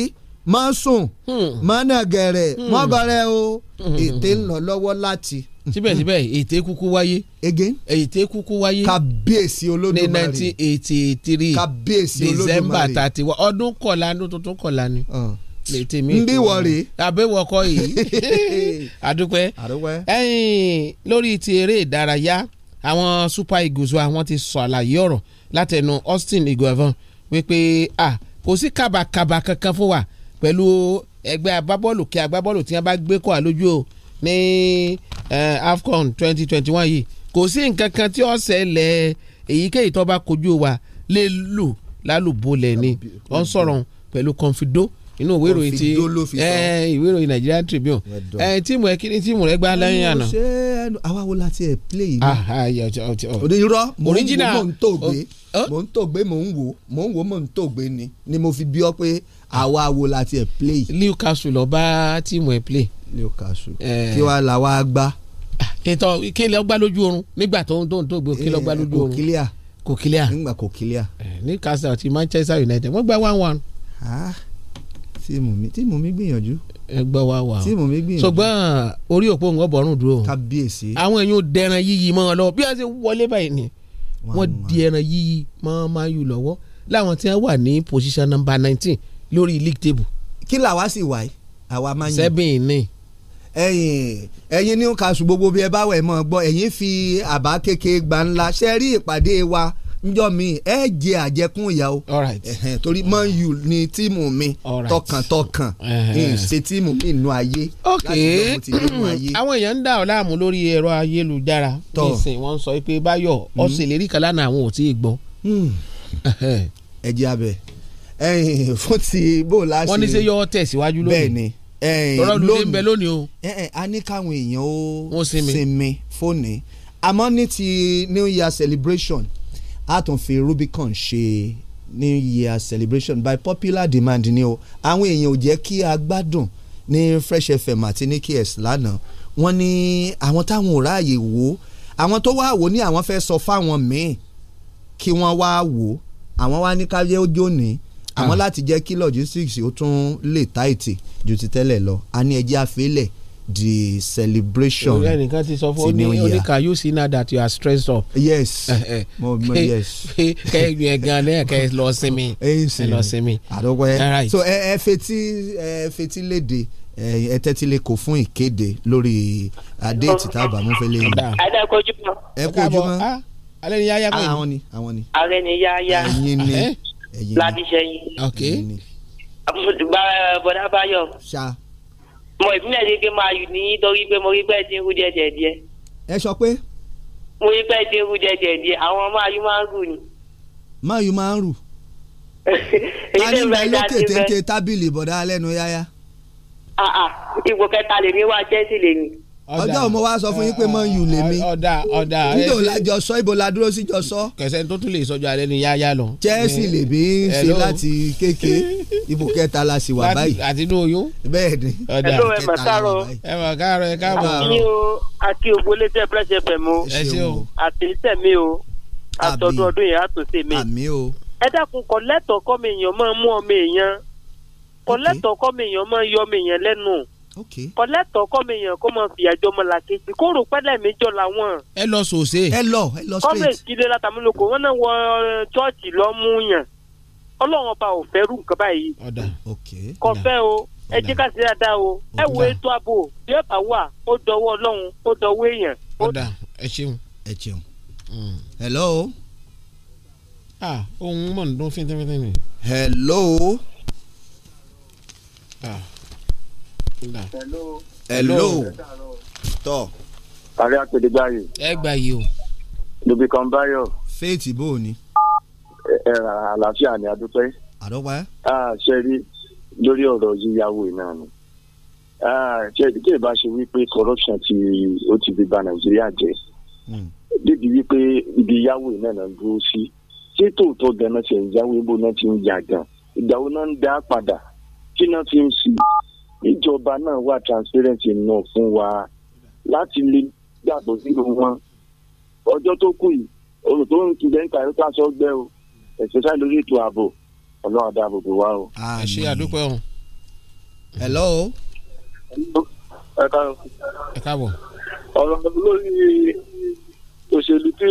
máa sùn hmm. máa nà gẹ̀rẹ̀ wọ́n hmm. bẹ̀rẹ̀ o hmm. ète ń lọ lọ́wọ́ láti. síbẹ̀síbẹ̀ ète kúkú wáyé. again ète kúkú wáyé. kàbíyèsí olódùmarè ní nineteen eighty three kàbíyèsí olódùmarè december thirty one ọdún kọ̀ọ̀la ọdún tuntun kọ̀ọ̀la ni. Uh lè tèmi kú. ndíwọ̀ rè. àbẹ̀wọ̀kọ yìí àdúpẹ́. àdúpẹ́. ẹ̀yin lórí ti eré ìdárayá àwọn super eagles wa wọ́n ti sọ àlàyé ọ̀rọ̀ látẹnu austin igoevan wípé ah kò sí kàbàkàbà kankan fún wa pẹ̀lú ẹgbẹ́ agbábọ́ọ̀lù kí agbábọ́ọ̀lù tí wọ́n bá gbé kọ́ àlójú o ní afcon twenty twenty one yìí kò sí nǹkan kan tí ó ṣẹlẹ̀ èyíkéyìí tó bá kojú wa lè lù lálùbọ́lẹ̀ ni wọ́n sọ̀rọ̀ pẹ̀lú confido inú ìwé ìròyìn ti eh, eh, ìwé ìròyìn Nigerian Tribune eh, tíìmù ẹ kí ni tíìmù rẹ gbá lẹ́yìn àná. àwa wo láti ẹ̀ play yìí. Ah, ah, òde irọ́ mò ń tó gbé mò ń tó oh, oh. gbé mò ń wò mò ń wò mò ń tó gbé ni ni mo fi bí ọ pé àwa wo láti ẹ̀ play. Newcastle lọ bá tíìmù ẹ play. Newcastle kí wàá la wàá gbá. ètò ah, kí ló gbá lójú oorun nígbà tó ń tó ń tó gbé kí ló gbá lójú Manchester United wọ́n gbá one one tíìmù mi tíìmù mi gbìyànjú. ẹ gbọ́ wa wà tíìmù mi gbìyànjú. ṣùgbọ́n orí òpó nǹkan bọ̀rùn dúró. kábíyèsí. àwọn èèyàn dẹran yíyí mọ́ ọ lọ bí wọ́n ṣe wọlé báyìí ni wọ́n di ẹran yíyí mọ́ máa yù lọ́wọ́ láwọn tí wọ́n wà ní position number nineteen lórí league table. kí làwa sì wà yìí àwa máa yìn. sẹ́bìn ni ẹ̀yin ẹ̀yin ní kàṣù gbogbo bí ẹ bá wẹ̀ mọ́ gbọ́ ẹ̀yin fi àbá kékeré gba ńlá njọ́ mi ẹ jẹ àjẹkún ìyá o torí Man U ni tíìmù mi tọkàntọkàn ṣe tíìmù mi nù ayé láti hmm. àwọn èèyàn ń dà ọ́ láàmú lórí ẹ̀rọ ayélujára nísìn wọ́n sọ pé Báyọ̀ ọ̀sẹ̀lérí hmm. kan lánàá àwọn ò tí ì gbọ́. Hmm. ẹ jẹ́ abẹ fún ti bó láṣẹ wọ́n ní sẹ́ yọ ọ́ tẹ̀síwájú lónìí bẹ́ẹ̀ ni ń bẹ lónìí o. a ní káwọn èèyàn ó sinmi fóònù àmọ́ ní ti New Year celebration a Rubicon ṣe new year celebration by popular demand ni o àwọn èèyàn ò jẹ́ kí a gbádùn ní Fresh FM àti ní KS lánàá wọ́n ní àwọn táwọn ò ráàyè wò ó àwọn tó wá wò ó ní àwọn fẹ́ sọ fáwọn míì kí wọ́n wá wò ó àwọn wá ní káyé ojú òní àwọn ah. láti jẹ́ kí logistics ó tún lè táìtì ju ti tẹ́lẹ̀ lọ a ní ẹjẹ́ àfẹ́lẹ̀ the celebration ẹnìkan ti sọ fún ọ ní oníkà you see now that you are stressed up. yes eh, eh. mo mo yes. kẹ́yìn yẹn gan náà kẹ́ lọ sinmi ẹ lọ sinmi. àdókòwé so ẹ ẹ fetí ẹ fetí léde ẹ tẹ́tí lè kó fún ìkéde lórí àdéhìtì uh, tá a bá mú fẹ́ lẹ́yìn. ẹ kú ojúmọ́. ẹ kú ojúmọ́. Ah, alẹ́ ni yáyá ah, pé. àwọn ni àwọn ni. alẹ́ ni yáyá. ẹ̀yin ni eh? ẹ̀yin ni. láti ṣẹ́yìn. ok. bọ́dá báyọ̀. ṣá mọ ìpínlẹ̀ ṣe pé máa yù ní torí pé mo rí pẹ́ tí ń rú jẹ́jẹ́ díẹ̀. ẹ sọ pé. mo rí pẹ́ tí ń rú jẹ́jẹ́ díẹ̀ àwọn máa máa ń rù ni. máa máa ń rù. tani bẹ lókè téńté tábìlì bọ̀dá lẹ́nu yáyá. Ah, ah. ipò kẹta lèmi wá Chelsea lèmi ọjọ́ òun mo wá sọ fún yín pé mọ yù lèmi ọ̀dà ọ̀dà nígbà òun lájọ sọ ibo la dúró sí jọ sọ. kẹsẹ̀ tó tún lè sọjọ alẹ́ ni yáyá lọ. Chelsea lèmi ń ṣe láti kéèké ibò kẹta la sì wà báyìí. àti inú oyún. bẹ́ẹ̀ ni ọ̀dà ẹ̀ mà káàrọ̀ ẹ̀ mà káàrọ̀ ẹ̀ káàbọ̀. àti o àti ògbólé tẹ fresh fm o àti tẹ̀mí o àtọ̀dún ọdún yẹn àtúnṣe mi. ẹ dákun kọ lẹ́tọ̀ọ́ kọ́ mi èèyàn máa mú ọmọ èèyàn kọ lẹ́tọ̀ọ́ kọ́ mi èèyàn máa yọ ọmọ kọlẹ́tọ̀ kọ́mi èèyàn kó mọ fìyà jọ ọmọ làkejì kó rò pẹ́lẹ́ mi jọ làwọn. ẹ lọ sòsè. ẹ lọ ẹ lọ straight. kọ́mi ìdílé látàmúlòkọ wọn náà wọ uh, chọ́ọ̀chì lọ́mú yàn ọlọ́run ọba ò fẹ́ rú nǹkan báyìí. ọ̀dà ok. kò fẹ́ o ẹ jẹ́ ká ṣe dáadáa o ẹ wo ètò ààbò bí ẹ bá wà ó dọwọ́ ọlọ́run ó dọwọ́ èèyàn. ọ̀dà ẹ ṣeun. ẹ ṣeun. Hmm. hello. ah ohun mọ̀ ń dún fíntífíntín ni. hello. ah hello. hello. tọ́. àrẹ àpèdè gbàyè. ẹ gbàyè o. lóbi kan báyọ̀. faith bò ní. ẹ ẹ àlàáfíà ni adúpẹ́. àdọ́pẹ́. a ṣe rí lórí ọ̀rọ̀ yíyáwó náà ni tí ìbá ṣe wípé corruption ti ó ti fi bà nàìjíríà jẹ́ hmm. débi wípé ibi yáwó náà náà dúró sí ṣé tòótọ́ gan náà ṣe ìyáwó ibo náà ti ń jà gan ìgbà wo náà ń dá padà kí náà fi ń sí ìjọba náà wà transparent náà fún wa láti lè gbàgbọ́ sínú wọn ọjọ́ tó kù yìí orò tó ń tún jẹ́ǹkà yóò káṣọ gbẹ o ẹ̀sẹ̀ sáré lórí ètò ààbò ọlọ́run àdá àbòbò wa o. ẹ àdúpẹ́ o. hello. ẹ káàbọ̀. ẹ káàbọ̀. ọ̀rọ̀ lórí òṣèlú tí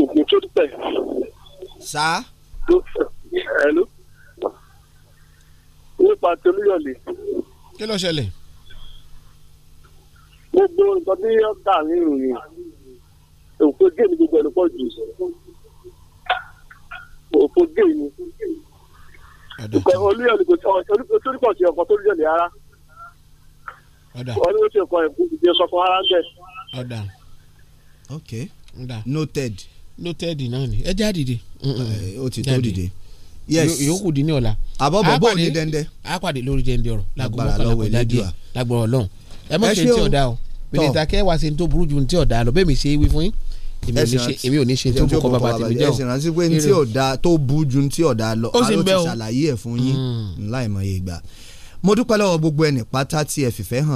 òkú tó tẹ̀. sá. hello nípa tolúyọ̀lé. kí ló ṣẹlẹ̀. gbogbo nǹkan tí yóò kà ní ìròyìn òfò gé ni gbogbo ẹni pọ̀ jù òfò gé ni olúyọ̀lé kò sórí pọ̀ sí ọkọ̀ tolúyọ̀lé rárá wọ́n ní ó ti ọkọ̀ ẹ̀kú ìdí ọkọ̀ rárá ń bẹ̀. ok noted. noted náà ni ẹ já dìde. ó ti tó dìde yes yòókù dín ní ọ̀la. àbọ̀bọ̀ bó o dẹ́ndẹ́. a pàdé lórí dẹ́ndẹ́ ọ̀rọ̀ lágbo mọ́kànlá kò dájú ẹ mọ̀ ṣe ti ọ̀dà o mínísítà kẹ́ wá ṣe tó burú ju ti ọ̀dà lọ bẹ́ẹ̀ mi ṣe é wí fún yín èmi ò ní ṣe tó kọ́ bàbá tèmi jẹ́ o. ẹ̀sìn rántí pé ti ọ̀dà tó bu ju ti ọ̀dà lọ aló ti ṣàlàyé ẹ̀ fún yín mm. láìmọye ìgbà mo dúpẹ́